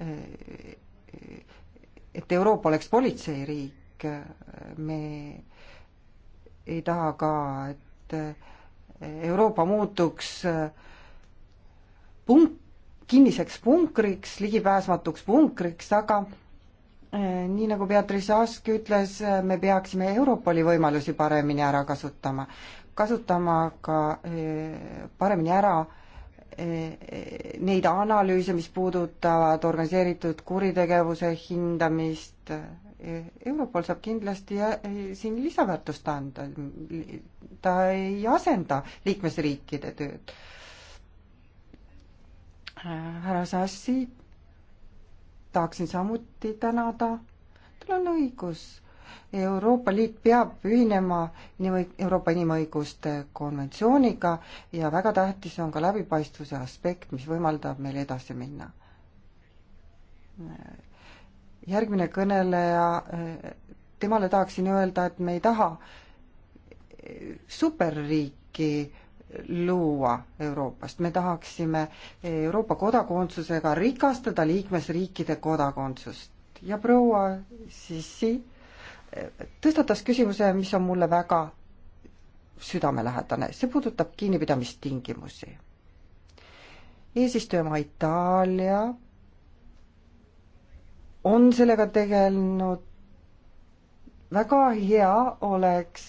äh, et Euroopa oleks politseiriik, me ei taha ka, et et eh, Euroopa muutuks eh, punk-, kinniseks punkriks, ligipääsmatuks punkriks, aga eh, nii nagu Beatrice Ask ütles, me peaksime Europoli võimalusi paremini ära kasutama, kasutama ka paremini ära neid analüüse, mis puudutavad organiseeritud kuritegevuse hindamist, Europol saab kindlasti äh, siin lisaväärtust anda, ta ei asenda liikmesriikide tööd. härra Sassi tahaksin samuti tänada, tal on õigus Euroopa Liit peab ühinema Euroopa Inimõiguste konventsiooniga ja väga tähtis on ka läbipaistvuse aspekt, mis võimaldab meil edasi minna järgmine kõneleja, temale tahaksin öelda, et me ei taha superriiki luua Euroopast, me tahaksime Euroopa kodakondsusega rikastada liikmesriikide kodakondsust ja proua Sissi tõstatas küsimuse, mis on mulle väga südamelähedane, see puudutab kinnipidamistingimusi. eesistujamaa Itaalia on sellega tegelenud. väga hea oleks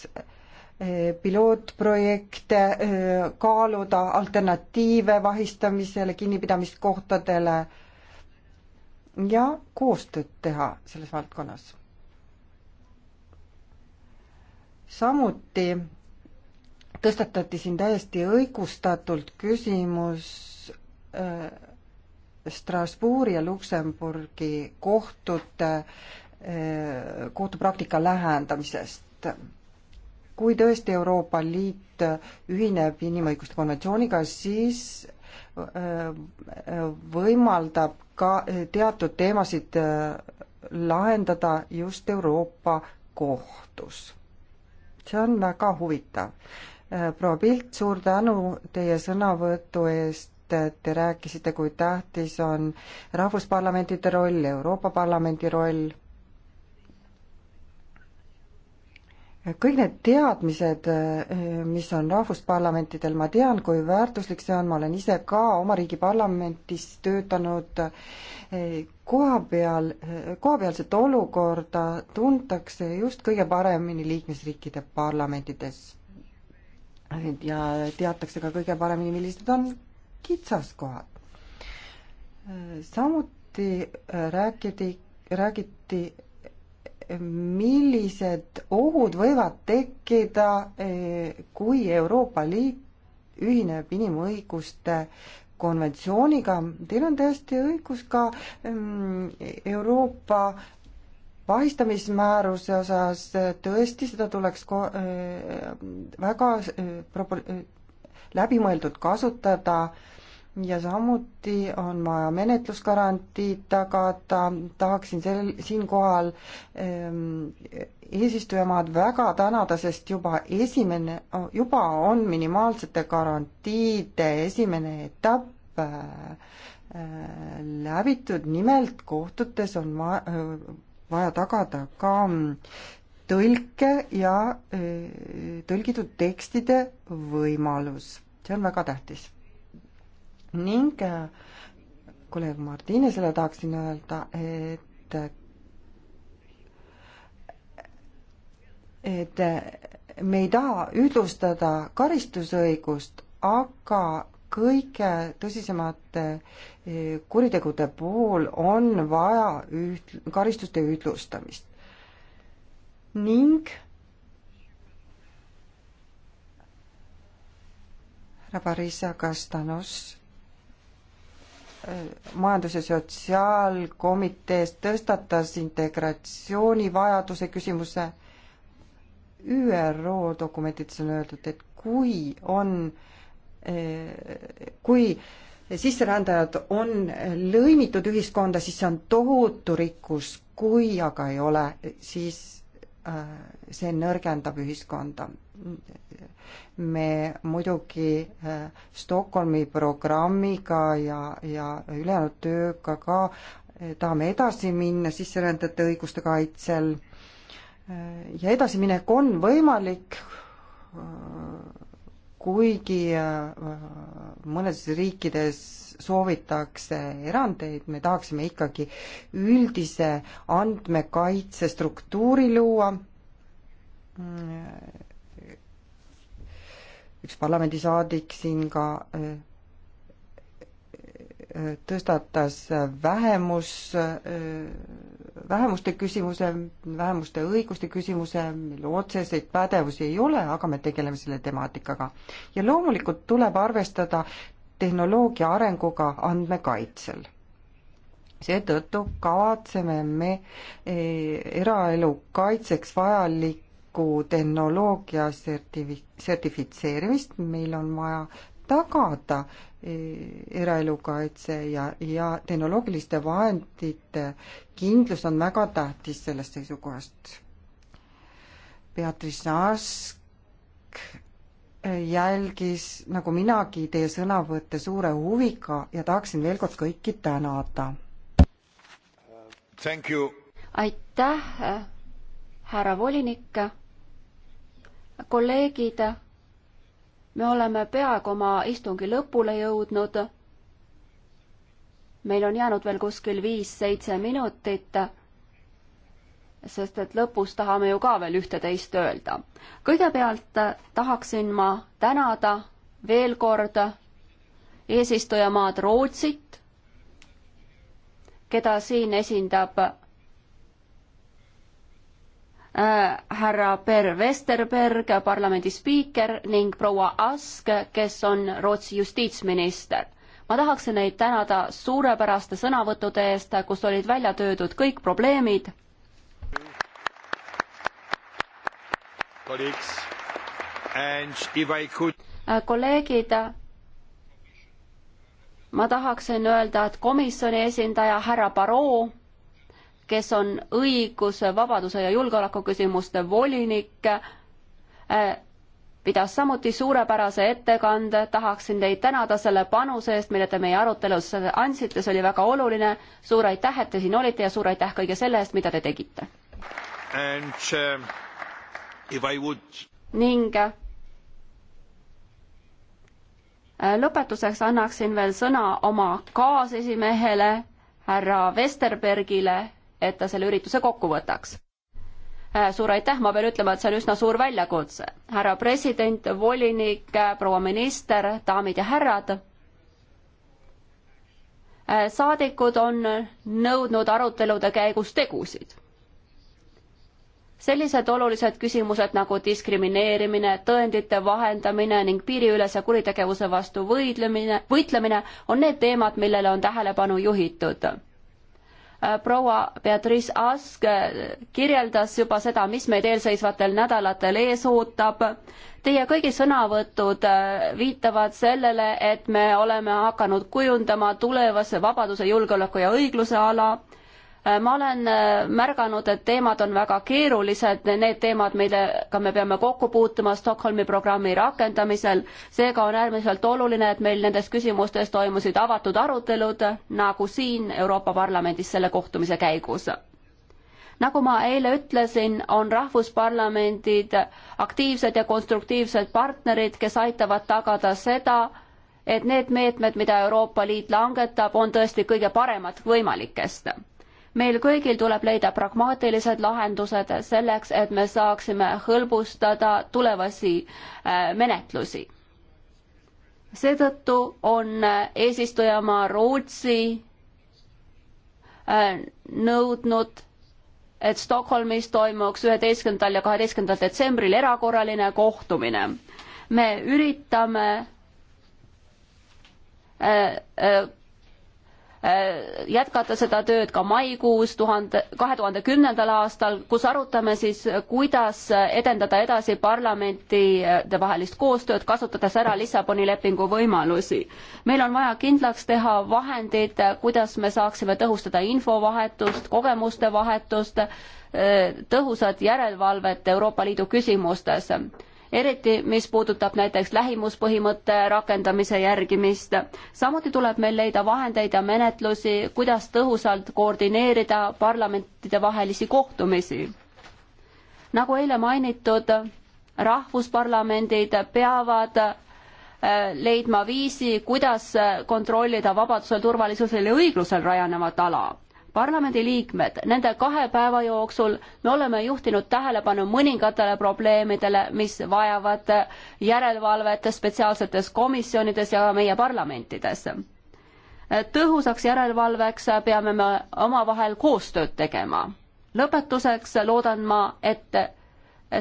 eh, pilootprojekte eh, kaaluda, alternatiive vahistamisele, kinnipidamiskohtadele ja koostööd teha selles valdkonnas. samuti tõstatati siin täiesti õigustatult küsimus äh, Strasbourgi ja Luksemburgi kohtute, eh, kohtupraktika lähendamisest. kui tõesti Euroopa Liit ühineb inimõiguste konventsiooniga, siis eh, võimaldab ka teatud teemasid eh, lahendada just Euroopa kohtus. see on väga huvitav. proua Pilt, suur tänu teie sõnavõtu eest te rääkisite, kui tähtis on rahvusparlamentide roll, Euroopa Parlamendi roll. kõik need teadmised, mis on rahvusparlamentidel, ma tean, kui väärtuslik see on, ma olen ise ka oma riigi parlamendis töötanud koha peal, kohapealset olukorda tuntakse just kõige paremini liikmesriikide parlamentides ja teatakse ka kõige paremini, millised on kitsaskohad. samuti räägiti, räägiti, millised ohud võivad tekkida, kui Euroopa Liit ühineb inimõiguste konventsiooniga, teil on täiesti õigus ka mm, Euroopa vahistamismääruse osas tõesti, seda tuleks ko-, äh, väga äh, propo-, läbimõeldult kasutada ja samuti on vaja menetlusgarantiid tagada, tahaksin sel, siinkohal ähm, eesistujamaad väga tänada, sest juba esimene, juba on minimaalsete garantiide esimene etapp äh, läbitud, nimelt kohtutes on va-, vaja tagada ka tõlke ja tõlgitud tekstide võimalus, see on väga tähtis. ning äh, kolleeg Martinesele tahaksin öelda, et et äh, me ei taha ühtlustada karistusõigust, aga kõige tõsisemate äh, kuritegude puhul on vaja üht-, karistuste ühtlustamist ning härra Parisa Kastanos äh, majandus- ja sotsiaalkomitees tõstatas integratsiooni vajaduse küsimuse. ÜRO dokumentides on öeldud, et kui on, äh, kui sisserändajad on lõimitud ühiskonda, siis see on tohutu rikkus, kui aga ei ole, siis Äh, see nõrgendab ühiskonda. me muidugi äh, Stockholmi programmiga ja, ja ülejäänud tööga ka äh, tahame edasi minna sisserändajate õiguste kaitsel ja edasiminek on võimalik, kuigi mõnedes riikides soovitakse erandeid, me tahaksime ikkagi üldise andmekaitsestruktuuri luua. üks parlamendisaadik siin ka äh, äh, tõstatas vähemus, äh, vähemuste küsimuse, vähemuste õiguste küsimuse, meil otseseid pädevusi ei ole, aga me tegeleme selle temaatikaga. ja loomulikult tuleb arvestada tehnoloogia arenguga andmekaitsel. seetõttu kavatseme me e, eraelu kaitseks vajalikku tehnoloogia sertifi-, sertifitseerimist, meil on vaja tagada e, eraelu kaitse ja, ja tehnoloogiliste vahendite kindlus on väga tähtis sellest seisukohast. Beatrice Ask jälgis nagu minagi teie sõnavõtte suure huviga ja tahaksin veel kord kõiki tänada. aitäh, härra volinik, kolleegid, me oleme peaaegu oma istungi lõpule jõudnud. meil on jäänud veel kuskil viis-seitse minutit sest et lõpus tahame ju ka veel ühte-teist öelda. kõigepealt äh, tahaksin ma tänada veel kord eesistujamaad Rootsit, keda siin esindab äh, härra Per Westerberg, parlamendi spiiker ning proua Ask, kes on Rootsi justiitsminister ma tahaksin neid tänada suurepäraste sõnavõttude eest, kus olid välja töödud kõik probleemid, Could... Äh, kolleegid, ma tahaksin öelda, et komisjoni esindaja härra Barrot, kes on õiguse, vabaduse ja julgeoleku küsimuste volinik, äh, pidas samuti suurepärase ettekande, tahaksin teid tänada selle panuse eest, mille te meie arutelusse andsite, see oli väga oluline. suur aitäh, et te siin olite ja suur aitäh kõige selle eest, mida te tegite. And uh, Would... ning äh, lõpetuseks annaksin veel sõna oma kaasesimehele, härra Vesterbergile, et ta selle ürituse kokku võtaks. Äh, suur aitäh, ma pean ütlema, et see on üsna suur väljakutse. härra president, volinik, äh, proua minister, daamid ja härrad saadikud on nõudnud arutelude käigus tegusid sellised olulised küsimused nagu diskrimineerimine, tõendite vahendamine ning piiriülese kuritegevuse vastu võidlemine, võitlemine on need teemad, millele on tähelepanu juhitud. Äh, proua Beatrice Ask äh, kirjeldas juba seda, mis meid eelseisvatel nädalatel ees ootab. Teie kõigi sõnavõtud äh, viitavad sellele, et me oleme hakanud kujundama tulevase vabaduse, julgeoleku ja õigluse ala Äh, ma olen äh, märganud, et teemad on väga keerulised, need teemad, millega me peame kokku puutuma Stockholmi programmi rakendamisel. seega on äärmiselt oluline, et meil nendes küsimustes toimusid avatud arutelud, nagu siin Euroopa Parlamendis selle kohtumise käigus. nagu ma eile ütlesin, on rahvusparlamendid aktiivsed ja konstruktiivsed partnerid, kes aitavad tagada seda, et need meetmed, mida Euroopa Liit langetab, on tõesti kõige paremad võimalikest meil kõigil tuleb leida pragmaatilised lahendused selleks, et me saaksime hõlbustada tulevasi äh, menetlusi. seetõttu on äh, eesistujamaa Rootsi äh, nõudnud, et Stockholmis toimuks üheteistkümnendal ja kaheteistkümnendal detsembril erakorraline kohtumine. me üritame Äh, jätkata seda tööd ka maikuus tuhande, kahe tuhande kümnendal aastal, kus arutame siis, kuidas edendada edasi parlamentide vahelist koostööd, kasutades ära Lissaboni lepingu võimalusi. meil on vaja kindlaks teha vahendid, kuidas me saaksime tõhustada infovahetust, kogemuste vahetust, äh, tõhusat järelevalvet Euroopa Liidu küsimustes eriti mis puudutab näiteks lähimuspõhimõtte rakendamise järgimist. samuti tuleb meil leida vahendeid ja menetlusi, kuidas tõhusalt koordineerida parlamentidevahelisi kohtumisi. nagu eile mainitud, rahvusparlamendid peavad äh, leidma viisi, kuidas kontrollida vabadusel, turvalisusel ja õiglusel rajanevat ala parlamendiliikmed, nende kahe päeva jooksul me oleme juhtinud tähelepanu mõningatele probleemidele, mis vajavad järelevalvet spetsiaalsetes komisjonides ja meie parlamentides. tõhusaks järelevalveks peame me omavahel koostööd tegema. lõpetuseks loodan ma, et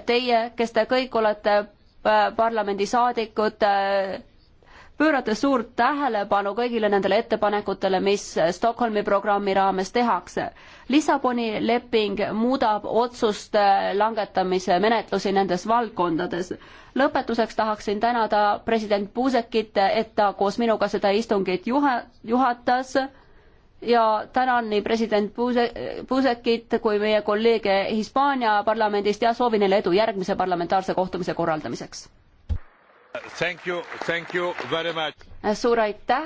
teie, kes te kõik olete äh, parlamendisaadikud, äh, pöörata suurt tähelepanu kõigile nendele ettepanekutele, mis Stockholmi programmi raames tehakse. Lissaboni leping muudab otsuste langetamise menetlusi nendes valdkondades. lõpetuseks tahaksin tänada president Buzekit, et ta koos minuga seda istungit juha-, juhatas ja tänan nii president Buzekit kui meie kolleege Hispaania parlamendist ja soovin neile edu järgmise parlamentaarse kohtumise korraldamiseks suur aitäh,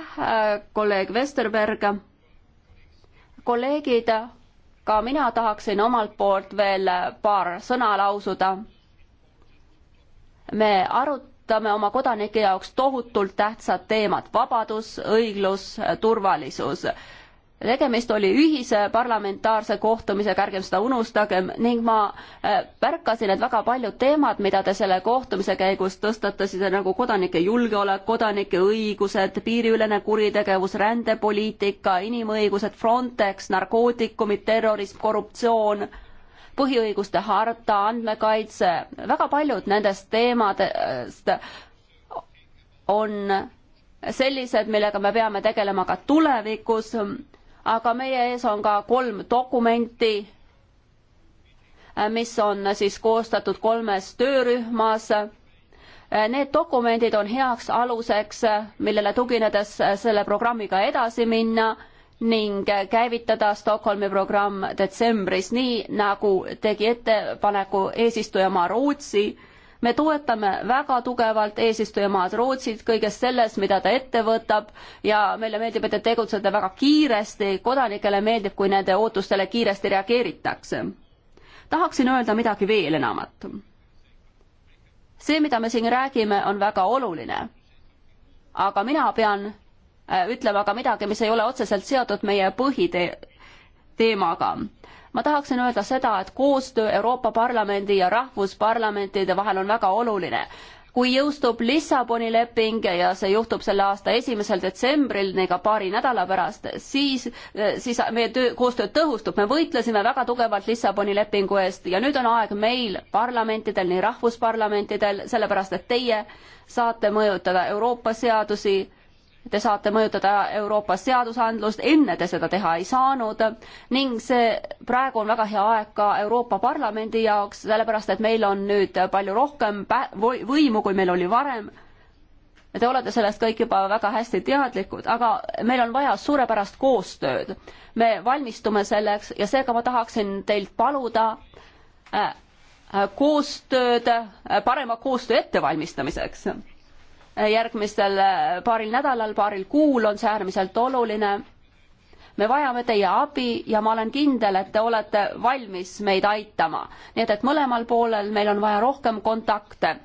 kolleeg Vesterberg. kolleegid, ka mina tahaksin omalt poolt veel paar sõna lausuda. me arutame oma kodanike jaoks tohutult tähtsat teemat, vabadus, õiglus, turvalisus tegemist oli ühise parlamentaarse kohtumisega, ärgem seda unustagem, ning ma äh, märkasin, et väga paljud teemad, mida te selle kohtumise käigus tõstatasite, nagu kodanike julgeolek, kodanike õigused, piiriülene kuritegevus, rändepoliitika, inimõigused, Frontex, narkootikumid, terrorism, korruptsioon, põhiõiguste harta, andmekaitse, väga paljud nendest teemadest on sellised, millega me peame tegelema ka tulevikus aga meie ees on ka kolm dokumenti, mis on siis koostatud kolmes töörühmas. Need dokumendid on heaks aluseks, millele tuginedes selle programmiga edasi minna ning käivitada Stockholmi programm detsembris, nii nagu tegi ettepaneku eesistujamaa Rootsi me toetame väga tugevalt eesistujamaad Rootsit kõiges selles, mida ta ette võtab ja meile meeldib, et te tegutsete väga kiiresti, kodanikele meeldib, kui nende ootustele kiiresti reageeritakse. tahaksin öelda midagi veel enamat. see, mida me siin räägime, on väga oluline. aga mina pean äh, ütlema ka midagi, mis ei ole otseselt seotud meie põhiteemaga ma tahaksin öelda seda, et koostöö Euroopa Parlamendi ja rahvusparlamentide vahel on väga oluline kui jõustub Lissaboni leping ja see juhtub selle aasta esimesel detsembril, ega paari nädala pärast, siis, siis meie töö, koostöö tõhustub. me võitlesime väga tugevalt Lissaboni lepingu eest ja nüüd on aeg meil, parlamentidel, nii rahvusparlamentidel, sellepärast et teie saate mõjutada Euroopa seadusi Te saate mõjutada Euroopas seadusandlust, enne te seda teha ei saanud ning see praegu on väga hea aeg ka Euroopa Parlamendi jaoks, sellepärast et meil on nüüd palju rohkem võimu, kui meil oli varem. Te olete sellest kõik juba väga hästi teadlikud, aga meil on vaja suurepärast koostööd. me valmistume selleks ja seega ma tahaksin teilt paluda äh, äh, koostööd, äh, parema koostöö ettevalmistamiseks järgmistel äh, paaril nädalal, paaril kuul on see äärmiselt oluline. me vajame teie abi ja ma olen kindel, et te olete valmis meid aitama. nii et, et mõlemal poolel meil on vaja rohkem kontakte.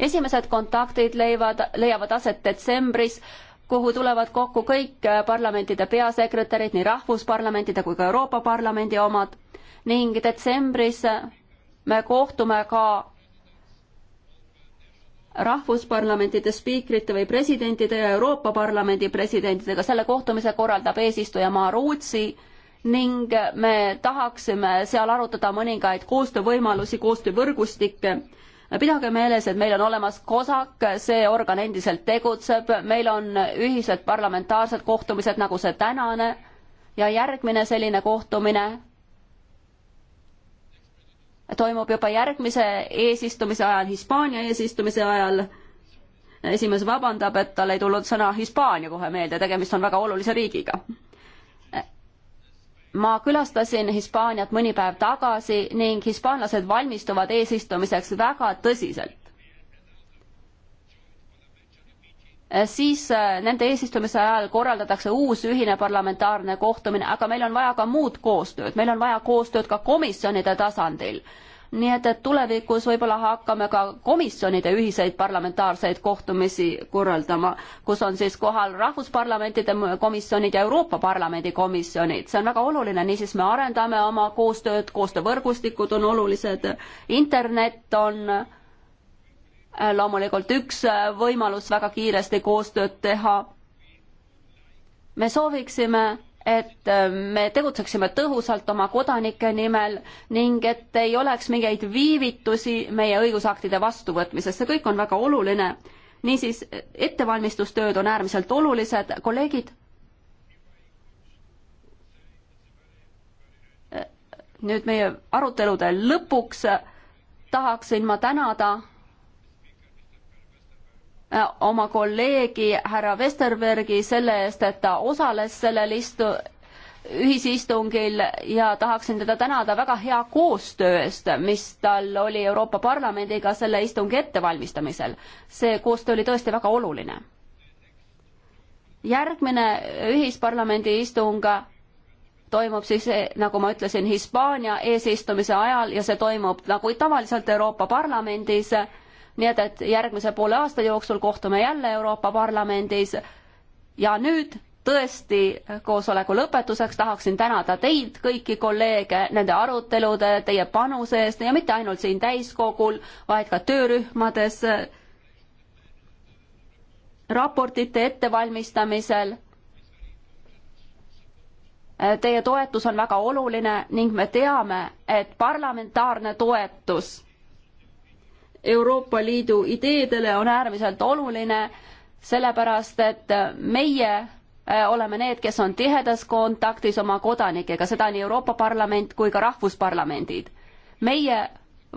esimesed kontaktid leivad, leiavad aset detsembris, kuhu tulevad kokku kõik äh, parlamentide peasekretärid, nii rahvusparlamentide kui ka Euroopa Parlamendi omad ning detsembris me kohtume ka rahvusparlamentide spiikrite või presidentide ja Euroopa Parlamendi presidentidega, selle kohtumise korraldab eesistujamaa Rootsi ning me tahaksime seal arutada mõningaid koostöövõimalusi, koostöövõrgustikke. pidage meeles, et meil on olemas COSAC, see organ endiselt tegutseb, meil on ühised parlamentaarsed kohtumised, nagu see tänane ja järgmine selline kohtumine toimub juba järgmise eesistumise ajal, Hispaania eesistumise ajal. esimees vabandab, et tal ei tulnud sõna Hispaania kohe meelde, tegemist on väga olulise riigiga. ma külastasin Hispaaniat mõni päev tagasi ning hispaanlased valmistuvad eesistumiseks väga tõsiselt. Äh, siis äh, nende eesistumise ajal korraldatakse uus ühine parlamentaarne kohtumine, aga meil on vaja ka muud koostööd, meil on vaja koostööd ka komisjonide tasandil. nii et, et tulevikus võib-olla hakkame ka komisjonide ühiseid parlamentaarseid kohtumisi korraldama, kus on siis kohal rahvusparlamentide komisjonid ja Euroopa Parlamendi komisjonid, see on väga oluline, niisiis me arendame oma koostööd, koostöövõrgustikud on olulised, internet on äh, Äh, loomulikult üks äh, võimalus väga kiiresti koostööd teha. me sooviksime et äh, me tegutseksime tõhusalt oma kodanike nimel ning et ei oleks mingeid viivitusi meie õigusaktide vastuvõtmises, see kõik on väga oluline. niisiis, ettevalmistustööd on äärmiselt olulised, kolleegid. nüüd meie arutelude lõpuks tahaksin ma tänada Äh, oma kolleegi härra Vesterbergi selle eest, et ta osales sellel istu-, ühisistungil ja tahaksin teda tänada väga hea koostöö eest, mis tal oli Euroopa Parlamendiga selle istungi ettevalmistamisel. see koostöö oli tõesti väga oluline. järgmine ühisparlamendi istung toimub siis, nagu ma ütlesin, Hispaania eesistumise ajal ja see toimub nagu tavaliselt Euroopa Parlamendis nii et, et järgmise poole aasta jooksul kohtume jälle Euroopa Parlamendis ja nüüd tõesti koosoleku lõpetuseks tahaksin tänada teid, kõiki kolleege, nende arutelude, teie panuse eest ja mitte ainult siin täiskogul, vaid ka töörühmades, raportite ettevalmistamisel. Teie toetus on väga oluline ning me teame, et parlamentaarne toetus Euroopa Liidu ideedele on äärmiselt oluline, sellepärast et meie äh, oleme need, kes on tihedas kontaktis oma kodanikega, seda nii Euroopa Parlament kui ka rahvusparlamendid. meie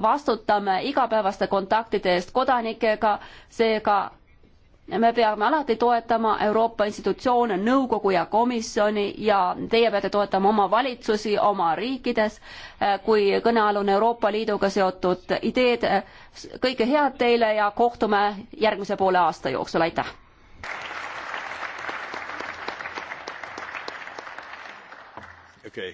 vastutame igapäevaste kontaktide eest kodanikega, seega me peame alati toetama Euroopa institutsioone, nõukogu ja komisjoni ja teie peate toetama oma valitsusi oma riikides, eh, kui kõnealune Euroopa Liiduga seotud ideed. Eh, kõike head teile ja kohtume järgmise poole aasta jooksul, aitäh! Okay.